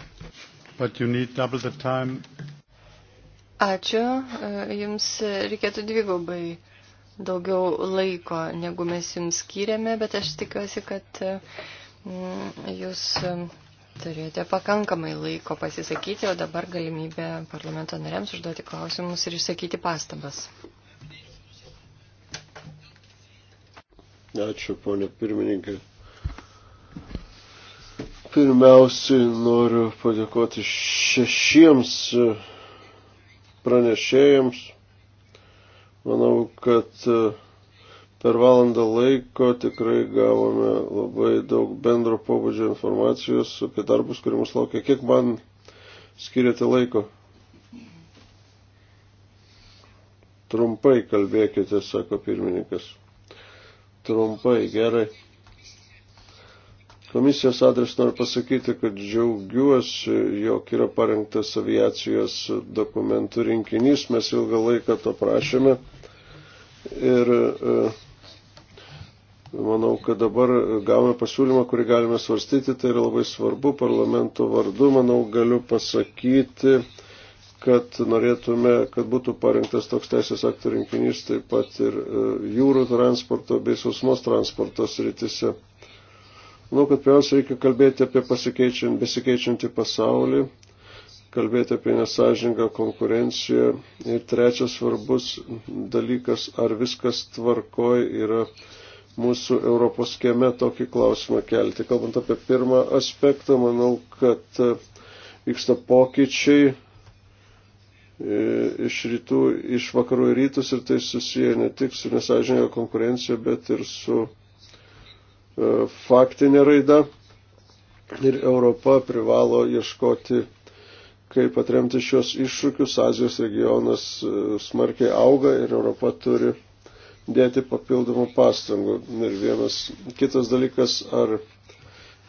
Ačiū. E, jums reikėtų dvigubai daugiau laiko, negu mes jums skiriame, bet aš tikiuosi, kad e, jūs e, turėjote pakankamai laiko pasisakyti, o dabar galimybė parlamento nariams užduoti klausimus ir išsakyti pastabas. Ačiū, ponė pirmininkė. Pirmiausiai noriu padėkoti šešiems e, pranešėjams. Manau, kad e, per valandą laiko tikrai gavome labai daug bendro pobūdžio informacijos apie darbus, kurie mus laukia. Kiek man skiriate laiko? Trumpai kalbėkite, sako pirmininkas. Trumpai, gerai. Komisijos adres noriu pasakyti, kad džiaugiuosi, jog yra parengtas aviacijos dokumentų rinkinys, mes ilgą laiką to prašėme ir e, manau, kad dabar gavome pasiūlymą, kurį galime svarstyti, tai yra labai svarbu, parlamento vardu, manau, galiu pasakyti, kad norėtume, kad būtų parengtas toks teisės aktų rinkinys taip pat ir e, jūrų transporto bei sausmos transporto sritise. Manau, kad pirmiausia reikia kalbėti apie besikeičiantį pasaulį, kalbėti apie nesažingą konkurenciją. Ir trečias svarbus dalykas, ar viskas tvarkoj yra mūsų Europos kieme tokį klausimą kelti. Kalbant apie pirmą aspektą, manau, kad e, vyksta pokyčiai e, iš rytų, iš vakarų į rytus ir tai susiję ne tik su nesažininga konkurencija, bet ir su E, faktinė raida ir Europa privalo ieškoti, kaip atremti šios iššūkius. Azijos regionas e, smarkiai auga ir Europa turi dėti papildomų pastangų. Ir vienas kitas dalykas, ar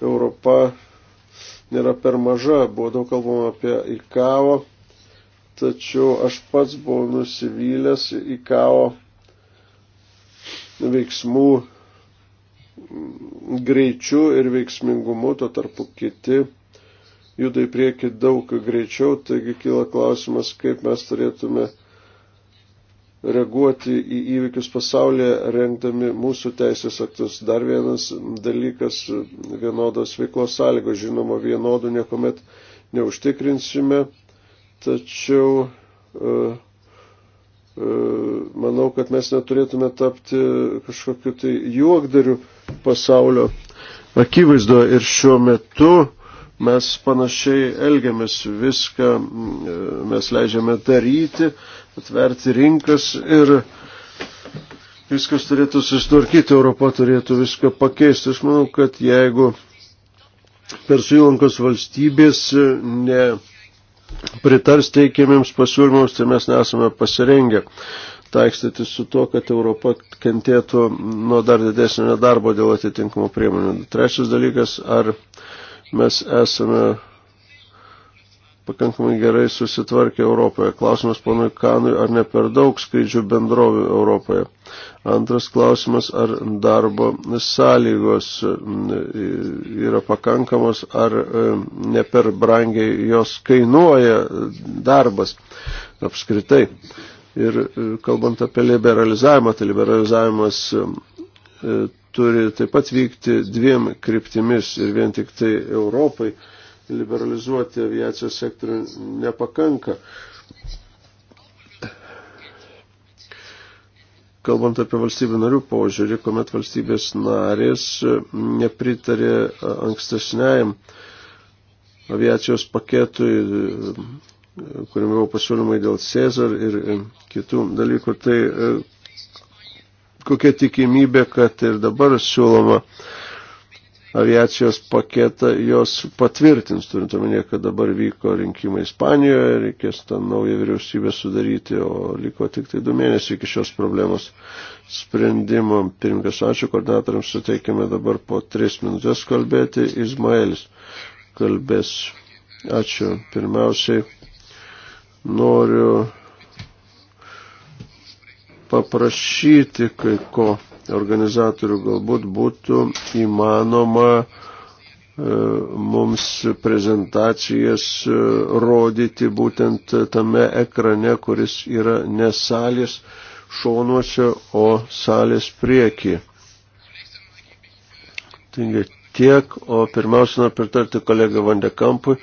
Europa nėra per maža, buvo daug kalbama apie įkavo, tačiau aš pats buvau nusivylęs įkavo veiksmų greičiu ir veiksmingumu, to tarpu kiti juda į priekį daug greičiau, taigi kyla klausimas, kaip mes turėtume reaguoti į įvykius pasaulyje, rengdami mūsų teisės aktus. Dar vienas dalykas - vienodos veiklos sąlygos. Žinoma, vienodų niekuomet neužtikrinsime, tačiau uh, E, manau, kad mes neturėtume tapti kažkokiu tai juokdariu pasaulio akivaizdo ir šiuo metu mes panašiai elgiamės viską, e, mes leidžiame daryti, atverti rinkas ir viskas turėtų susitvarkyti, Europa turėtų viską pakeisti. Aš manau, kad jeigu Persų įlankos valstybės ne pritars teikiamiems pasiūlymams, tai mes nesame pasirengę taikstyti su to, kad Europa kentėtų nuo dar didesnio nedarbo dėl atitinkamų priemonių. Trečias dalykas, ar mes esame pakankamai gerai susitvarkė Europoje. Klausimas ponui Kanui, ar ne per daug skrydžių bendrovių Europoje. Antras klausimas, ar darbo sąlygos mm, yra pakankamos, ar mm, ne per brangiai jos kainuoja darbas apskritai. Ir mm, kalbant apie liberalizavimą, tai liberalizavimas turi taip pat vykti dviem kryptimis ir vien tik tai Europai liberalizuoti aviacijos sektorių nepakanka. Kalbant apie valstybių narių požiūrį, kuomet valstybės narės nepritarė ankstesniajam aviacijos paketui, kuriame buvo pasiūlymai dėl Cezar ir kitų dalykų, tai kokia tikimybė, kad ir dabar siūloma aviacijos paketą jos patvirtins, turint omenyje, kad dabar vyko rinkimai Ispanijoje, reikės tą naują vyriausybę sudaryti, o liko tik tai du mėnesiai iki šios problemos sprendimo. Pirmkas, ačiū koordinatoriams, suteikime dabar po tris minutės kalbėti. Izmaelis kalbės. Ačiū. Pirmiausiai noriu paprašyti kai ko organizatorių galbūt būtų įmanoma e, mums prezentacijas e, rodyti būtent tame ekrane, kuris yra ne salės šonuose, o salės priekyje. Taigi tiek, o pirmiausia, noriu pritarti kolegą Vandekampui,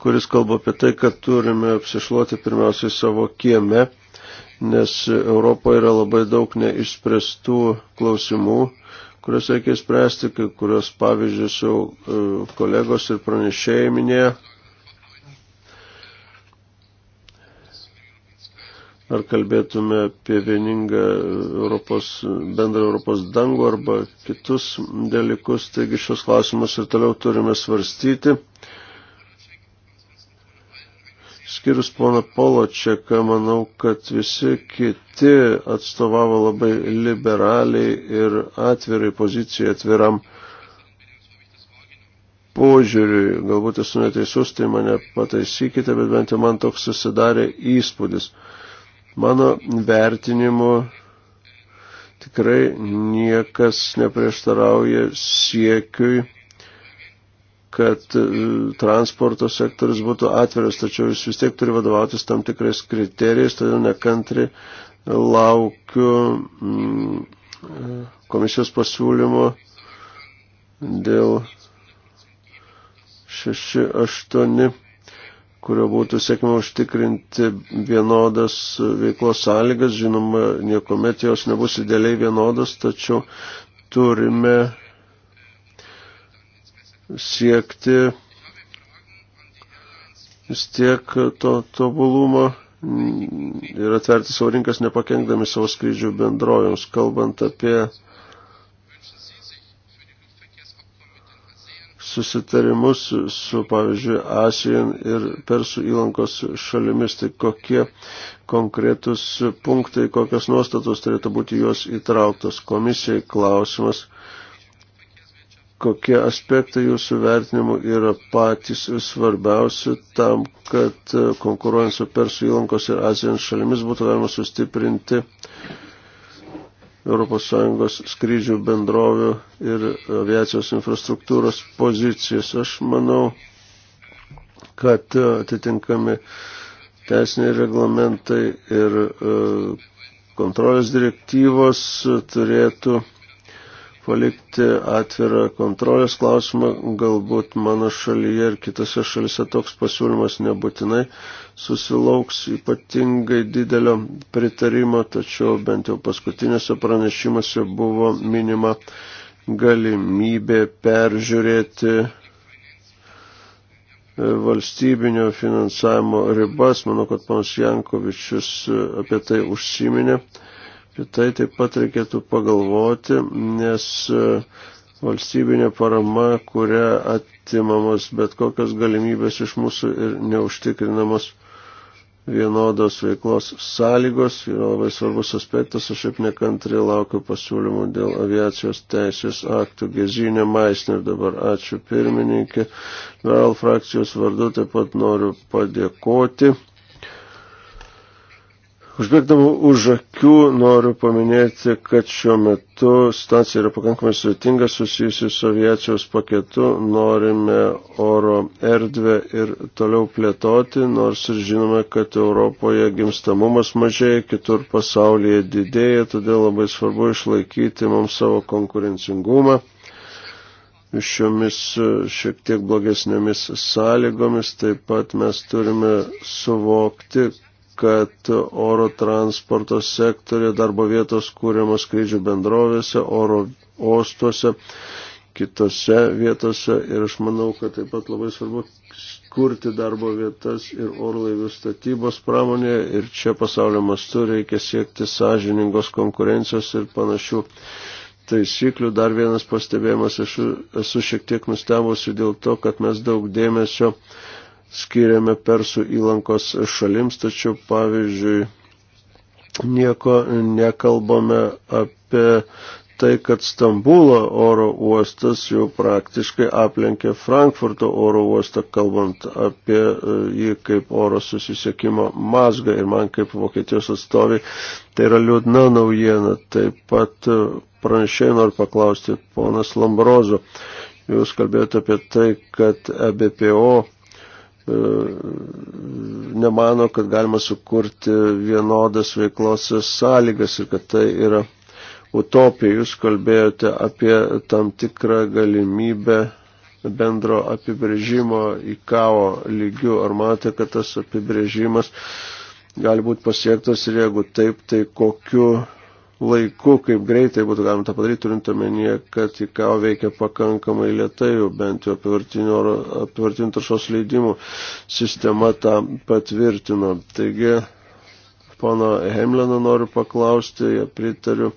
kuris kalba apie tai, kad turime apsišluoti pirmiausiai savo kieme nes Europoje yra labai daug neišspręstų klausimų, kuriuos reikia spręsti, kai kurios pavyzdžius jau e, kolegos ir pranešėjai minėjo. Ar kalbėtume apie vieningą Europos, bendrą Europos dangų arba kitus dalykus, taigi šios klausimus ir toliau turime svarstyti. Skirus pono Poločiaką, manau, kad visi kiti atstovavo labai liberaliai ir atvirai pozicijai atviram požiūriui. Galbūt esu neteisus, tai mane pataisykite, bet bent jau man toks susidarė įspūdis. Mano vertinimu tikrai niekas neprieštarauja siekiui kad e, transporto sektorius būtų atviras, tačiau jis vis tiek turi vadovautis tam tikrais kriterijais, todėl nekantri laukiu mm, e, komisijos pasiūlymo dėl 6-8, kurio būtų sėkmė užtikrinti vienodas veiklos sąlygas. Žinoma, niekuomet jos nebus idealiai vienodas, tačiau turime siekti vis tiek to tobulumo ir atverti savo rinkas nepakengdami savo skrydžių bendrovėms, kalbant apie susitarimus su, pavyzdžiui, ASEAN ir Persų įlankos šalimis, tai kokie konkretus punktai, kokios nuostatos turėtų būti juos įtrauktos. Komisijai klausimas kokie aspektai jūsų vertinimu yra patys svarbiausi tam, kad e, konkuruojant su Persų įlankos ir Azijos šalimis būtų galima sustiprinti ES skrydžių bendrovių ir aviacijos infrastruktūros pozicijas. Aš manau, kad e, atitinkami teisiniai reglamentai ir e, kontrolės direktyvos turėtų palikti atvirą kontrolės klausimą, galbūt mano šalyje ir kitose šalise toks pasiūlymas nebūtinai susilauks ypatingai didelio pritarimo, tačiau bent jau paskutinėse pranešimuose buvo minima galimybė peržiūrėti e, valstybinio finansavimo ribas. Manau, kad panas Jankovičius e, apie tai užsiminė. Apie tai taip pat reikėtų pagalvoti, nes e, valstybinė parama, kuria atimamos bet kokios galimybės iš mūsų ir neužtikrinamos vienodos veiklos sąlygos, yra labai svarbus aspektas, aš šiaip nekantri laukiu pasiūlymų dėl aviacijos teisės aktų. Gezinė Maisner dabar ačiū pirmininkė. Liberal frakcijos vardu taip pat noriu padėkoti Užbėgdavau už akių, noriu paminėti, kad šiuo metu situacija yra pakankamai sudėtinga susijusi su aviacijos paketu, norime oro erdvę ir toliau plėtoti, nors ir žinome, kad Europoje gimstamumas mažėja, kitur pasaulyje didėja, todėl labai svarbu išlaikyti mums savo konkurencingumą šiomis šiek tiek blogesnėmis sąlygomis, taip pat mes turime suvokti, kad oro transporto sektorė darbo vietos kūriamas skrydžių bendrovėse, oro ostuose, kitose vietose ir aš manau, kad taip pat labai svarbu kurti darbo vietas ir orlaivių statybos pramonėje ir čia pasaulio mastu reikia siekti sąžiningos konkurencijos ir panašių taisyklių. Dar vienas pastebėjimas, aš esu šiek tiek nustebusi dėl to, kad mes daug dėmesio uh, skiriame Persų įlankos šalims, tačiau pavyzdžiui nieko nekalbame apie tai, kad Stambulo oro uostas jau praktiškai aplenkė Frankfurto oro uostą, kalbant apie e, jį kaip oro susisiekimo mazgą ir man kaip Vokietijos atstovai. Tai yra liūdna naujiena. Taip pat e, pranešėjai noriu paklausti, ponas Lambrozo, jūs kalbėjote apie tai, kad EBPO E, nemano, kad galima sukurti vienodas veiklos sąlygas ir kad tai yra utopija. Jūs kalbėjote apie tam tikrą galimybę bendro apibrėžimo į kavo lygių. Ar matote, kad tas apibrėžimas gali būti pasiektas ir jeigu taip, tai kokiu laiku, kaip greitai būtų galima tą padaryti, turint omenyje, kad IKAO veikia pakankamai lietai, bent jau apivartinių taršos leidimų sistema tą patvirtino. Taigi, pono Hemleno noriu paklausti, ja pritariu,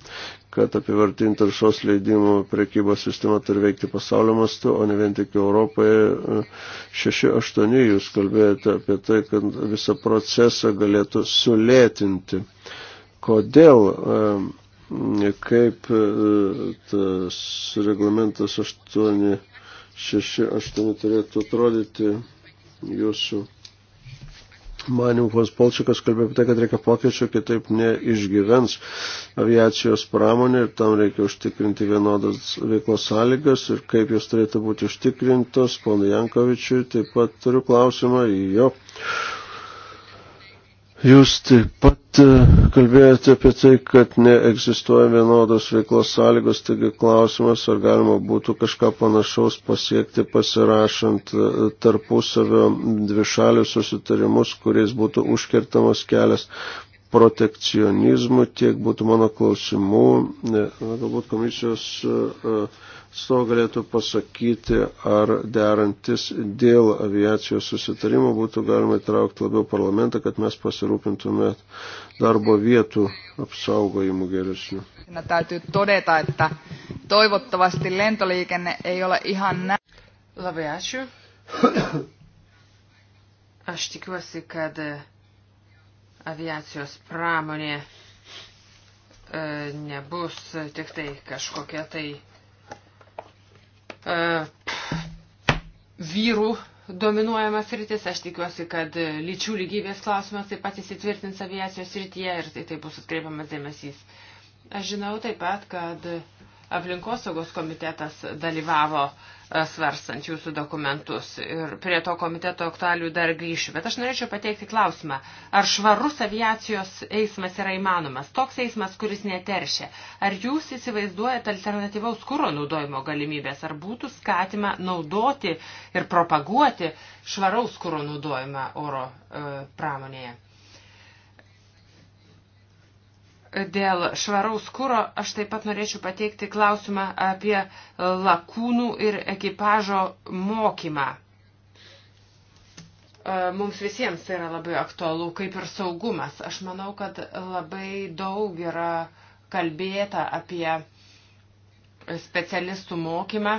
kad apivartinių taršos leidimų prekybos sistema turi veikti pasaulio mastu, o ne vien tik Europoje. 6-8 jūs kalbėjote apie tai, kad visą procesą galėtų sulėtinti kodėl, e, kaip e, tas reglamentas 868 turėtų atrodyti jūsų manimų. Pons Polčiakas kalbėjo apie tai, kad reikia pokyčių, kitaip neišgyvens aviacijos pramonė ir tam reikia užtikrinti vienodas veiklos sąlygas ir kaip jos turėtų būti užtikrintos. Ponui Jankovičiui taip pat turiu klausimą jo. Jūs taip pat E, kalbėjote apie tai, kad neegzistuoja vienodos veiklos sąlygos, taigi klausimas, ar galima būtų kažką panašaus pasiekti pasirašant e, tarpusavio dvišalius susitarimus, kuriais būtų užkertamas kelias protekcionizmui. Tiek būtų mano klausimų. Galbūt komisijos. Uh, atstovo galėtų pasakyti, ar derantis dėl aviacijos susitarimo būtų galima įtraukti labiau parlamentą, kad mes pasirūpintume darbo vietų apsaugojimu geresniu. Täytyy todeta, että toivottavasti lentoliikenne ei ole ihan nä... Labai ačiū. Aš tikiuosi, kad e, aviacijos pramonė e, nebus tik tai kažkokia tai E, vyrų dominuojamas rytis. Aš tikiuosi, kad lyčių lygybės klausimas taip pat įsitvirtins aviacijos rytyje ir tai, tai bus atkreipiamas dėmesys. Aš žinau taip pat, kad Aplinkosaugos komitetas dalyvavo e, svarstant jūsų dokumentus ir prie to komiteto aktualių dar grįšiu. Bet aš norėčiau pateikti klausimą, ar švarus aviacijos eismas yra įmanomas, toks eismas, kuris neteršia. Ar jūs įsivaizduojate alternatyvaus kūro naudojimo galimybės, ar būtų skatima naudoti ir propaguoti švaraus kūro naudojimą oro e, pramonėje? dėl švaraus kūro aš taip pat norėčiau pateikti klausimą apie lakūnų ir ekipažo mokymą. E, mums visiems tai yra labai aktualu, kaip ir saugumas. Aš manau, kad labai daug yra kalbėta apie specialistų mokymą.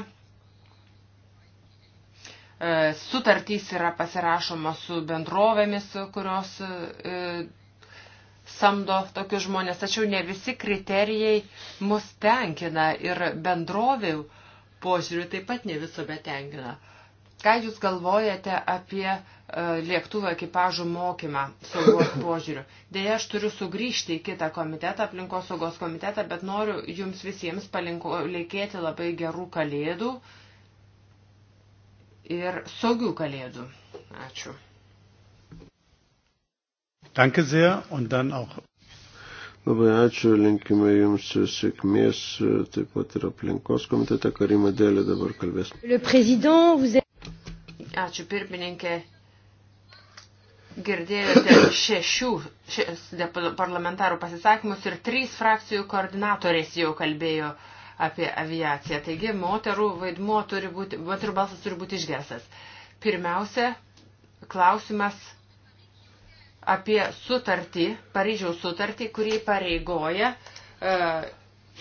E, sutartys yra pasirašoma su bendrovėmis, kurios e, samdo tokius žmonės, tačiau ne visi kriterijai mus tenkina ir bendrovių požiūrių taip pat ne visuomet tenkina. Ką Jūs galvojate apie e, lėktuvo ekipažų mokymą saugos <coughs> požiūriu? Deja, aš turiu sugrįžti į kitą komitetą, aplinkos saugos komitetą, bet noriu Jums visiems palinkėti labai gerų kalėdų ir saugių kalėdų. Ačiū. Danke sehr und dann auch. Labai ačiū, linkime Jums sėkmės, taip pat ir aplinkos komitete Karima Dėlė dabar kalbės. Ačiū pirmininkė. Girdėjote šešių šeš parlamentarų pasisakymus ir trys frakcijų koordinatorės jau kalbėjo apie aviaciją. Taigi moterų vaidmuo turi būti, moterų balsas turi būti išgersas. Pirmiausia, klausimas apie sutartį, Paryžiaus sutartį, kurį pareigoja e,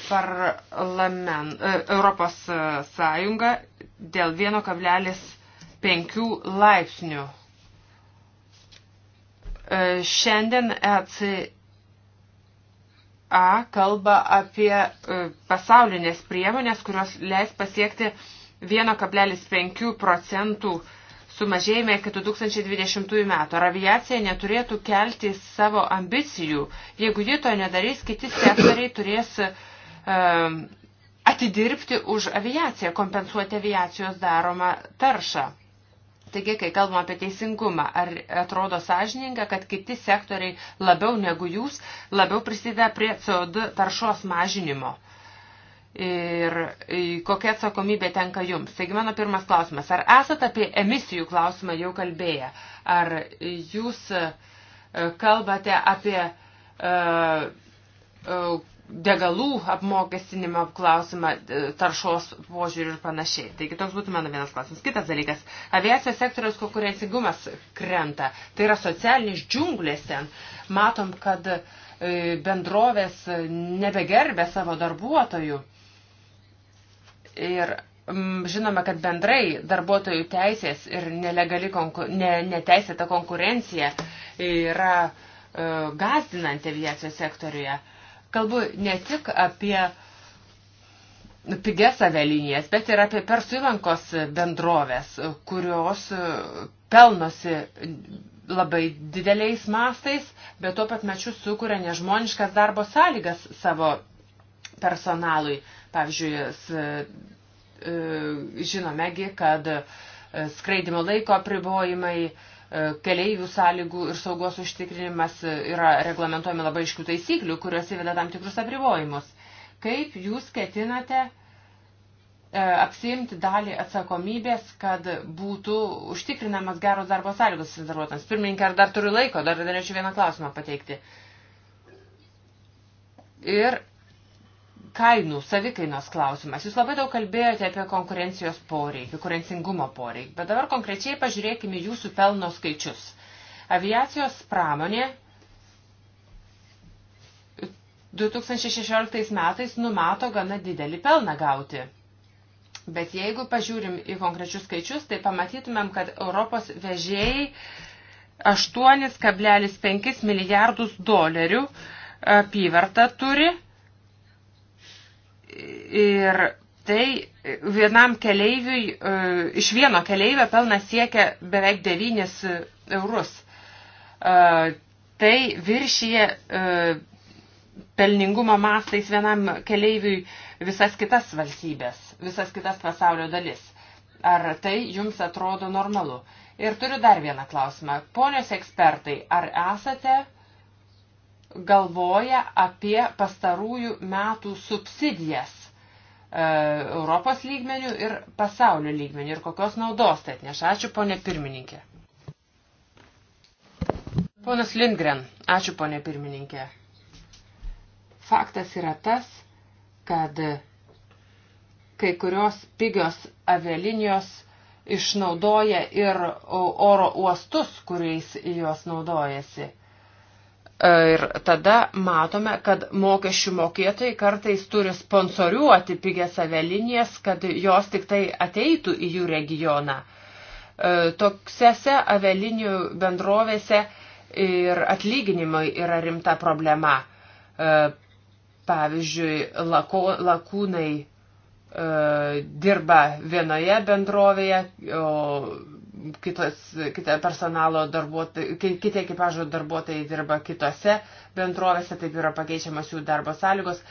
parlamen, e, Europos e, Sąjunga dėl 1,5 laipsnių. Šiandien ECA kalba apie pasaulinės priemonės, kurios leis pasiekti 1,5 procentų sumažėjime iki 2020 metų. Ar aviacija neturėtų kelti savo ambicijų? Jeigu ji to nedarys, kiti sektoriai turės um, atidirbti už aviaciją, kompensuoti aviacijos daromą taršą. Taigi, kai kalbam apie teisingumą, ar atrodo sąžininga, kad kiti sektoriai labiau negu jūs labiau prisideda prie CO2 taršos mažinimo? Uh, ir kokia atsakomybė tenka jums. Taigi mano pirmas klausimas, ar esat apie emisijų klausimą jau kalbėję? Ar jūs e, kalbate apie e, e, degalų apmokestinimo klausimą, taršos požiūrį ir panašiai. Taigi toks būtų mano vienas klausimas. Kitas dalykas. Aviacijos sektoriaus konkurencingumas krenta. Tai yra socialinis džiunglės ten. Matom, kad bendrovės nebegerbė savo darbuotojų. Ir mm, žinome, kad bendrai darbuotojų teisės ir nelegali konkur ne, neteisėta konkurencija yra e, gazdinanti aviacijos sektoriuje. Kalbu ne tik apie pigias avialinijas, bet ir apie persų įlankos bendrovės, kurios e, pelnosi labai dideliais mastais, bet tuo pat mečiu sukuria nežmoniškas darbo sąlygas savo personalui. Pavyzdžiui, e, žinomegi, kad e, skraidimo laiko apribojimai, e, keleivių sąlygų ir saugos užtikrinimas yra reglamentojami labai iškių taisyklių, kurios įveda tam tikrus apribojimus. Kaip jūs ketinate apsiimti dalį atsakomybės, kad būtų užtikrinamas geros darbo sąlygos darbuotojams. Pirmininkė, ar dar turiu laiko, dar norėčiau vieną klausimą pateikti. Ir kainų, savikainos klausimas. Jūs labai daug kalbėjote apie konkurencijos poreikį, konkurencingumo poreikį, bet dabar konkrečiai pažiūrėkime jūsų pelno skaičius. Aviacijos pramonė 2016 metais numato gana didelį pelną gauti. Bet jeigu pažiūrim į konkrečius skaičius, tai pamatytumėm, kad Europos vežėjai 8,5 milijardus dolerių apyvartą turi Ir tai vienam keleiviui, e, iš vieno keleivio pelnas siekia beveik 9 eurus. E, tai viršyje e, pelningumo mastais vienam keleiviui visas kitas valstybės, visas kitas pasaulio dalis. Ar tai jums atrodo normalu? Ir turiu dar vieną klausimą. Ponios ekspertai, ar esate galvoja apie pastarųjų metų subsidijas e, Europos lygmenių ir pasaulio lygmenių ir kokios naudos tai atneša. Ačiū, ponė pirmininkė. Ponas Lindgren, ačiū, ponė pirmininkė. Faktas yra tas, kad kai kurios pigios avialinijos išnaudoja ir oro uostus, kuriais jos naudojasi. E, ir tada matome, kad mokesčių mokėtojai kartais turi sponsoriuoti pigės avelinijas, kad jos tik tai ateitų į jų regioną. E, toksėse avelinių bendrovėse ir atlyginimai yra rimta problema. E, pavyzdžiui, lako, lakūnai dirba vienoje bendrovėje, o kitos, kita personalo darbuotojai, kiti ekipažo darbuotojai dirba kitose bendrovėse, taip yra pakeičiamas jų darbo sąlygos.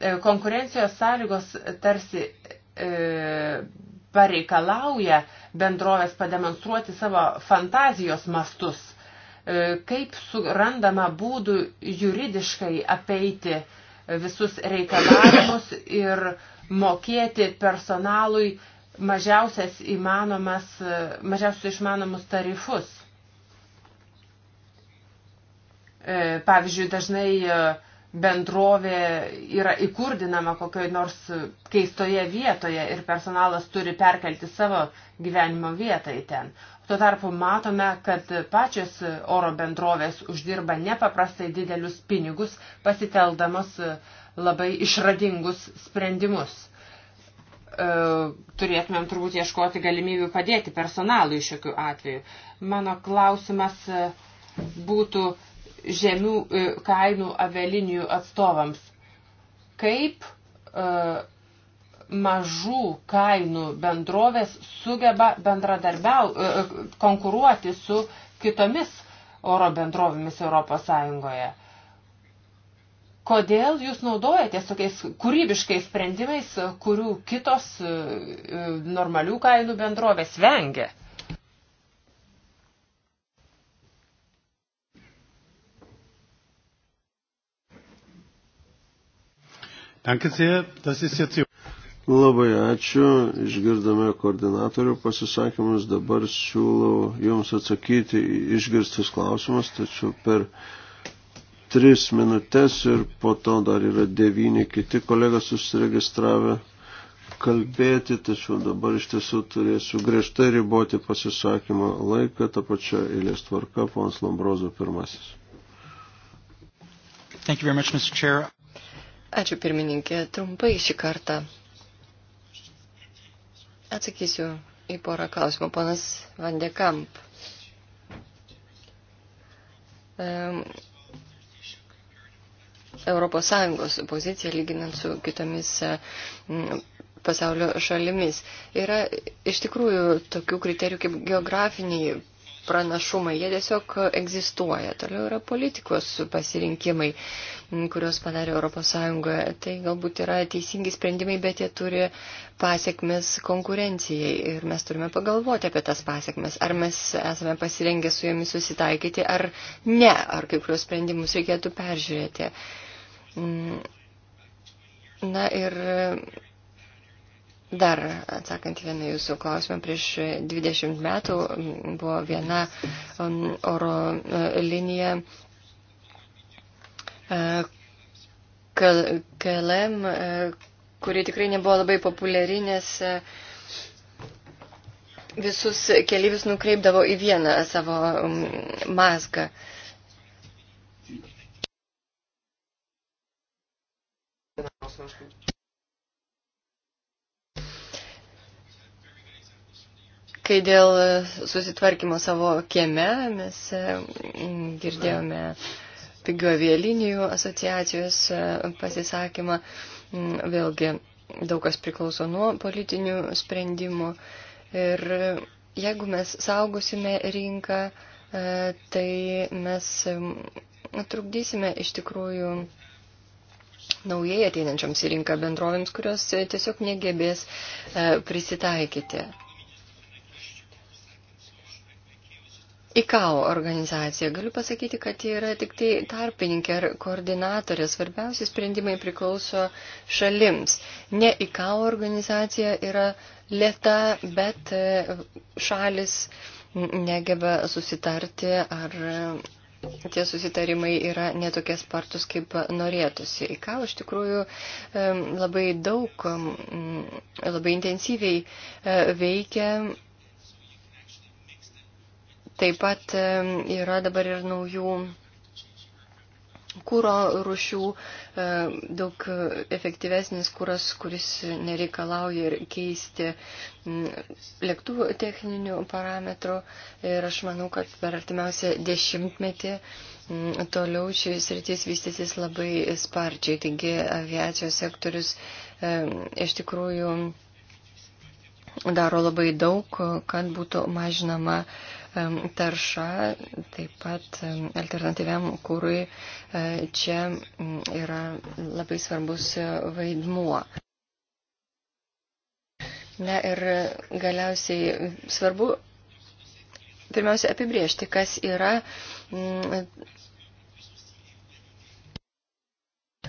E, konkurencijos sąlygos tarsi e, pareikalauja bendrovės pademonstruoti savo fantazijos mastus, e, kaip surandama būdų juridiškai apeiti visus reikalavimus ir mokėti personalui e, mažiausias įmanomas, mažiausius išmanomus tarifus. E, pavyzdžiui, dažnai e, bendrovė yra įkurdinama kokioje nors keistoje vietoje ir personalas turi perkelti savo gyvenimo vietą į ten. Tuo tarpu matome, kad pačios oro bendrovės uždirba nepaprastai didelius pinigus pasiteldamos labai išradingus sprendimus. E, turėtumėm turbūt ieškoti galimybių padėti personalui šiokių atveju. Mano klausimas e, būtų žemių e, kainų avialinijų atstovams. Kaip mažų kainų bendrovės sugeba bendradarbiau, konkuruoti su kitomis oro bendrovėmis Europos Sąjungoje? Kodėl jūs naudojatės tokiais kūrybiškais sprendimais, kurių kitos e, e, normalių kainų bendrovės vengia? Labai ačiū, išgirdome koordinatorių pasisakymus, dabar siūlau Jums atsakyti išgirstus klausimus, tačiau per tris minutės ir po to dar yra devyni kiti kolegos susiregistravę kalbėti, tačiau dabar iš tiesų turėsiu griežtai riboti pasisakymą laiką, ta pačia eilės tvarka, ponas Lombrozo pirmasis. Thank you very much, Mr. Chair. Ačiū pirmininkė, trumpai šį kartą. Atsakysiu į porą klausimų, ponas Vandekamp. Um, ES poziciją lyginant su kitomis mm, pasaulio šalimis. Yra iš tikrųjų tokių kriterijų kaip geografiniai pranašumai, jie tiesiog egzistuoja. Toliau yra politikos pasirinkimai, mm, kurios padarė ES. Tai galbūt yra teisingi sprendimai, bet jie turi pasiekmes konkurencijai ir mes turime pagalvoti apie tas pasiekmes. Ar mes esame pasirengę su jomis susitaikyti, ar ne, ar kai kurios sprendimus reikėtų peržiūrėti. Na ir dar atsakant vieną jūsų klausimą, prieš 20 metų buvo viena um, oro uh, linija uh, KLM, uh, kuri tikrai nebuvo labai populiari, nes visus keliaivius nukreipdavo į vieną savo um, mazgą. Um, paramos maždaug. Kai dėl susitvarkymo savo kieme mes mm, girdėjome pigių avialinijų asociacijos mm, pasisakymą, mm, vėlgi daug kas priklauso nuo politinių sprendimų. Ir jeigu mes saugosime rinką, e, tai mes trukdysime iš tikrųjų naujai ateinančioms į rinką bendrovėms, kurios e, tiesiog negebės e, prisitaikyti. ICAO organizacija. Galiu pasakyti, kad ji yra tik tai tarpininkė ar koordinatorė. Svarbiausi sprendimai priklauso šalims. Ne ICAO organizacija yra lėta, bet e, šalis negeba susitarti ar tie susitarimai yra netokie spartus, kaip norėtųsi. Į ką iš tikrųjų labai daug, labai intensyviai e, veikia. Taip pat yra dabar ir naujų kūro rušių, e, daug efektyvesnis kūras, kuris nereikalauja ir keisti lėktuvų techninių parametrų. Ir aš manau, kad per artimiausią dešimtmetį toliau šis rytis vystysis labai sparčiai. Taigi aviacijos sektorius e, iš tikrųjų daro labai daug, kad būtų mažinama uh, tarša, taip pat alternatyviam kūrui e, čia yra labai svarbus vaidmuo. Na ir galiausiai svarbu pirmiausia apibriežti, kas yra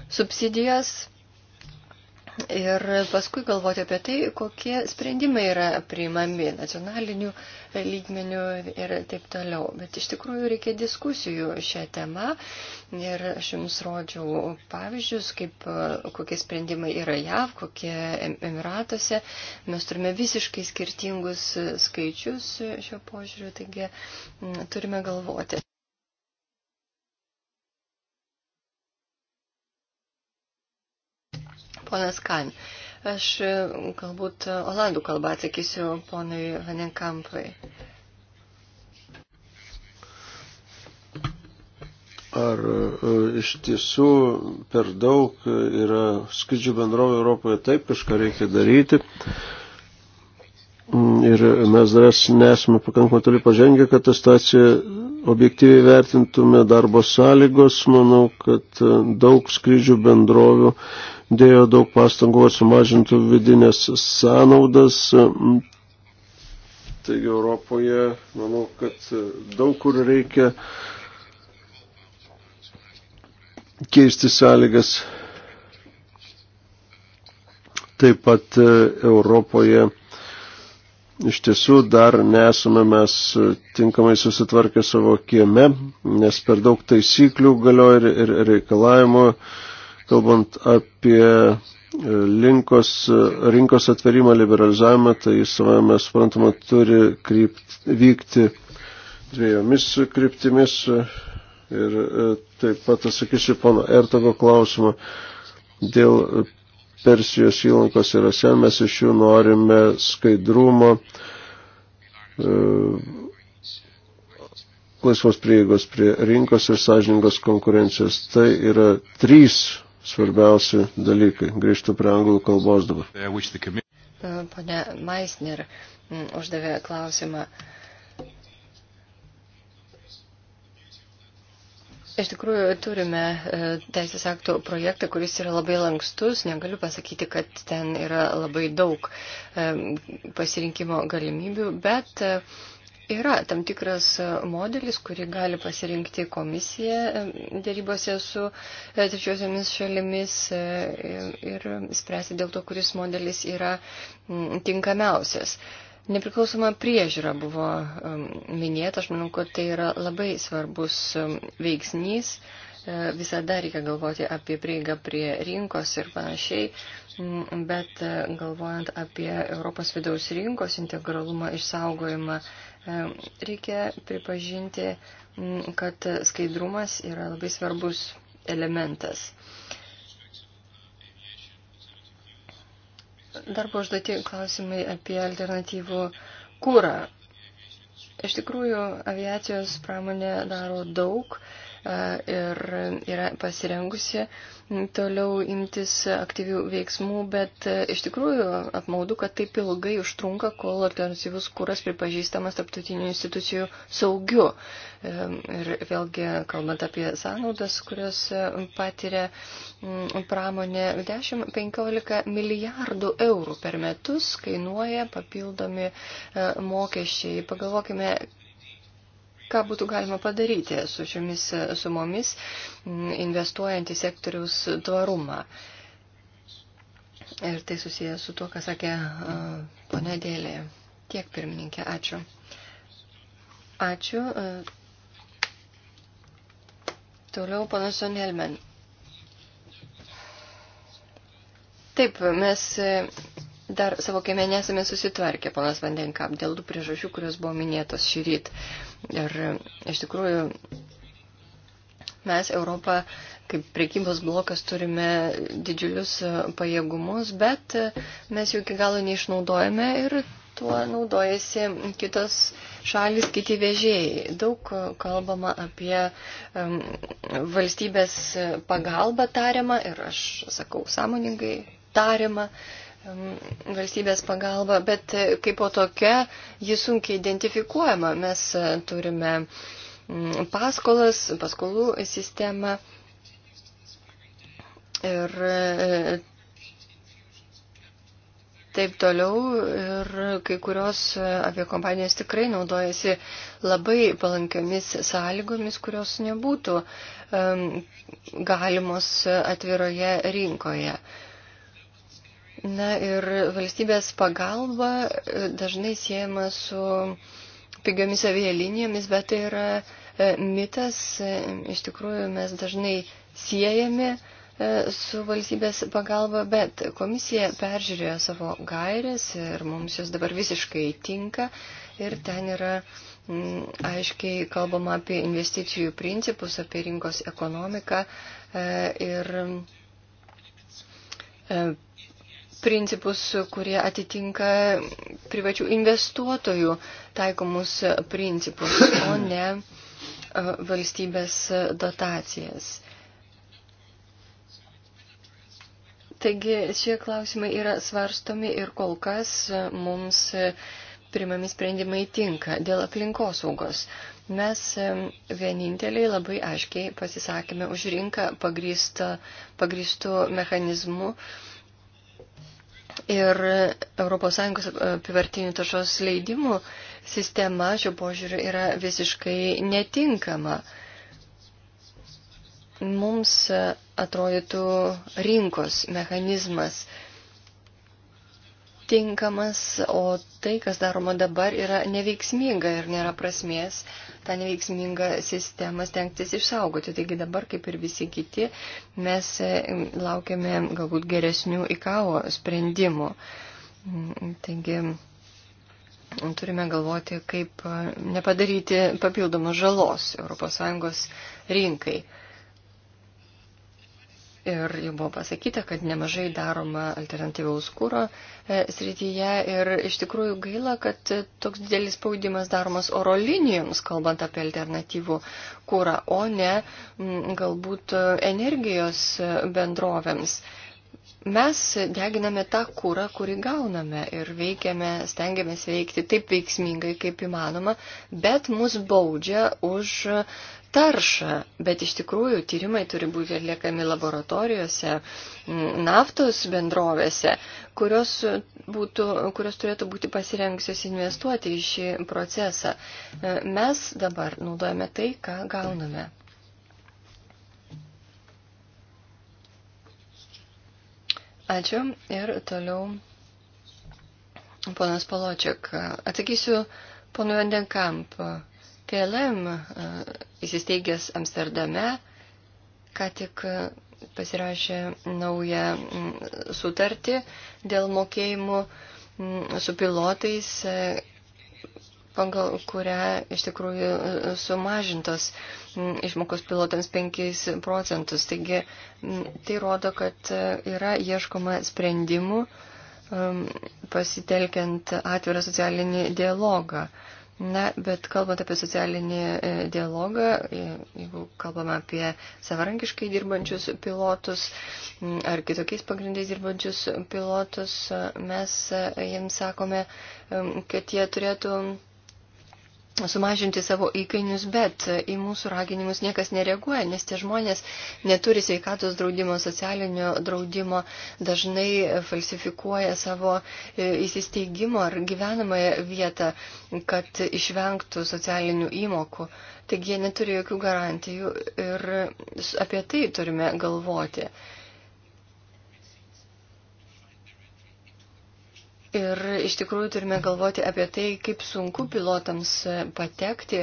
subsidijos Ir paskui galvoti apie tai, kokie sprendimai yra priimami nacionaliniu lygmeniu ir taip toliau. Bet iš tikrųjų reikia diskusijų šią temą. Ir aš jums rodžiau pavyzdžius, kaip, kokie sprendimai yra JAV, kokie Emiratuose. Mes turime visiškai skirtingus skaičius šio požiūriu, taigi turime galvoti. Ponas Kan, aš e, galbūt e, olandų kalbą atsakysiu ponui Vanenkampui. Ar e, iš tiesų per daug yra skrydžių bendrovė Europoje taip, kažką reikia daryti. Uh, Ir mes dar nesame pakankamai toli pažengę, kad tą staciją objektyviai vertintume darbo sąlygos. Manau, kad e, daug skrydžių bendrovių dėjo daug pastangų sumažintų vidinės sąnaudas. Taigi Europoje, manau, kad e, daug kur reikia keisti sąlygas. Taip pat e, Europoje iš tiesų dar nesame mes tinkamai susitvarkę savo kieme, nes per daug taisyklių galioja ir, ir reikalavimų, kalbant apie e, linkos, e, rinkos atverimą, liberalizavimą, tai jis savame suprantama turi krypt, vykti dviejomis kryptimis. Ir e, taip pat atsakysiu pono Ertogo klausimą dėl Persijos įlankos ir Asen, mes iš jų norime skaidrumo, e, laisvos prieigos prie rinkos ir sąžiningos konkurencijos. Tai yra trys svarbiausi dalykai. Grįžtu prie anglų kalbos dabar. Pane Maisner uždavė klausimą Iš tikrųjų, turime e, teisės aktų projektą, kuris yra labai lankstus. Negaliu pasakyti, kad ten yra labai daug e, pasirinkimo galimybių, bet e, yra tam tikras modelis, kurį gali pasirinkti komisija dėrybose su trečiosiomis šalimis ir spręsti dėl to, kuris modelis yra tinkamiausias. Nepriklausoma priežiūra buvo um, minėta, aš manau, kad tai yra labai svarbus um, veiksnys. E, visada reikia galvoti apie prieigą prie rinkos ir panašiai, mm, bet e, galvojant apie Europos vidaus rinkos integralumą išsaugojimą, e, reikia pripažinti, mm, kad skaidrumas yra labai svarbus elementas. darbo užduoti klausimai apie alternatyvų kūrą. Iš tikrųjų, aviacijos pramonė daro daug E, ir yra pasirengusi toliau imtis aktyvių veiksmų, bet e, iš tikrųjų apmaudu, kad taip ilgai užtrunka, kol alternatyvus kūras pripažįstamas tarptautinių institucijų saugiu. E, ir vėlgi, kalbant apie sąnaudas, kurios patiria pramonė, 10-15 milijardų eurų per metus kainuoja papildomi mokesčiai. Pagalvokime, ką būtų galima padaryti su šiomis sumomis, mm, investuojant į sektoriaus tvarumą. Ir tai susijęs su tuo, ką sakė ponė Dėlė. Tiek, pirmininkė, ačiū. Ačiū. Toliau panas Sonelmen. Taip, mes dar savo kieme nesame susitvarkę, ponas Vandenkap, dėl tų priežasčių, kurios buvo minėtos šį ryt. Ir iš tikrųjų mes Europą kaip priekybos blokas turime didžiulius e, pajėgumus, bet e, mes jų iki galo neišnaudojame ir tuo naudojasi kitos šalis, kiti vežėjai. Daug e, kalbama apie um, valstybės pagalbą tariamą ir aš sakau sąmoningai tariamą. Uh, valstybės pagalba, bet e, kaip po tokia ji sunkiai identifikuojama. Mes e, turime paskolas, paskolų sistemą ir e, taip toliau. Ir kai kurios aviokompanijos tikrai naudojasi labai palankiomis sąlygomis, kurios nebūtų galimos atviroje rinkoje. Na ir valstybės pagalba e, dažnai siejama su pigiomis avialinijomis, bet tai yra e, mitas. E, iš tikrųjų, mes dažnai siejami su valstybės pagalba, bet komisija peržiūrėjo savo gairės ir mums jos dabar visiškai tinka ir ten yra mm, aiškiai kalbama apie investicijų principus, apie rinkos ekonomiką ir principus, kurie atitinka privačių investuotojų taikomus principus, o ne e, valstybės dotacijas. Taigi šie klausimai yra svarstomi ir kol kas mums primami sprendimai tinka dėl aplinkosaugos. Mes e, vieninteliai labai aiškiai pasisakėme už rinką pagrįstų mechanizmų, uh, Ir ES e, apivartinių taršos leidimų sistema šio požiūriu yra visiškai netinkama. Mums e, atrodytų rinkos mechanizmas tinkamas, o tai, kas daroma dabar, yra neveiksminga ir nėra prasmės tą neveiksmingą sistemą stengtis išsaugoti. Taigi dabar, kaip ir visi kiti, mes laukiame galbūt geresnių įkavo sprendimų. Mm, taigi turime galvoti, kaip e, nepadaryti papildomos žalos ES rinkai. Ir jau buvo pasakyta, kad nemažai daroma alternatyvaus kūro e, srityje ir iš tikrųjų gaila, kad e, toks didelis spaudimas daromas oro linijoms, kalbant apie alternatyvų kūrą, o ne galbūt e, energijos bendrovėms. Mes deginame tą kūrą, kurį gauname ir veikiame, stengiamės veikti taip veiksmingai, kaip įmanoma, bet mus baudžia už taršą, bet iš tikrųjų tyrimai turi būti atliekami laboratorijose, naftos bendrovėse, kurios, būtų, kurios turėtų būti pasirengusios investuoti į šį procesą. E, mes dabar naudojame tai, ką gauname. Ačiū ir toliau ponas Paločiak. Atsakysiu ponui Vandenkamp. PLM e, įsisteigęs Amsterdame, ką tik e, pasirašė naują sutartį dėl mokėjimų su pilotais, e, pagal kurią iš tikrųjų sumažintos išmokos pilotams 5 procentus. Taigi tai rodo, kad yra ieškoma sprendimų pasitelkiant atvirą socialinį dialogą. Na, bet kalbant apie socialinį e, dialogą, e, jeigu kalbame apie savarankiškai dirbančius pilotus ar kitokiais pagrindais dirbančius pilotus, e, mes jiems sakome, kad jie turėtų sumažinti savo įkainius, bet į mūsų raginimus niekas nereaguoja, nes tie žmonės neturi sveikatos draudimo, socialinio draudimo, dažnai falsifikuoja savo e, įsisteigimo ar gyvenamąją vietą, kad išvengtų socialinių įmokų. Taigi jie neturi jokių garantijų ir apie tai turime galvoti. Ir iš tikrųjų turime galvoti apie tai, kaip sunku pilotams patekti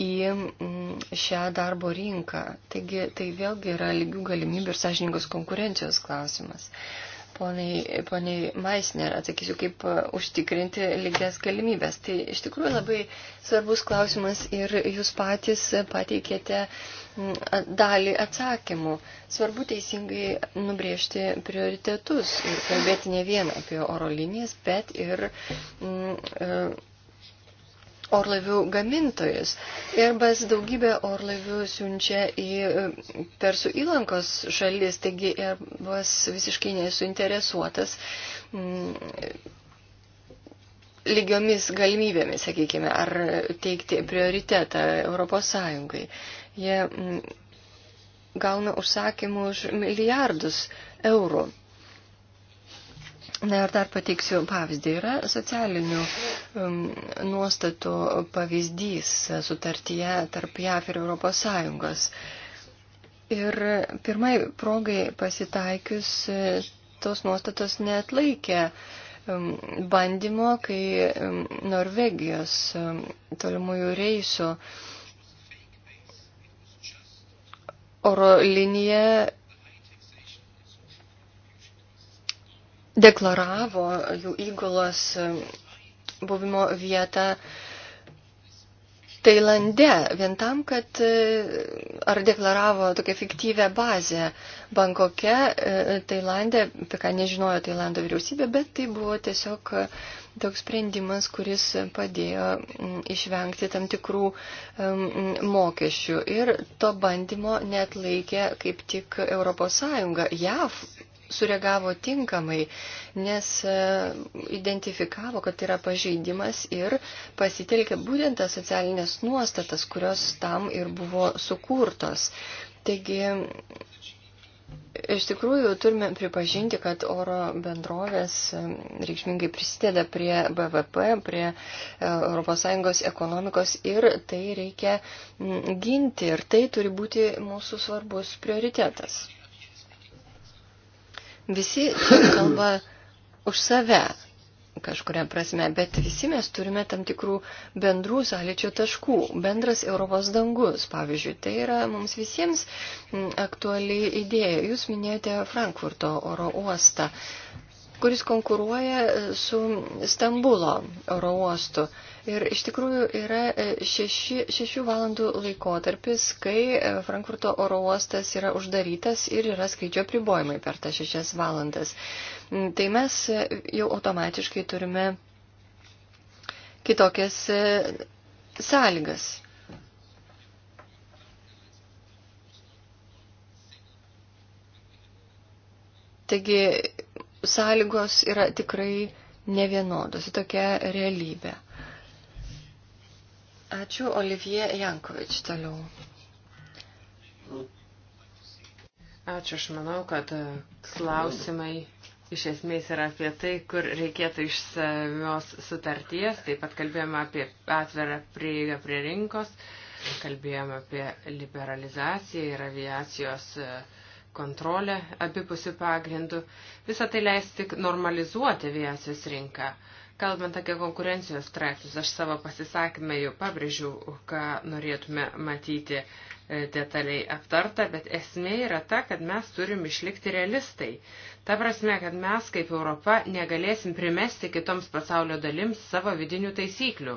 į mm, šią darbo rinką. Taigi tai vėlgi yra lygių galimybių ir sąžiningos konkurencijos klausimas. Poniai, poniai Maisner, atsakysiu, kaip e, užtikrinti lygias galimybės. Tai iš tikrųjų labai svarbus klausimas ir jūs patys pateikėte uh, dalį atsakymų. Svarbu teisingai nubrėžti prioritetus ir kalbėti ne vien apie oro linijas, bet ir mm, e, orlaivių gamintojus. Airbus daugybę orlaivių siunčia į Persų įlankos šalis, taigi Airbus visiškai nesuinteresuotas. Mm, lygiomis galimybėmis, sakykime, ar teikti prioritetą Europos Sąjungai. Uh, Jie mm, gauna užsakymų už milijardus eurų. Na ir dar pateiksiu pavyzdį. Yra socialinių um, nuostatų pavyzdys sutartyje tarp JAF ir ES. Ir pirmai progai pasitaikius e, tos nuostatos net laikė um, mm, bandymo, kai um, Norvegijos um, tolimųjų reisų um, oro linija deklaravo jų įgulos buvimo vietą Tailande vien tam, kad e, ar deklaravo tokią fiktyvę bazę Bankoke, e, Tailandė, apie ką nežinojo Tailando vyriausybė, bet tai buvo tiesiog toks sprendimas, kuris padėjo išvengti tam tikrų mokesčių. Ir to bandymo net laikė kaip tik ES. JAV sureagavo tinkamai, nes e, identifikavo, kad yra pažeidimas ir pasitelkė būtent tas socialinės nuostatas, kurios tam ir buvo sukurtos. Taigi, iš tikrųjų, turime pripažinti, kad oro bendrovės e, reikšmingai prisideda prie BVP, prie ES ekonomikos ir tai reikia ginti ir tai turi būti mūsų svarbus prioritetas. Visi kalba už save kažkuria prasme, bet visi mes turime tam tikrų bendrų sąlyčio taškų. Bendras Europos dangus, pavyzdžiui, tai yra mums visiems aktuali idėja. Jūs minėjote Frankfurto oro uostą, kuris konkuruoja e, su Stambulo oro uostu. Ir iš tikrųjų yra e, šeši, šešių valandų laikotarpis, kai e, Frankfurto oro uostas yra uždarytas ir yra skrydžio pribojimai per tas šešias valandas. Mm, tai mes e, jau automatiškai turime kitokias sąlygas. Taigi sąlygos yra tikrai nevienodos, tokia realybė. Ačiū, Olivier Jankovič, toliau. Ačiū, aš manau, kad e, klausimai iš esmės yra apie tai, kur reikėtų išsamios sutarties. Taip pat kalbėjome apie atvirą prieigą prie rinkos, kalbėjome apie liberalizaciją ir aviacijos e, kontrolę abipusių pagrindų. Visą tai leis tik normalizuoti aviacijos rinką. Kalbant apie konkurencijos straipsnius, aš savo pasisakymę jau pabrėžiau, ką norėtume matyti e, detaliai aptarta, bet esmė yra ta, kad mes turim išlikti realistai. Ta prasme, kad mes kaip Europa negalėsim primesti kitoms pasaulio dalims savo vidinių taisyklių.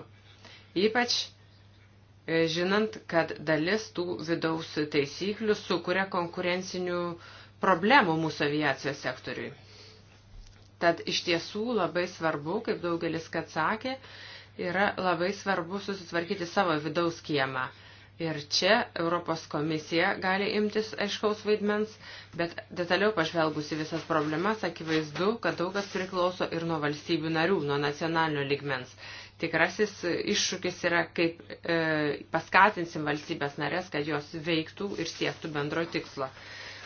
Ypač e, žinant, kad dalis tų vidaus taisyklių sukuria konkurencinių problemų mūsų aviacijos sektoriui. Tad iš tiesų labai svarbu, kaip daugelis kad sakė, yra labai svarbu susitvarkyti savo vidaus kiemą. Ir čia Europos komisija gali imtis aiškaus vaidmens, bet detaliau pažvelgusi visas problemas, akivaizdu, kad daugas priklauso ir nuo valstybių narių, nuo nacionalinio ligmens. Tikrasis iššūkis yra, kaip e, paskatinsim valstybės narės, kad jos veiktų ir siektų bendro tikslo.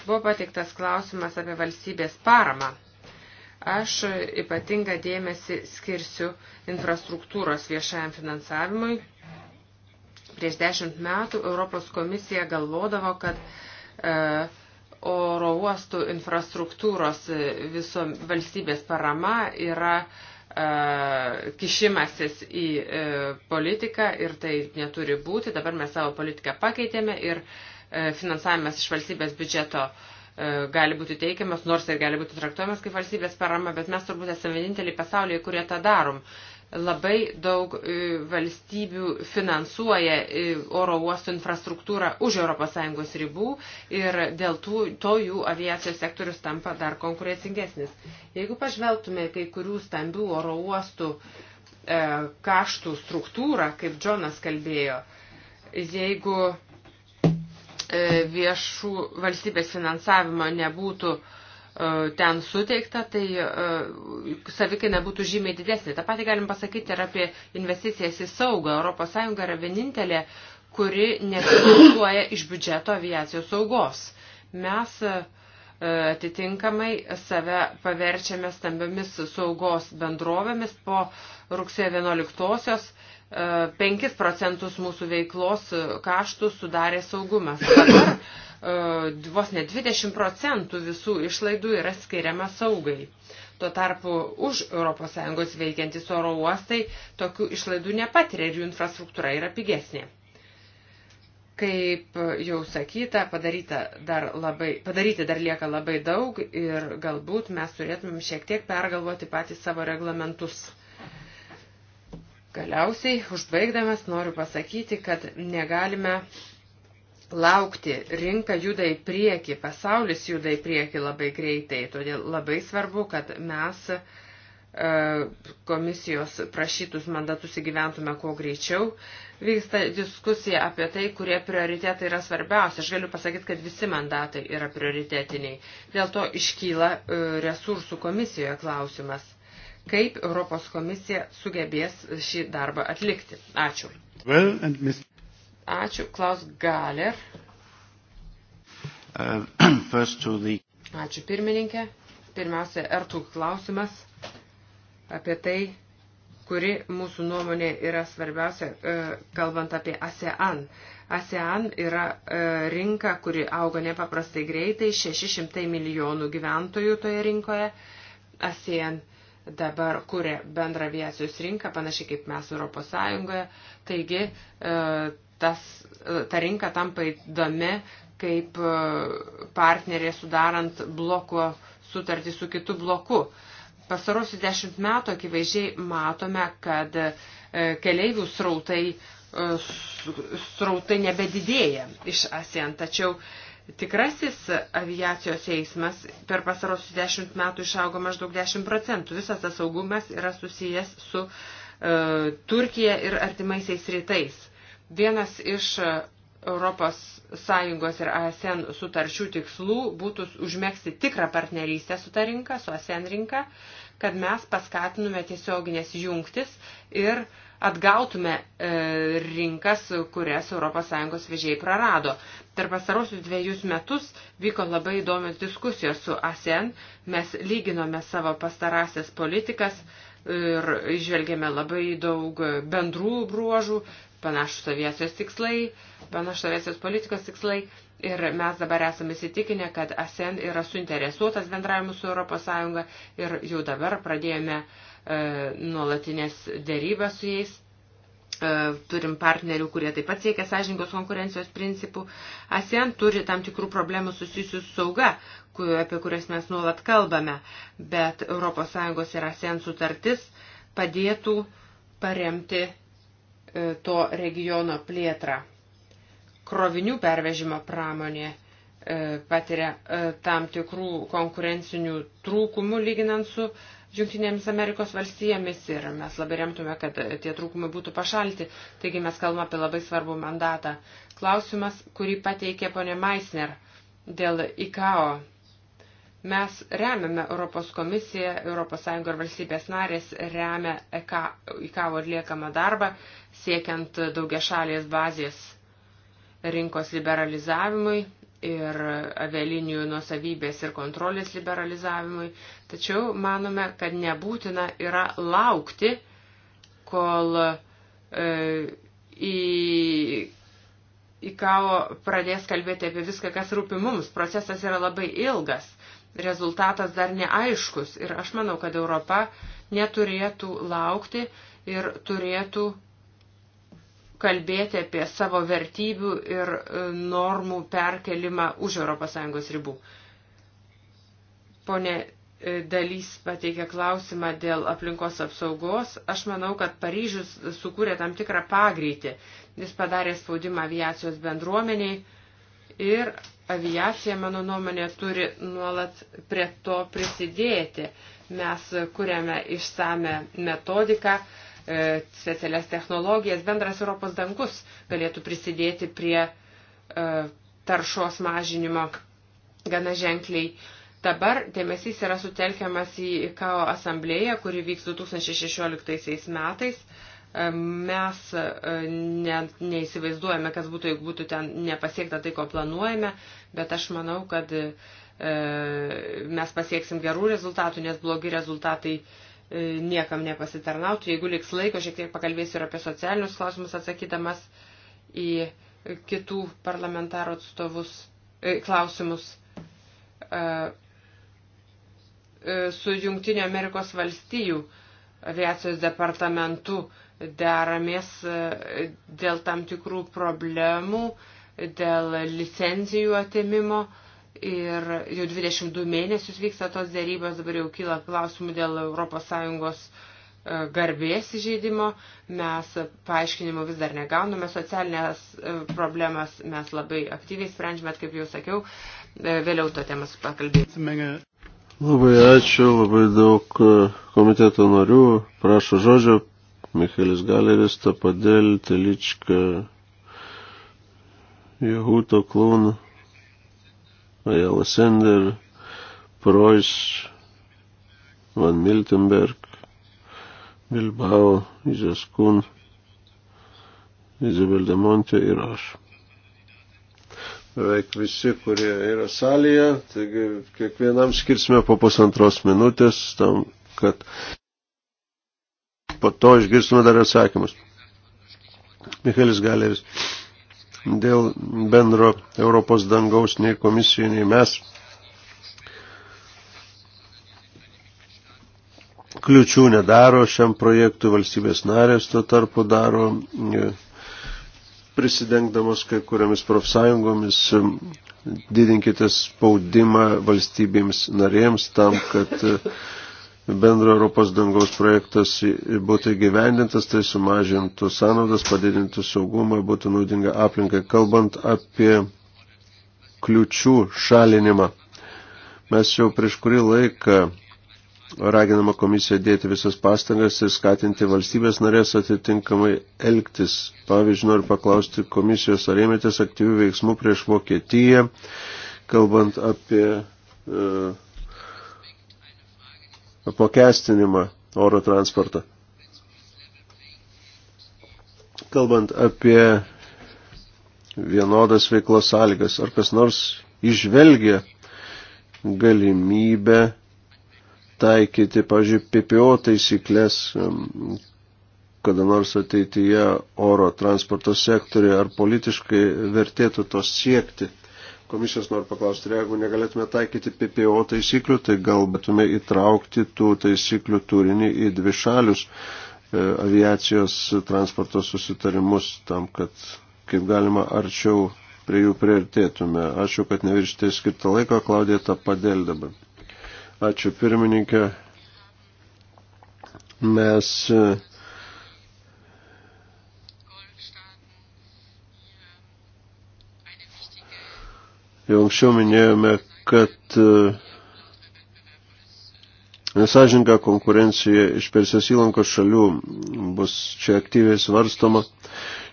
Buvo patiktas klausimas apie valstybės paramą Aš ypatingą dėmesį skirsiu infrastruktūros viešajam finansavimui. Prieš dešimt metų Europos komisija galvodavo, kad e, oro uostų infrastruktūros e, viso valstybės parama yra e, kišimasis į e, politiką ir tai neturi būti. Dabar mes savo politiką pakeitėme ir e, finansavimas iš valstybės biudžeto e, E, gali būti teikiamas, nors ir gali būti traktuojamas kaip valstybės parama, bet mes turbūt esame vieninteliai pasaulyje, kurie tą darom. Labai daug e, valstybių finansuoja e, oro uostų infrastruktūrą už ES ribų ir dėl tų, to jų aviacijos sektorius tampa dar konkurencingesnis. Jeigu pažvelgtume kai kurių stambių oro uostų e, kaštų struktūrą, kaip Džonas kalbėjo, jeigu E, viešų valstybės finansavimo nebūtų e, ten suteikta, tai e, savikaina būtų žymiai didesnė. Ta pati galim pasakyti ir apie investicijas į saugą. ES yra vienintelė, kuri nefinansuoja iš biudžeto aviacijos saugos. Mes atitinkamai save paverčiame stambiomis saugos bendrovėmis po rugsėjo 11-osios 5 procentus mūsų veiklos kaštų sudarė saugumas. Dabar e, vos ne 20 procentų visų išlaidų yra skiriama saugai. Tuo tarpu už ES veikiantis oro uostai tokių išlaidų nepatiria ir jų infrastruktūra yra pigesnė. Kaip jau sakyta, dar labai, padaryti dar lieka labai daug ir galbūt mes turėtumėm šiek tiek pergalvoti patys savo reglamentus. Galiausiai, užbaigdamas, noriu pasakyti, kad negalime laukti, rinka juda į priekį, pasaulis juda į priekį labai greitai, todėl labai svarbu, kad mes e, komisijos prašytus mandatus įgyventume kuo greičiau. Vyksta diskusija apie tai, kurie prioritetai yra svarbiausia. Aš galiu pasakyti, kad visi mandatai yra prioritetiniai. Dėl to iškyla e, resursų komisijoje klausimas kaip Europos komisija sugebės šį darbą atlikti. Ačiū. Well, Ačiū, Klaus Galer. Uh, <clears throat> the... Ačiū pirmininkė. Pirmiausia, Ertug klausimas apie tai, kuri mūsų nuomonė yra svarbiausia, e, kalbant apie ASEAN. ASEAN yra e, rinka, kuri auga nepaprastai greitai, 600 milijonų gyventojų toje rinkoje. ASEAN uh, dabar kuria bendrą aviacijos rinką, panašiai kaip mes Europos Sąjungoje. Taigi, e, tas, e, ta rinka tampa įdomi kaip e, partnerė sudarant bloko sutartį su kitu bloku. Pasarosius dešimt metų akivaizdžiai matome, kad keleivių srautai, srautai nebedidėja iš ASEAN, tačiau uh, Tikrasis aviacijos eismas per pasarosius 10 metų išaugo maždaug 10 procentų. Visas tas saugumas yra susijęs su e, Turkija ir artimaisiais rytais. Vienas iš e, Europos Sąjungos ir ASN e sutarčių tikslų būtų užmėgsti tikrą partnerystę su ta rinka, su ASN e rinka, kad mes paskatinume tiesioginės jungtis ir uh, atgautume e, rinkas, kurias ES vežėjai prarado. Per pasarosius dviejus metus vyko labai įdomios diskusijos su ASEN, mes lyginome savo pastarasias politikas ir išvelgėme labai daug bendrų bruožų, panašus aviacijos tikslai, panašus aviacijos politikos tikslai. Ir mes dabar esame įsitikinę, kad ASEN yra suinteresuotas bendravimu su ES ir jau dabar pradėjome uh, E, nuolatinės dėrybas su jais. E, turim partnerių, kurie taip pat siekia sąžininkos konkurencijos principų. ASEAN turi tam tikrų problemų susijusių su sauga, apie kurias mes nuolat kalbame, bet ES ir ASEAN sutartis padėtų paremti e, to regiono plėtrą. Krovinių pervežimo pramonė patiria tam tikrų konkurencinių trūkumų lyginant su Junktinėmis Amerikos valstijomis ir mes labai remtume, kad tie trūkumai būtų pašalti. Taigi mes kalbame apie labai svarbų mandatą. Klausimas, kurį pateikė ponė Meisner dėl ICAO. Mes remiame Europos komisiją, ES ir valstybės narės remia ICAO atliekamą darbą, siekiant daugia šalės bazės rinkos liberalizavimui ir avialinijų nuosavybės ir kontrolės liberalizavimui, tačiau manome, kad nebūtina yra laukti, kol e, į, į kao pradės kalbėti apie viską, kas rūpi mums. Procesas yra labai ilgas, rezultatas dar neaiškus ir aš manau, kad Europa neturėtų laukti ir turėtų kalbėti apie savo vertybių ir e, normų perkelimą už ES ribų. Pone e, Dalys pateikė klausimą dėl aplinkos apsaugos. Aš manau, kad Paryžius sukūrė tam tikrą pagreitį. Jis padarė spaudimą aviacijos bendruomeniai ir aviacija, mano nuomonė, turi nuolat prie to prisidėti. Mes kuriame išsame metodiką, uh, E, specialias technologijas, bendras Europos dangus galėtų prisidėti prie e, taršos mažinimo gana ženkliai. Dabar dėmesys yra sutelkiamas į ICAO asamblėją, kuri vyks 2016 metais. E, mes ne, neįsivaizduojame, kas būtų, jeigu būtų ten nepasiekta tai, ko planuojame, bet aš manau, kad mes pasieksim gerų rezultatų, nes blogi rezultatai uh, E, niekam nepasitarnautų. Jeigu liks laiko, šiek tiek pakalbėsiu ir apie socialinius klausimus atsakydamas į kitų parlamentarų atstovus e, klausimus. E, su Junktinio Amerikos valstijų aviacijos departamentu deramės dėl tam tikrų problemų, dėl licencijų atimimo. Ir jau 22 mėnesius vyksta tos dėrybos, dabar jau kyla klausimų dėl ES e, garbės įžeidimo. Mes paaiškinimų vis dar negauname, socialinės e, problemas mes labai aktyviai sprendžiame, kaip jau sakiau, e, vėliau to temas pakalbėsime. Labai ačiū, labai daug komiteto narių. Prašau žodžio, Michaelis Galeris, Tapadėl, Telička, Jehuto Klūnas. Ajala Sender, Preuss, Van Miltenberg, Bilbao, Izas Kun, Izabel de Monte ir aš. Beveik visi, kurie yra salėje, taigi kiekvienam skirsime po pusantros minutės tam, kad po to išgirsime dar atsakymus. Michaelis Galeris dėl bendro Europos dangaus nei komisija, nei mes. Kliučių nedaro šiam projektui valstybės narės, tuo tarpu daro e, prisidengdamos kai kuriamis profsąjungomis, e, didinkite spaudimą valstybėms narėms tam, kad e, bendro Europos dangaus projektas būtų įgyvendintas, tai sumažintų sąnaudas, padidintų saugumą, būtų naudinga aplinkai. Kalbant apie kliučių šalinimą, mes jau prieš kurį laiką raginama komisija dėti visas pastangas ir skatinti valstybės narės atitinkamai elgtis. Pavyzdžiui, noriu paklausti komisijos, ar ėmėtės aktyvių veiksmų prieš Vokietiją, kalbant apie. Uh, apmokestinimą oro transportą. Kalbant apie vienodas veiklos sąlygas, ar kas nors išvelgia galimybę taikyti, pažiūrėjau, PPO taisyklės, kada nors ateityje oro transporto sektoriuje, ar politiškai vertėtų to siekti komisijos noriu paklausti, jeigu negalėtume taikyti PPO taisyklių, tai galbėtume įtraukti tų taisyklių turinį į dvišalius e, aviacijos transporto susitarimus tam, kad kaip galima arčiau prie jų priartėtume. Ačiū, kad neviršite skirtą laiko, Klaudija tą padėl dabar. Ačiū pirmininkė. Mes e, Jau anksčiau minėjome, kad e, nesažinga konkurencija iš Persijos įlankos šalių bus čia aktyviai svarstoma.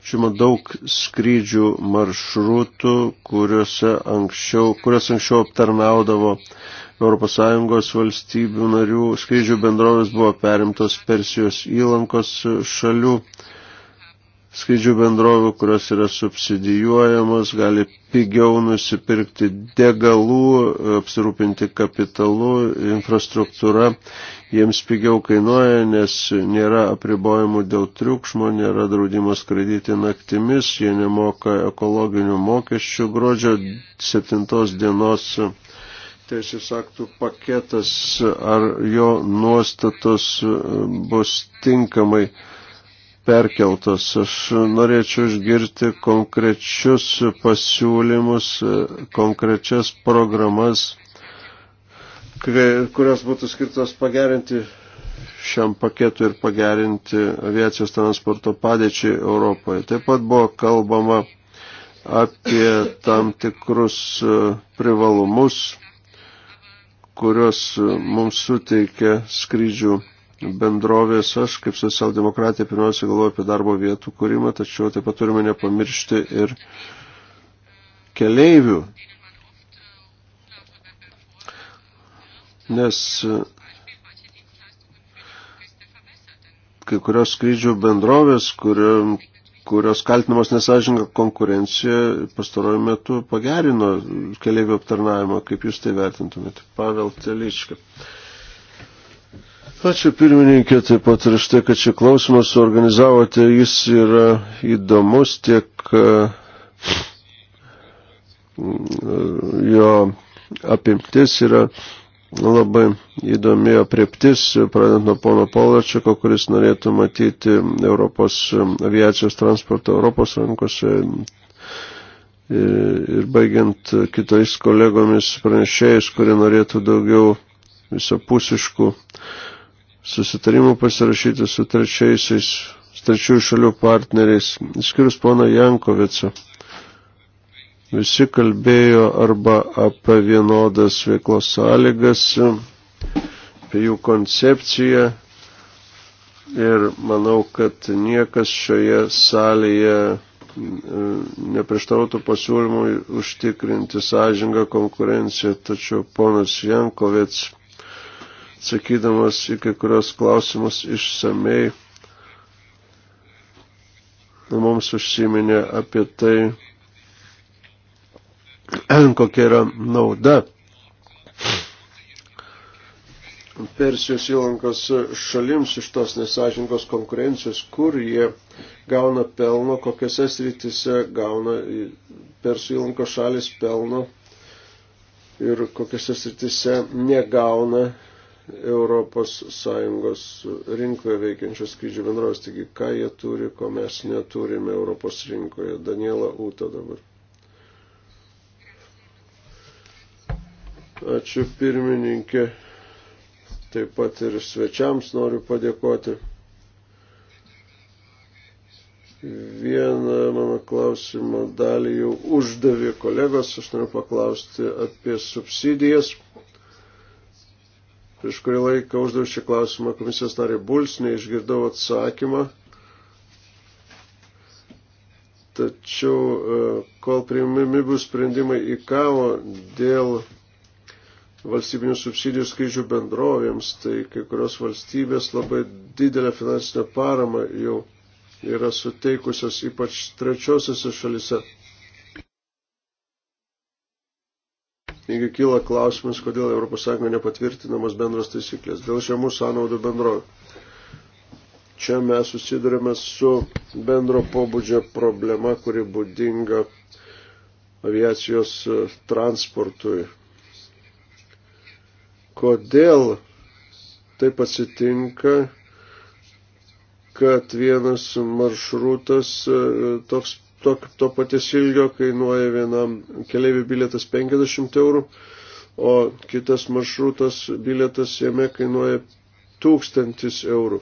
Žinoma, daug skrydžių maršrutų, kuriuose anksčiau, kurias anksčiau aptarnaudavo ES valstybių narių skrydžių bendrovės buvo perimtos Persijos įlankos šalių skrydžių bendrovių, kurios yra subsidijuojamos, gali pigiau nusipirkti degalų, apsirūpinti kapitalu, infrastruktūra jiems pigiau kainuoja, nes nėra apribojimų dėl triukšmo, nėra draudimo skraidyti naktimis, jie nemoka ekologinių mokesčių. Gruodžio 7 dienos teisės aktų paketas ar jo nuostatos bus tinkamai perkeltos. Aš norėčiau išgirti konkrečius pasiūlymus, konkrečias programas, kurios būtų skirtos pagerinti šiam paketui ir pagerinti aviacijos transporto padėčiai Europoje. Taip pat buvo kalbama apie tam tikrus e, privalumus, kurios e, mums suteikia skrydžių bendrovės. Aš kaip socialdemokratė pirmiausia galvoju apie darbo vietų kūrimą, tačiau taip pat turime nepamiršti ir keleivių. Nes kai kurios skrydžių bendrovės, kurio, kurios kaltinamos nesažinga konkurencija, pastaruoju metu pagerino keliaivių aptarnavimą, kaip jūs tai vertintumėte. Pavel Teliška. Ačiū pirmininkė, taip pat ir štai, kad šį klausimą suorganizavote, jis yra įdomus tiek e, jo apimtis yra labai įdomi apreptis, pradant nuo pono Paulačiako, kuris norėtų matyti Europos aviacijos transportą Europos rankose ir, e, ir baigiant kitais kolegomis pranešėjais, kurie norėtų daugiau visapusiškų uh, susitarimų pasirašyti su trečiaisiais, trečiųjų šalių partneriais, skirius pono Jankovicą. Visi kalbėjo arba apie vienodas veiklos sąlygas, apie jų koncepciją ir manau, kad niekas šioje salėje mm, neprieštarautų pasiūlymui užtikrinti sąžingą konkurenciją, tačiau ponas Jankovicas atsakydamas į kai kurios klausimus išsamei. Mums užsiminė apie tai, <clears throat> kokia yra nauda Persijos įlankos šalims iš tos nesažingos konkurencijos, kur jie gauna pelno, kokiose srityse gauna Persijos įlankos šalis pelno ir kokiose srityse negauna ES rinkoje veikiančios skrydžių bendrovės. Taigi, ką jie turi, ko mes neturime Europos rinkoje. Daniela Uta dabar. Ačiū pirmininkė. Taip pat ir svečiams noriu padėkoti. Vieną mano klausimą dalį jau uždavė kolegos. Aš noriu paklausti apie subsidijas. Prieš kurį laiką uždaviau šį klausimą komisijos narė Bulsnė, išgirdau atsakymą. Tačiau, e, kol priimimi bus sprendimai į kavo dėl valstybinių subsidijų skrydžių bendrovėms, tai kai kurios valstybės labai didelę finansinę paramą jau yra suteikusios, ypač trečiosiose šalise. Taigi kyla klausimas, kodėl ES nepatvirtinamos bendros taisyklės dėl šiamų sąnaudų bendrovių. Čia mes susidurime su bendro pobūdžio problema, kuri būdinga aviacijos e, transportui. Kodėl taip atsitinka, kad vienas maršrutas e, toks to, to paties ilgio kainuoja vienam keliaivių bilietas 50 eurų, o kitas maršrutas bilietas jame kainuoja 1000 eurų.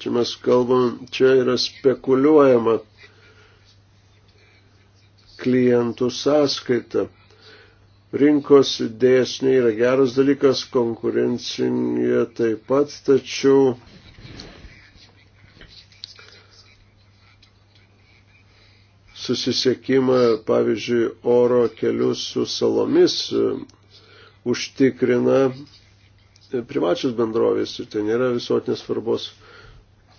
Čia mes kalbam, čia yra spekuliuojama klientų sąskaita rinkos dėsniai yra geras dalykas, konkurencinė taip pat, tačiau susisiekimą, pavyzdžiui, oro kelius su salomis e, užtikrina e, privačios bendrovės ir tai nėra visuotinės svarbos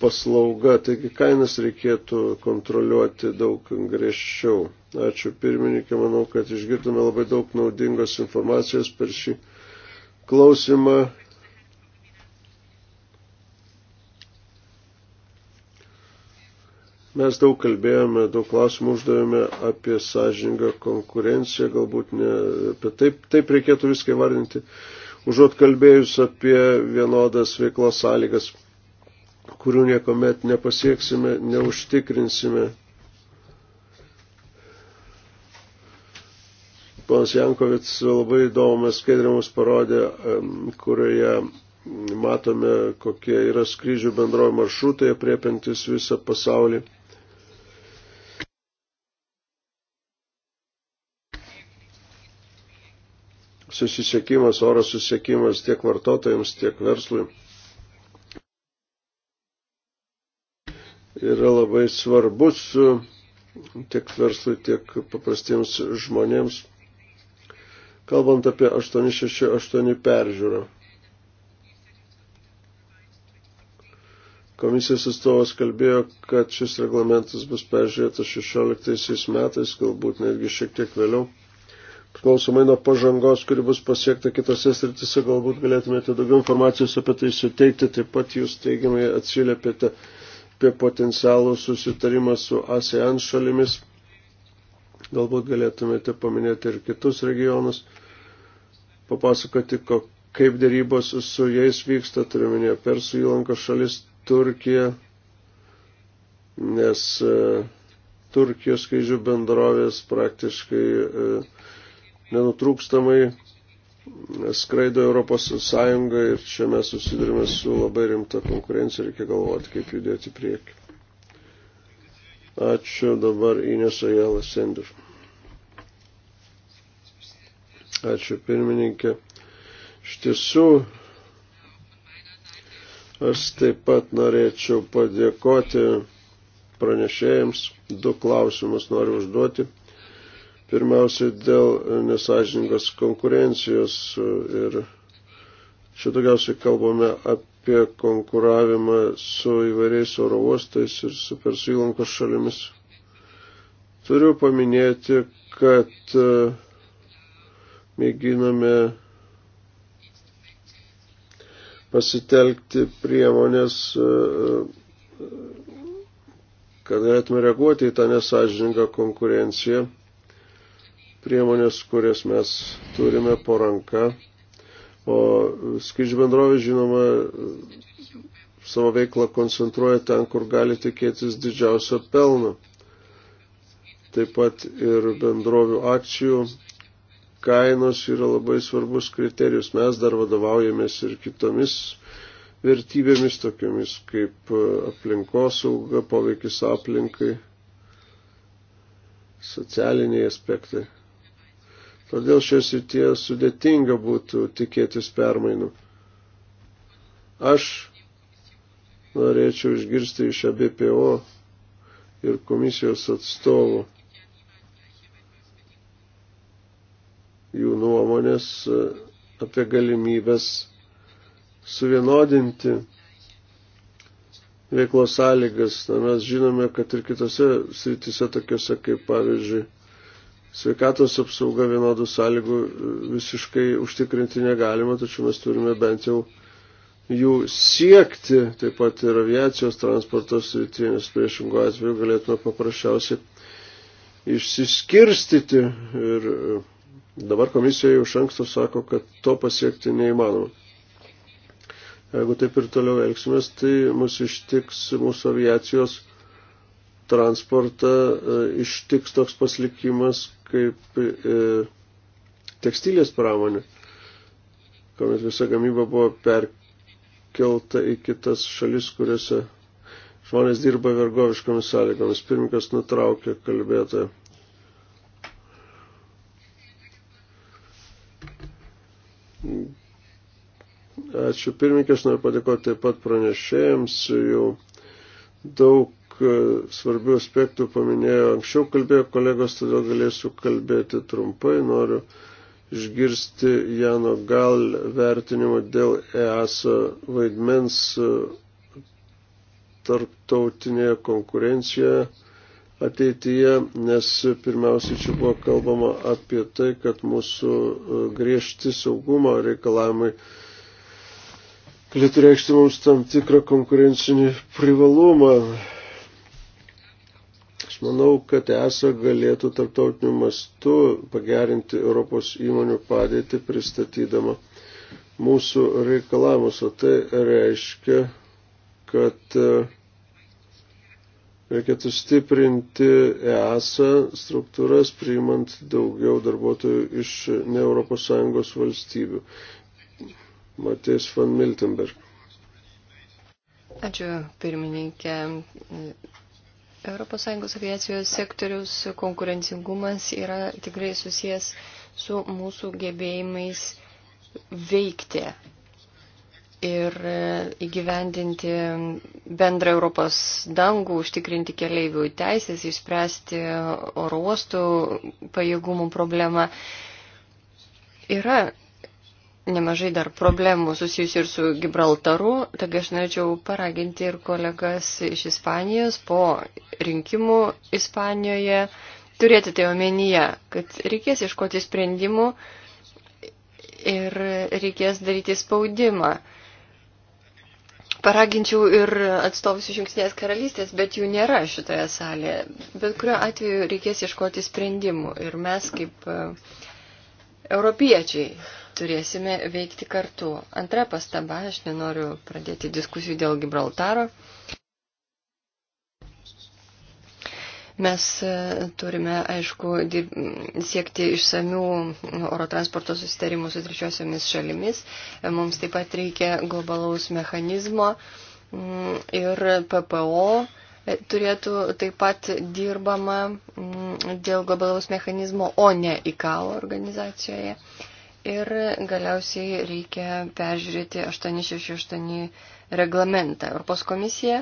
paslauga, taigi kainas reikėtų kontroliuoti daug griežčiau. Ačiū pirmininkė, manau, kad išgirdome labai daug naudingos informacijos per šį klausimą Mes daug kalbėjome, daug klausimų uždavėme apie sąžiningą konkurenciją, galbūt ne apie taip, taip reikėtų viską įvardinti, užuot kalbėjus apie vienodas veiklos sąlygas, kurių niekuomet nepasieksime, neužtikrinsime. Ponas Jankovic labai įdomę skaidrę mums parodė, kurioje matome, kokie yra skrydžių bendrojo maršrutai, priepintis visą pasaulį. susisiekimas, oro susisiekimas tiek vartotojams, tiek verslui yra labai svarbus e, tiek verslui, tiek paprastiems žmonėms. Kalbant apie 868 peržiūrą. Komisijos atstovas kalbėjo, kad šis reglamentas bus peržiūrėtas 16 metais, galbūt netgi šiek tiek vėliau priklausomai nuo pažangos, kuri bus pasiekta kitose sritise, galbūt galėtumėte daugiau informacijos apie tai suteikti, taip pat jūs teigiamai atsiliepėte apie potencialų susitarimą su ASEAN šalimis, galbūt galėtumėte paminėti ir kitus regionus, papasakoti, kaip dėrybos su jais vyksta, turiuomenė Persų įlanko šalis, Turkija, nes e, Turkijos skrydžių bendrovės praktiškai uh, nenutrūkstamai skraido Europos Sąjunga ir čia mes susidurime su labai rimta konkurencija, reikia galvoti, kaip judėti prieki. Ačiū dabar Ines Ajala Sender. Ačiū pirmininkė. Iš tiesų, aš taip pat norėčiau padėkoti pranešėjams. Du klausimus noriu užduoti. Pirmiausiai dėl nesažiningos konkurencijos e, ir čia daugiausiai kalbame apie konkuravimą su įvairiais oro uostais ir su persijlankos šalimis. Turiu paminėti, kad e, mėginame pasitelkti priemonės, e, kad galėtume reaguoti į tą nesažininką konkurenciją priemonės, kurias mes turime po ranka. O skrydžių bendrovė, žinoma, savo veiklą koncentruoja ten, kur gali tikėtis didžiausio pelno. Taip pat ir bendrovių akcijų kainos yra labai svarbus kriterijus. Mes dar vadovaujamės ir kitomis vertybėmis, tokiamis kaip aplinkosauga, poveikis aplinkai, socialiniai aspektai. Todėl šios įtie sudėtinga būtų tikėtis permainų. Aš norėčiau išgirsti iš ABPO ir komisijos atstovų jų nuomonės e, apie galimybės suvienodinti veiklos sąlygas. Na, mes žinome, kad ir kitose sritise, tokiose kaip pavyzdžiui sveikatos apsauga vienodų sąlygų e, visiškai užtikrinti negalima, tačiau mes turime bent jau jų siekti, taip pat ir aviacijos transporto srityje, nes priešingų atveju galėtume paprasčiausiai išsiskirstyti ir e, dabar komisija jau šanksto sako, kad to pasiekti neįmanoma. Jeigu taip ir toliau elgsimės, tai mus ištiks mūsų aviacijos transportą e, ištiks toks paslikimas kaip e, tekstilės pramonė, kuomet visa gamyba buvo perkelta į kitas šalis, kuriuose žmonės dirba vergoviškomis sąlygomis. Pirmininkas nutraukė kalbėtoją. Ačiū pirmininkės, noriu padėkoti taip pat pranešėjams, jau daug E, svarbių aspektų paminėjo anksčiau kalbėjo kolegos, todėl galėsiu kalbėti trumpai. Noriu išgirsti Jano gal vertinimo dėl EASA vaidmens e, tarptautinėje konkurencijoje ateityje, nes pirmiausia čia buvo kalbama apie tai, kad mūsų e, griežti saugumo reikalavimai galėtų reikšti mums tam tikrą konkurencinį privalumą Aš manau, kad ESA galėtų tarptautiniu mastu pagerinti Europos įmonių padėtį pristatydama mūsų reikalavimus. O tai reiškia, kad e, reikėtų stiprinti ESA struktūras, priimant daugiau darbuotojų iš ne ES valstybių. Matės van Miltenberg. Ačiū pirmininkė. ES aviacijos sektoriaus konkurencingumas yra tikrai susijęs su mūsų gebėjimais veikti ir įgyvendinti bendrą Europos dangų, užtikrinti keleivių teisės, išspręsti oro uostų pajėgumų problemą. Yra nemažai dar problemų susijusių ir su Gibraltaru, taigi aš norėčiau paraginti ir kolegas iš Ispanijos po rinkimų Ispanijoje turėti tai omenyje, kad reikės iškoti sprendimų ir reikės daryti spaudimą. Paraginčiau ir atstovus iš Junktinės karalystės, bet jų nėra šitoje salėje. Bet kuriuo atveju reikės iškoti sprendimų ir mes kaip e, europiečiai turėsime veikti kartu. Antra pastaba, aš nenoriu pradėti diskusijų dėl Gibraltaro. Mes e, turime, aišku, dirb, siekti išsamių oro transporto susitarimų su trečiosiomis šalimis. E, mums taip pat reikia globalaus mechanizmo mm, ir PPO e, turėtų taip pat dirbama mm, dėl globalaus mechanizmo, o ne ICAO organizacijoje. Ir galiausiai reikia peržiūrėti 868 reglamentą. Europos komisija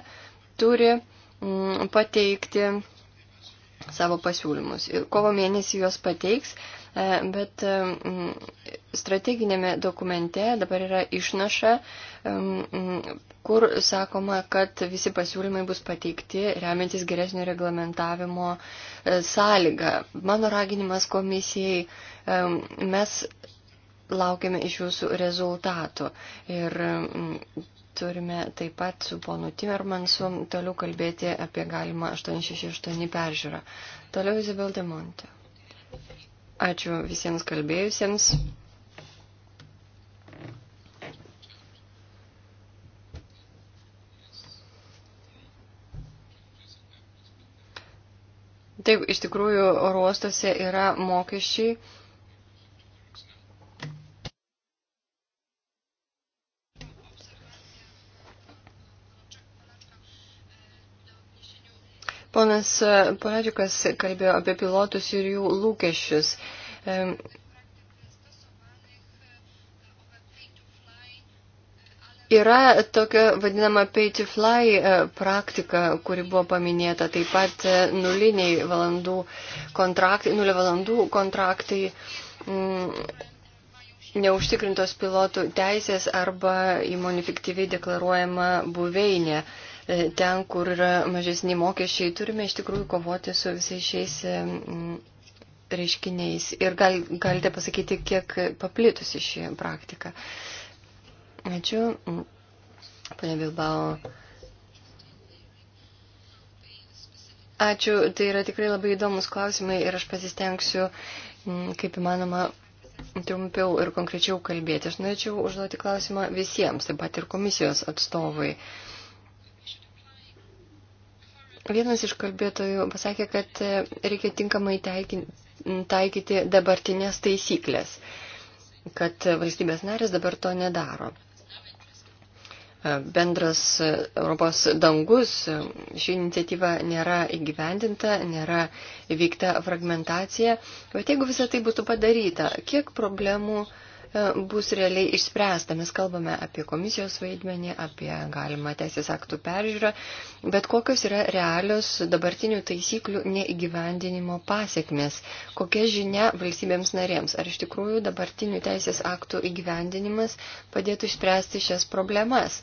turi mm, pateikti savo pasiūlymus. Ir kovo mėnesį juos pateiks, e, bet e, mm, strateginėme dokumente dabar yra išnaša, e, mm, kur sakoma, kad visi pasiūlymai bus pateikti remiantis geresnio reglamentavimo sąlygą. Mano raginimas komisijai, mes laukiame iš jūsų rezultatų. Ir mm, turime taip pat su ponu Timermansu toliau kalbėti apie galimą 868 peržiūrą. Toliau Izabel de Monte. Ačiū visiems kalbėjusiems. Taip, iš tikrųjų, oro uostuose yra mokesčiai Ponas e, Poradžiukas kalbėjo apie pilotus ir jų lūkesčius. Yra tokia vadinama pay to fly e, praktika, kuri buvo paminėta, taip pat e, nuliniai valandų kontraktai, nulio valandų kontraktai, neužtikrintos pilotų teisės arba įmonių fiktyviai deklaruojama buveinė. Mm, ten, kur yra mažesni mokesčiai, turime iš tikrųjų kovoti su visais šiais reiškiniais. Ir gal, galite pasakyti, kiek paplitusi ši praktika. Ačiū, ponia Bilbao. Ačiū, tai yra tikrai labai įdomus klausimai ir aš pasistengsiu, kaip įmanoma, trumpiau ir konkrečiau kalbėti. Aš norėčiau užduoti klausimą visiems, taip pat ir komisijos atstovui. Uh, Vienas iš kalbėtojų pasakė, kad e, reikia tinkamai taikyti dabartinės taisyklės, kad valstybės narės dabar to nedaro. E, bendras Europos dangus, e, ši iniciatyva nėra įgyvendinta, nėra vykta fragmentacija, bet jeigu visą tai būtų padaryta, kiek problemų uh, E, bus realiai išspręsta. Mes kalbame apie komisijos vaidmenį, apie galimą teisės aktų peržiūrą, bet kokios yra realios dabartinių taisyklių neįgyvendinimo pasiekmes, kokia žinia valstybėms narėms, ar iš tikrųjų dabartinių teisės aktų įgyvendinimas padėtų išspręsti šias problemas.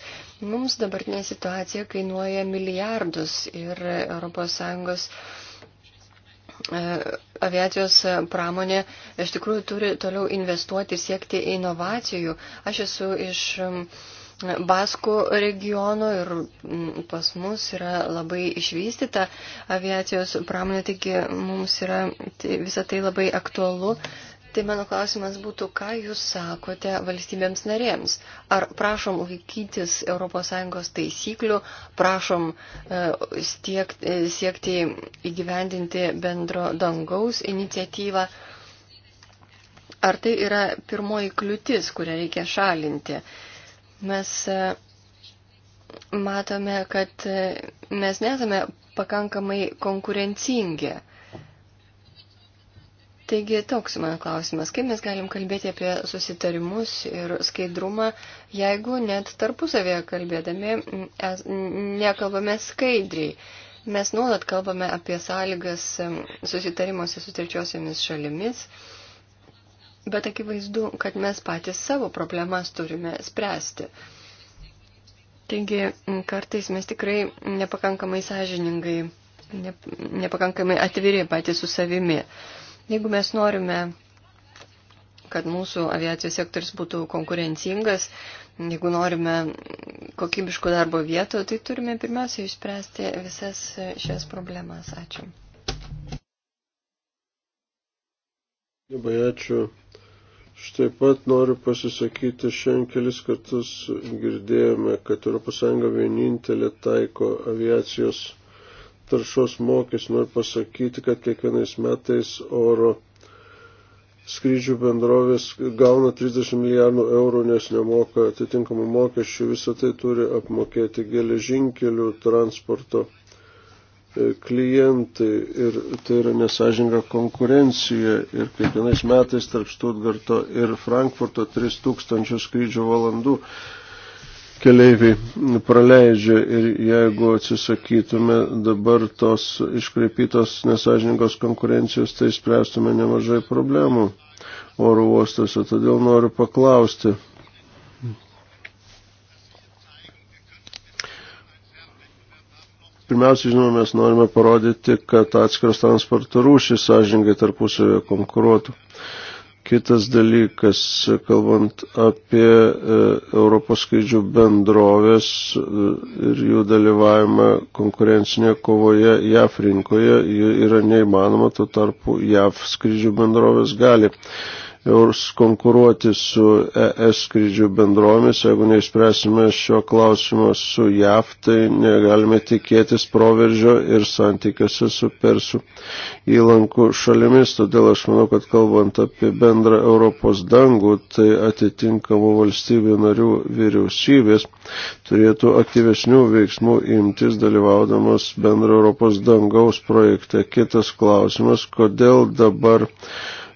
Mums dabartinė situacija kainuoja milijardus ir ES E, aviacijos pramonė iš tikrųjų turi toliau investuoti ir siekti inovacijų. Aš esu iš. Baskų regiono ir pas mus yra labai išvystyta aviacijos pramonė, taigi mums yra visą tai labai aktualu Tai mano klausimas būtų, ką Jūs sakote valstybėms narėms? Ar prašom laikytis ES taisyklių, prašom e, stiekti, e, siekti įgyvendinti bendro dangaus iniciatyvą? Ar tai yra pirmoji kliūtis, kurią reikia šalinti? Mes e, matome, kad mes nesame pakankamai konkurencingi. Taigi toks mano klausimas, kaip mes galim kalbėti apie susitarimus ir skaidrumą, jeigu net tarpusavėje kalbėdami mm, nekalbame skaidriai. Mes nuolat kalbame apie sąlygas mm, susitarimuose su trečiosiomis šalimis, bet akivaizdu, kad mes patys savo problemas turime spręsti. Taigi mm, kartais mes tikrai nepakankamai sąžiningai, nepakankamai atviri patys su savimi. Jeigu mes norime, kad mūsų aviacijos sektoris būtų konkurencingas, jeigu norime kokybiškų darbo vietų, tai turime pirmiausia išspręsti visas šias problemas. Ačiū. Labai ačiū. Štai pat noriu pasisakyti, šiandien kelis kartus girdėjome, kad ES vienintelė taiko aviacijos taršos mokestį. Noriu pasakyti, kad kiekvienais metais oro skrydžių bendrovės gauna 30 milijardų eurų, nes nemoka atitinkamų mokesčių. Visą tai turi apmokėti geležinkelių transporto e, klientai ir tai yra nesažinga konkurencija ir kiekvienais metais tarp Stuttgarto ir Frankfurto 3000 skrydžių valandų keleiviai praleidžia ir jeigu atsisakytume dabar tos iškreipytos nesažiningos konkurencijos, tai spręstume nemažai problemų oro uostose. Todėl noriu paklausti. Pirmiausia, žinoma, mes norime parodyti, kad atskiras transporto rūšys sąžininkai tarpusavėje konkuruotų. Kitas dalykas, kalbant apie e, Europos skrydžių bendrovės e, ir jų dalyvavimą konkurencinėje kovoje JAF rinkoje, yra neįmanoma, tuo tarpu JAF skrydžių bendrovės gali eurs konkuruoti su ES skrydžių bendromis. Jeigu neįspręsime šio klausimo su JAV, tai negalime tikėtis proveržio ir santykiuose su Persų įlankų šalimis. Todėl aš manau, kad kalbant apie bendrą Europos dangų, tai atitinkamų valstybių narių vyriausybės turėtų aktyvesnių veiksmų imtis dalyvaudamas bendro Europos dangaus projekte. Kitas klausimas, kodėl dabar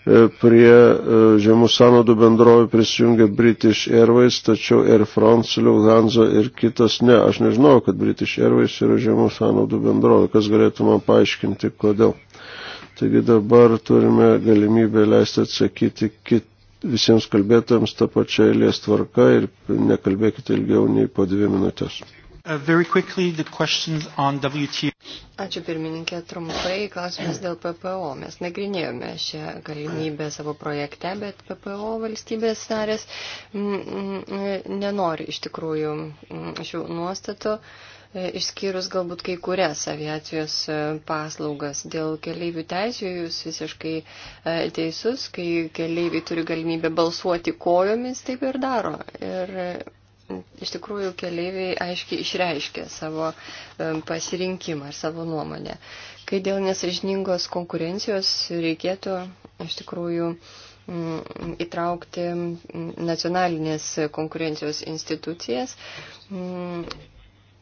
E, prie e, žemų sąnaudų bendrovių prisijungė British Airways, tačiau Air France, Lufthansa ir kitas ne. Aš nežinau, kad British Airways yra žemų sąnaudų bendrovė. Kas galėtų man paaiškinti, kodėl? Taigi dabar turime galimybę leisti atsakyti kit, visiems kalbėtojams tą pačią eilės tvarką ir nekalbėkite ilgiau nei po dvi minutės. Uh, very quickly, the questions on WTO. Ačiū pirmininkė, trumpai klausimas dėl PPO. Mes nagrinėjome šią galimybę savo projekte, bet PPO valstybės narės mm, mm, nenori iš tikrųjų mm, šių nuostatų, e, išskyrus galbūt kai kurias aviacijos e, paslaugas. Dėl keleivių teisų jūs visiškai e, teisus, kai keleiviai turi galimybę balsuoti kojomis, taip ir daro. Ir iš tikrųjų keleiviai aiškiai išreiškia savo pasirinkimą ir savo nuomonę. Kai dėl nesažiningos konkurencijos reikėtų iš tikrųjų įtraukti nacionalinės konkurencijos institucijas,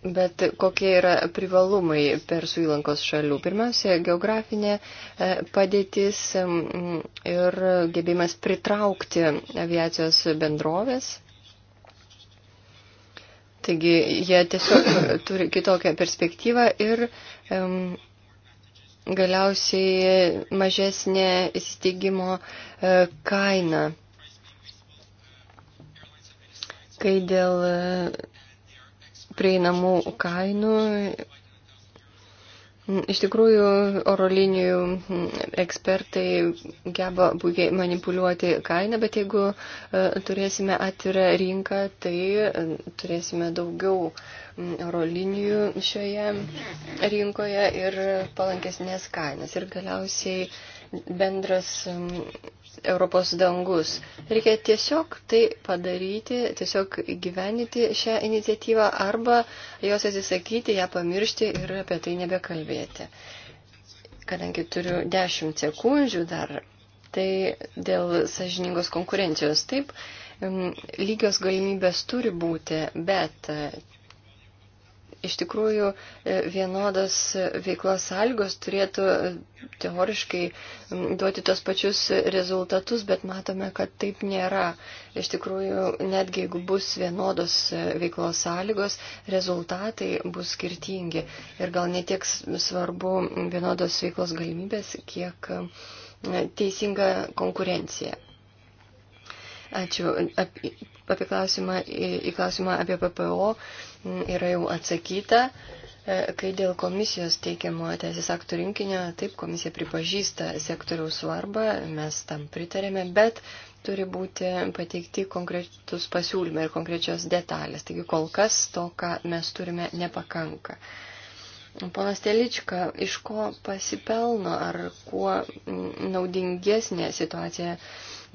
Bet kokie yra privalumai Persų įlankos šalių? Pirmiausia, geografinė e, padėtis ir gebėjimas pritraukti aviacijos bendrovės Taigi jie tiesiog <coughs> turi kitokią perspektyvą ir um, galiausiai mažesnė įsteigimo uh, e, kaina. Kai dėl e, prieinamų kainų Mm, iš tikrųjų, oro linijų mm, ekspertai geba puikiai manipuliuoti kainą, bet jeigu e, turėsime atvirą rinką, tai e, turėsime daugiau mm, oro linijų šioje rinkoje ir palankesnės kainas. Ir galiausiai bendras um, Europos dangus. Reikia tiesiog tai padaryti, tiesiog gyvenyti šią iniciatyvą arba jos atsisakyti, ją pamiršti ir apie tai nebekalbėti. Kadangi turiu 10 sekundžių dar, tai dėl sažiningos konkurencijos taip, um, lygios galimybės turi būti, bet Iš tikrųjų, e, vienodas e, veiklos sąlygos turėtų e, teoriškai duoti tos pačius rezultatus, bet matome, kad taip nėra. Iš tikrųjų, netgi jeigu bus vienodos veiklos sąlygos, rezultatai bus skirtingi. Ir gal netiek svarbu vienodos veiklos galimybės, kiek teisinga konkurencija. Ačiū. Apie klausimą, į klausimą apie PPO yra jau atsakyta. E, kai dėl komisijos teikiamo teisės aktų rinkinio, taip komisija pripažįsta sektoriaus svarbą, mes tam pritarėme, bet turi būti pateikti konkretus pasiūlymai ir konkrečios detalės. Taigi kol kas to, ką mes turime, nepakanka. Ponas Telička, iš ko pasipelno ar kuo naudingesnė situacija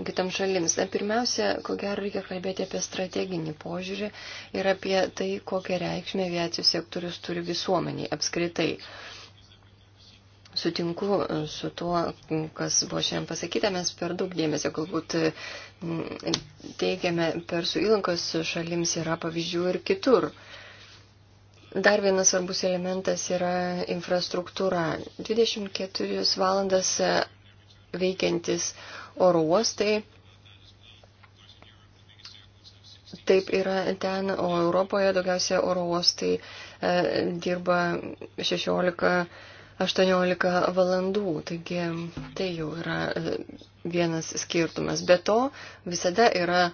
kitam šalims. Na, pirmiausia, ko gero reikia kalbėti apie strateginį požiūrį ir apie tai, kokią reikšmę aviacijos sektorius turi visuomeniai apskritai. Sutinku su tuo, kas buvo šiandien pasakyta, mes per daug dėmesio galbūt mm, teikiame persų įlankos šalims yra pavyzdžių ir kitur. Dar vienas svarbus elementas yra infrastruktūra. 24 valandas veikiantis oro uostai. Taip yra ten, o Europoje daugiausia oro uostai e, dirba 16-18 valandų. Taigi tai jau yra e, vienas skirtumas. Be to visada yra e,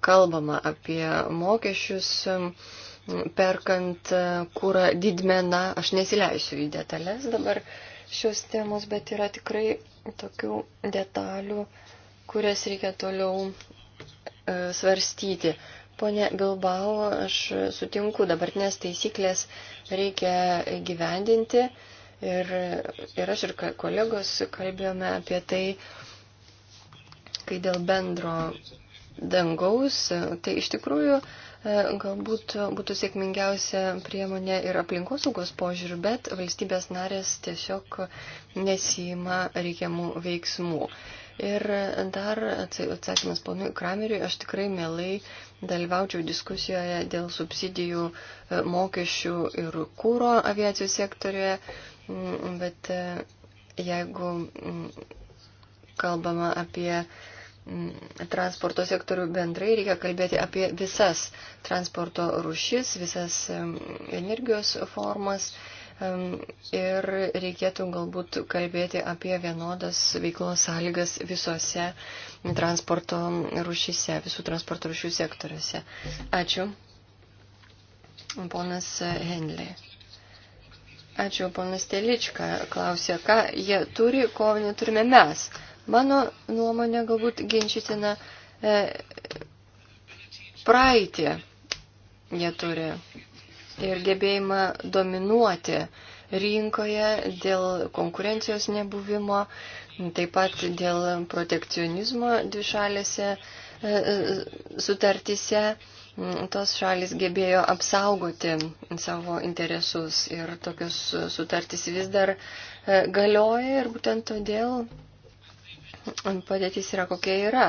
kalbama apie mokesčius. E, perkant kūrą didmeną, aš nesileisiu į detalės dabar šios temos, bet yra tikrai tokių detalių, kurias reikia toliau e, svarstyti. Pone Bilbao, aš sutinku, dabartinės taisyklės reikia gyvendinti ir, ir aš ir kolegos kalbėjome apie tai, kai dėl bendro dangaus, tai iš tikrųjų E, galbūt būtų sėkmingiausia priemonė ir aplinkosaugos požiūrių, bet valstybės narės tiesiog nesijima reikiamų veiksmų. Ir dar atsakymas ponui Krameriui, aš tikrai mielai dalyvaučiau diskusijoje dėl subsidijų e, mokesčių ir kūro aviacijos sektorioje, bet e, jeigu kalbama apie Mm, transporto sektorių bendrai reikia kalbėti apie visas transporto rušis, visas energijos formas ir reikėtų galbūt kalbėti apie vienodas veiklos sąlygas visose transporto rušyse, visų transporto rušių sektoriuose. Ačiū. Ponas Henlė. Ačiū, ponas Telička klausė, ką jie turi, ko neturime mes. Mano nuomonė galbūt ginčytina e, praeitį jie turi ir gebėjimą dominuoti rinkoje dėl konkurencijos nebuvimo, taip pat dėl protekcionizmo dvišalėse e, e, sutartyse. Tos šalis gebėjo apsaugoti savo interesus ir tokios sutartys vis dar e, galioja ir būtent todėl padėtis yra kokia yra.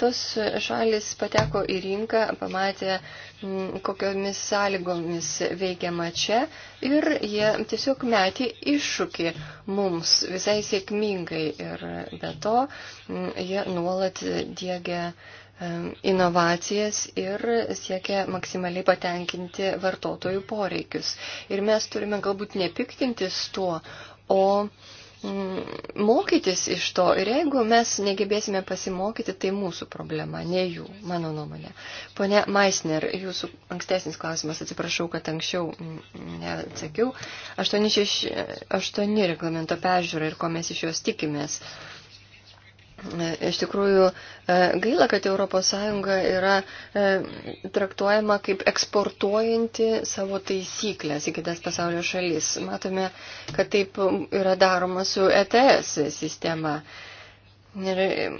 Tos šalis pateko į rinką, pamatė, mm, kokiomis sąlygomis veikiama čia ir jie tiesiog metė iššūkį mums visai sėkmingai ir be to mm, jie nuolat dėgia inovacijas ir siekia maksimaliai patenkinti vartotojų poreikius. Ir mes turime galbūt nepiktintis tuo, o Mm, mokytis iš to. Ir jeigu mes negebėsime pasimokyti, tai mūsų problema, ne jų, mano nuomonė. Pone Maisner, jūsų ankstesnis klausimas, atsiprašau, kad anksčiau neatsakiau. 8, 6, 8 reglamento peržiūra ir ko mes iš jos tikimės. Iš tikrųjų, e, gaila, kad ES yra e, traktuojama kaip eksportuojanti savo taisyklės į kitas pasaulio šalis. Matome, kad taip yra daroma su ETS sistema. Ir e,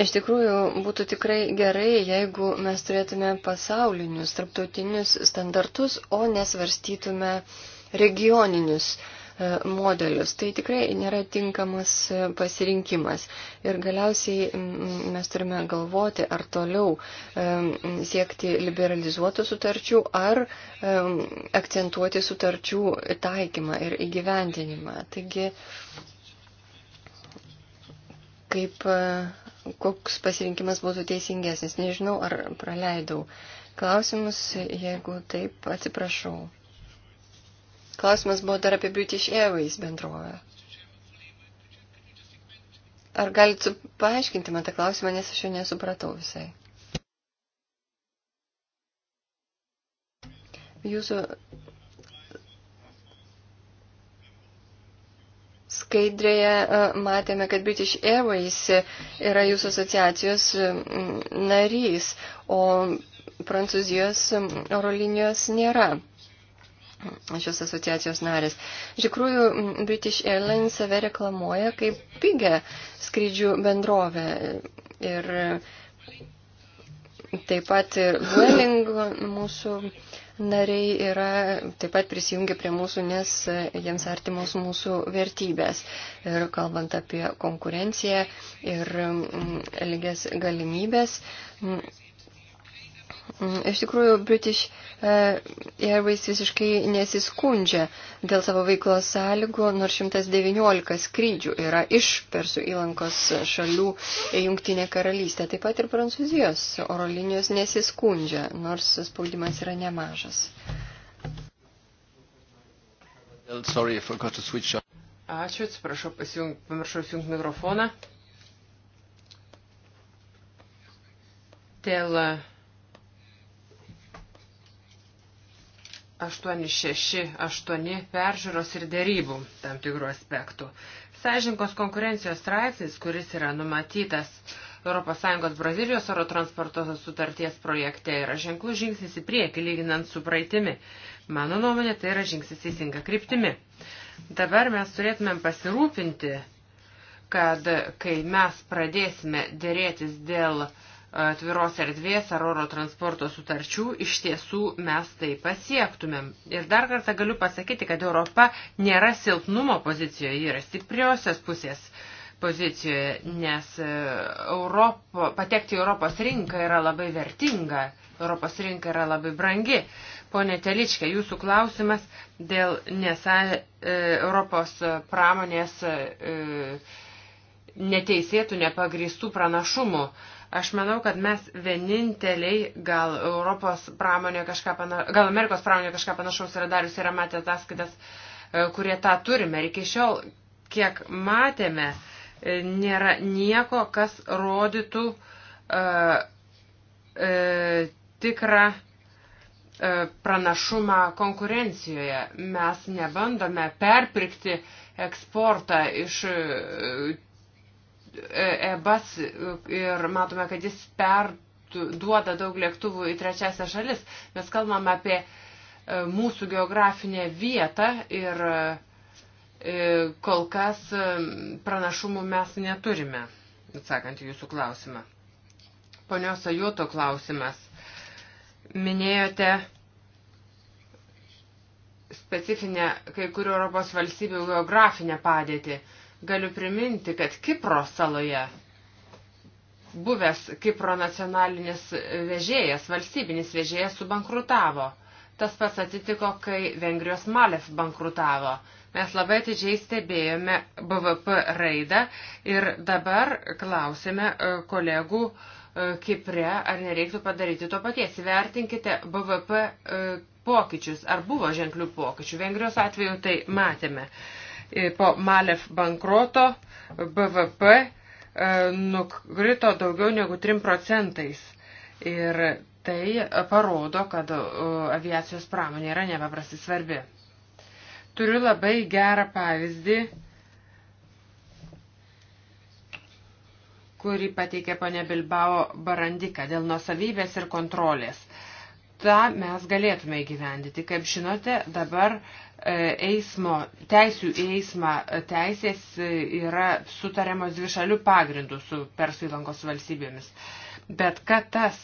Iš tikrųjų, būtų tikrai gerai, jeigu mes turėtume pasaulinius, tarptautinius standartus, o nesvarstytume regioninius E, modelius. Tai tikrai nėra tinkamas e, pasirinkimas. Ir galiausiai mes turime galvoti, ar toliau e, siekti liberalizuotų sutarčių, ar akcentuoti sutarčių taikymą ir įgyvendinimą. Taigi, kaip, koks pasirinkimas būtų teisingesnis. Nežinau, ar praleidau klausimus, jeigu taip, atsiprašau. Klausimas buvo dar apie British Airways bendrovę. Ar galit paaiškinti man tą klausimą, nes aš jo nesupratau visai. Jūsų skaidrėje e, matėme, kad British Airways yra jūsų asociacijos narys, o Prancūzijos oro linijos nėra šios asociacijos narės. Iš tikrųjų, British Airlines save reklamuoja kaip pigę skrydžių bendrovę. Ir taip pat ir Vueling mūsų nariai yra taip pat prisijungi prie mūsų, nes jiems artimos mūsų vertybės. Ir kalbant apie konkurenciją ir mm, lygias galimybės, Iš tikrųjų, British e, Airways visiškai nesiskundžia dėl savo veiklos sąlygų, nors 119 skrydžių yra iš Persų įlankos šalių į Jungtinę karalystę. Taip pat ir Prancūzijos oro linijos nesiskundžia, nors spaudimas yra nemažas. Sorry, Ačiū, atsiprašau, pamiršau įsijungti mikrofoną. Dėl uh, 868 peržiūros ir dėrybų tam tikrų aspektų. Sąžinkos konkurencijos straipsnis, kuris yra numatytas ES Brazilijos oro transporto sutarties projekte, yra ženklus žingsnis į priekį lyginant su praeitimi. Mano nuomonė, tai yra žingsnis teisinga kryptimi. Dabar mes turėtumėm pasirūpinti, kad kai mes pradėsime dėrėtis dėl uh, atviros erdvės ar oro transporto sutarčių, iš tiesų mes tai pasiektumėm. Ir dar kartą galiu pasakyti, kad Europa nėra silpnumo pozicijoje, ji yra stipriosios pusės pozicijoje, nes e, Europo, patekti į Europos rinką yra labai vertinga, Europos rinka yra labai brangi. Pone Teličkė, jūsų klausimas dėl nesa, e, Europos pramonės e, neteisėtų, nepagristų pranašumų. E, Aš manau, kad mes vieninteliai, gal Europos pramonė kažką, pana, gal Amerikos pramonė kažką panašaus yra darius, yra matę ataskaitas, e, kurie tą turime. Ir iki šiol, kiek matėme, e, nėra nieko, kas rodytų uh, uh, tikrą pranašumą konkurencijoje. Mes nebandome perpirkti eksportą iš EBAS ir matome, kad jis perduoda daug lėktuvų į trečiasią šalis. Mes kalbame apie e, mūsų geografinę vietą ir e, kol kas e, pranašumų mes neturime, atsakant jūsų klausimą. Ponios Ajuto klausimas. Minėjote specifinę kai kurių Europos valstybių geografinę padėtį. Galiu priminti, kad Kipro saloje buvęs Kipro nacionalinis vežėjas, valstybinis vežėjas subankrutavo. Tas pats atsitiko, kai Vengrijos Malef bankrutavo. Mes labai atidžiai stebėjome BVP raidą ir dabar klausėme e, kolegų e, Kipre, ar nereiktų padaryti to paties. Vertinkite BVP e, pokyčius, ar buvo ženklių pokyčių. Vengrijos atveju tai matėme. E, po Malef bankroto BVP e, nukrito daugiau negu 3 procentais. Ir tai parodo, kad e, aviacijos pramonė yra nepaprastai svarbi. Turiu labai gerą pavyzdį, kurį pateikė ponė Bilbao Barandika dėl nusavybės ir kontrolės tą mes galėtume įgyvendyti. Kaip žinote, dabar E, eismo, teisių į eismą teisės yra sutariamos dvišalių pagrindų su Persų įlankos valstybėmis. Bet kad tas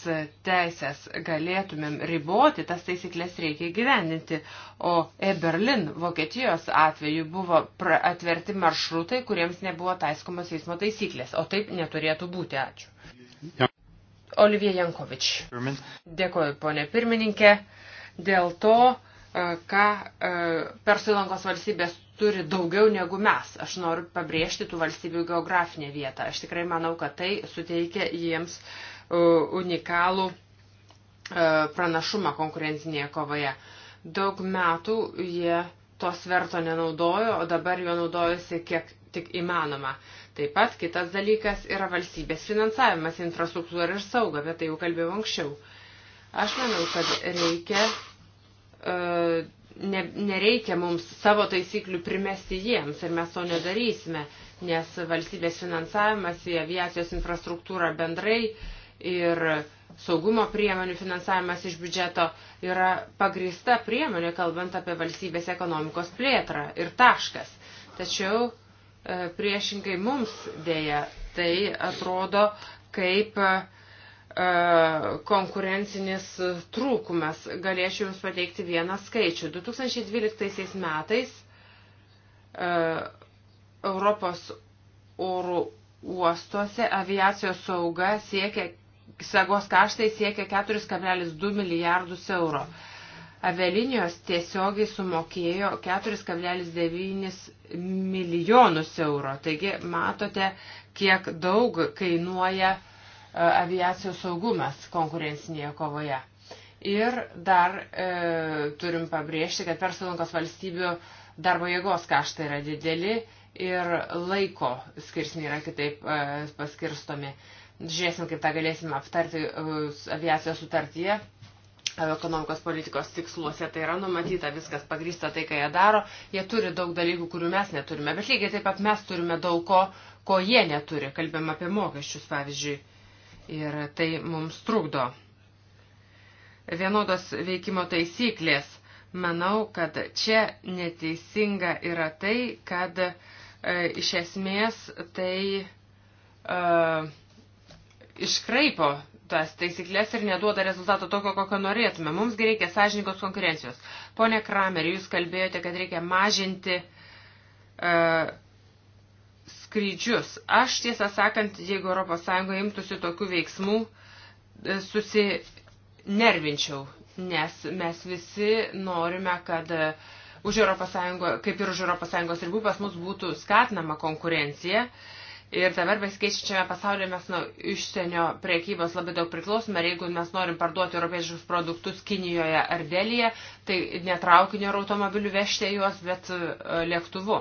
teisės galėtumėm riboti, tas taisyklės reikia gyveninti. O E-Berlin Vokietijos atveju buvo atverti maršrutai, kuriems nebuvo taiskomos eismo taisyklės. O taip neturėtų būti. Ačiū. Ja. Olivija Jankovič. Dėkoju, ponė pirmininkė. Dėl to E, ką e, Persų įlankos valstybės turi daugiau negu mes. Aš noriu pabrėžti tų valstybių geografinę vietą. Aš tikrai manau, kad tai suteikia jiems e, unikalų pranašumą konkurencinėje kovoje. Daug metų jie to sverto nenaudojo, o dabar jo naudojasi kiek tik įmanoma. Taip pat kitas dalykas yra valstybės finansavimas, infrastruktūra ir sauga, bet tai jau kalbėjau anksčiau. Aš manau, kad reikia E, ne, nereikia mums savo taisyklių primesti jiems ir mes to nedarysime, nes valstybės finansavimas į aviacijos infrastruktūrą bendrai ir saugumo priemonių finansavimas iš biudžeto yra pagrįsta priemonė, kalbant apie valstybės ekonomikos plėtrą ir taškas. Tačiau e, priešingai mums dėja tai atrodo kaip uh, E, konkurencinis trūkumas. Galėčiau Jums pateikti vieną skaičių. 2012 metais e, Europos oro uostuose aviacijos sauga siekia, sagos kaštai siekia 4,2 milijardus eurų. Avelinijos tiesiogiai sumokėjo 4,9 milijonus eurų. Taigi matote, kiek daug kainuoja uh, E, aviacijos saugumas konkurencinėje kovoje. Ir dar e, turim pabrėžti, kad persalankos valstybių darbo jėgos kaštai yra dideli ir laiko skirsniai yra kitaip e, paskirstomi. Žiūrėsim, kaip tą galėsim aptarti e, aviacijos sutartyje. E, ekonomikos politikos tiksluose tai yra numatyta, viskas pagrįsta tai, ką jie daro. Jie turi daug dalykų, kurių mes neturime, bet lygiai taip pat mes turime daug ko, ko jie neturi. Kalbėm apie mokesčius, pavyzdžiui ir tai mums trukdo. Vienodos veikimo taisyklės. Manau, kad čia neteisinga yra tai, kad e, iš esmės tai e, iškraipo tas taisyklės ir neduoda rezultato tokio, kokio norėtume. Mums reikia sąžininkos konkurencijos. Pone Kramer, jūs kalbėjote, kad reikia mažinti uh, skrydžius. Aš tiesą sakant, jeigu ES imtųsi tokių veiksmų, e, susinervinčiau, nes mes visi norime, kad e, už ES, kaip ir už ES ribų pas mus būtų skatinama konkurencija Ir dabar besikeičiame pasaulyje mes nuo išsienio priekybos labai daug priklausome. Ir jeigu mes norim parduoti europiečius produktus Kinijoje ar Delyje, tai netraukinio ar automobilių vežti juos, bet e, lėktuvu.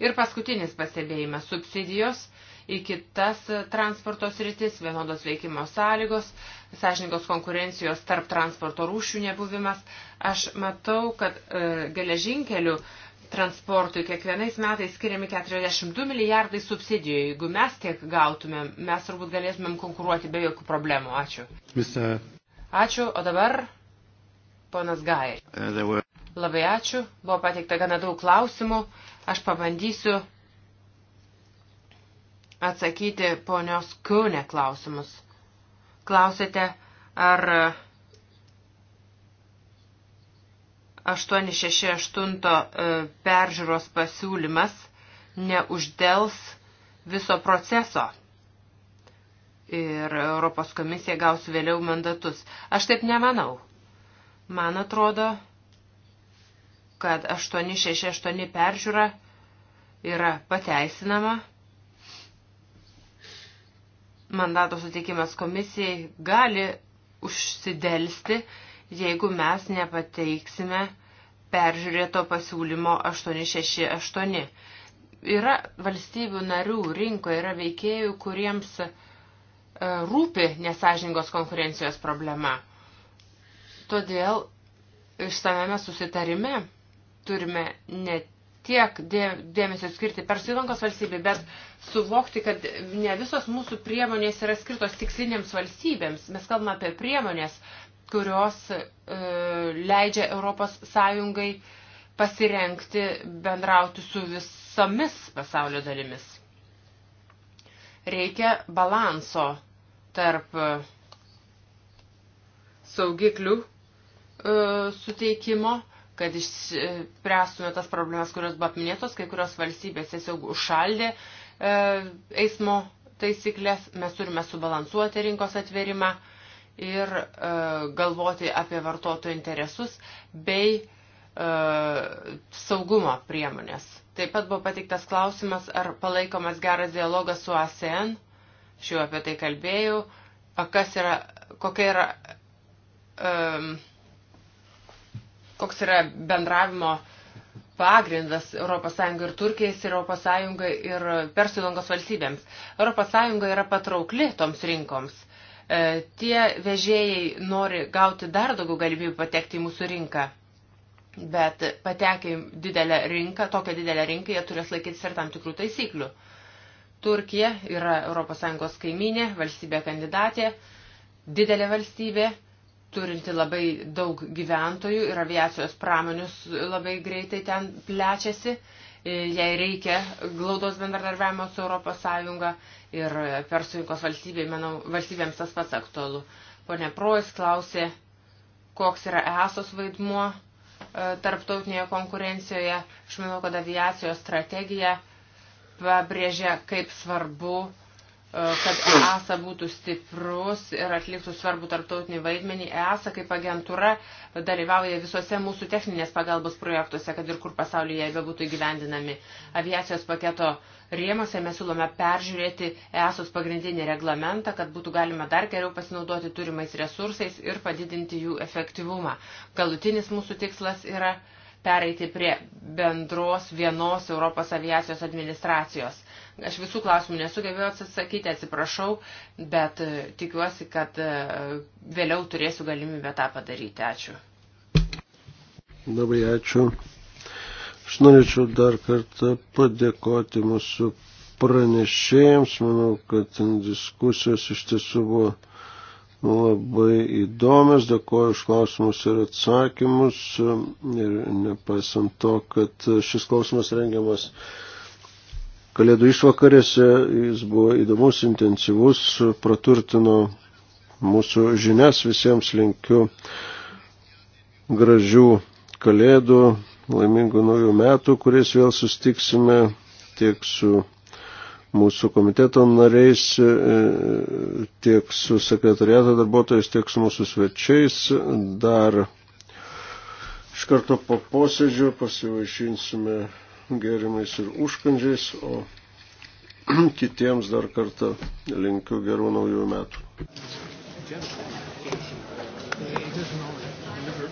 Ir paskutinis pastebėjimas - subsidijos į kitas transporto sritis, vienodos veikimo sąlygos, sąžininkos konkurencijos tarp transporto rūšių nebuvimas. Aš matau, kad e, geležinkelių e, transportui kiekvienais metais skiriami 42 milijardai subsidijų. Jeigu mes tiek gautumėm, mes turbūt galėtumėm konkuruoti be jokių problemų. Ačiū. Mr. Ačiū, o dabar ponas Gai. Uh, were... Labai ačiū, buvo pateikta gana daug klausimų. Aš pabandysiu atsakyti ponios Kūne klausimus. Klausėte, ar 868 e, peržiūros pasiūlymas neuždels viso proceso. Ir Europos komisija gaus vėliau mandatus. Aš taip nemanau. Man atrodo, kad 868 peržiūra yra pateisinama. Mandato suteikimas komisijai gali užsidelsti jeigu mes nepateiksime peržiūrėto pasiūlymo 868. Yra valstybių narių rinkoje, yra veikėjų, kuriems e, rūpi nesažingos konkurencijos problema. Todėl išsameme susitarime turime ne tiek dėmesio skirti per Srilankos valstybę, bet suvokti, kad ne visos mūsų priemonės yra skirtos tikslinėms valstybėms. Mes kalbame apie priemonės, uh, kurios e, leidžia Europos Sąjungai pasirenkti bendrauti su visomis pasaulio dalimis. Reikia balanso tarp e, saugiklių e, suteikimo, kad išspręstume tas problemas, kurios buvo apminėtos, kai kurios valstybės tiesiog užšaldė e, eismo taisyklės, mes turime subalansuoti rinkos atverimą. E, ir e, galvoti apie vartotojų interesus bei e, saugumo priemonės. Taip pat buvo patiktas klausimas, ar palaikomas geras dialogas su ASEAN, aš jau apie tai kalbėjau, a, kas yra, kokia yra, e, koks yra bendravimo pagrindas ES ir Turkijais, ir ES ir Persų įlankos valstybėms. ES yra patraukli toms rinkoms E, tie vežėjai nori gauti dar daugiau galimybių patekti į mūsų rinką. Bet patekę į didelę rinką, tokią didelę rinką, jie turės laikytis ir tam tikrų taisyklių. Turkija yra ES kaiminė, valstybė kandidatė, didelė valstybė, turinti labai daug gyventojų ir aviacijos pramonius labai greitai ten plečiasi jai reikia glaudos bendradarbiavimo su ES ir persuinkos valstybė, manau, valstybėms tas pats aktualu. Pone Projas klausė, koks yra ESOS vaidmuo e, tarptautinėje konkurencijoje. Aš manau, kad aviacijos strategija pabrėžia, kaip svarbu Uh, kad EASA būtų stiprus ir atliktų svarbų tarptautinį vaidmenį. EASA kaip agentūra dalyvauja visuose mūsų techninės pagalbos projektuose, kad ir kur pasaulyje jie būtų įgyvendinami. Aviacijos paketo rėmose mes siūlome peržiūrėti EASOS pagrindinį reglamentą, kad būtų galima dar geriau pasinaudoti turimais resursais ir padidinti jų efektyvumą. Galutinis mūsų tikslas yra pereiti prie bendros vienos Europos aviacijos administracijos Aš visų klausimų nesugebėjau atsakyti, atsiprašau, bet e, tikiuosi, kad e, vėliau turėsiu galimybę tą padaryti. Ačiū. Labai ačiū. Aš norėčiau dar kartą padėkoti mūsų pranešėjams. Manau, kad diskusijos iš tiesų buvo labai įdomios. Dėkuoju už klausimus ir atsakymus. Ir nepaisant to, kad šis klausimas rengiamas Kalėdų išvakarėse jis buvo įdomus, intensyvus, praturtino mūsų žinias, visiems linkiu gražių kalėdų, laimingų naujų metų, kuriais vėl sustiksime tiek su mūsų komiteto nariais, e, tiek su sekretariato darbuotojais, tiek su mūsų svečiais. Dar iš karto po posėdžio pasivaišinsime gėrimais ir užkandžiais, o <clears throat> kitiems dar kartą linkiu gerų naujų metų.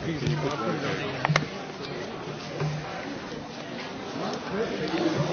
Thank you.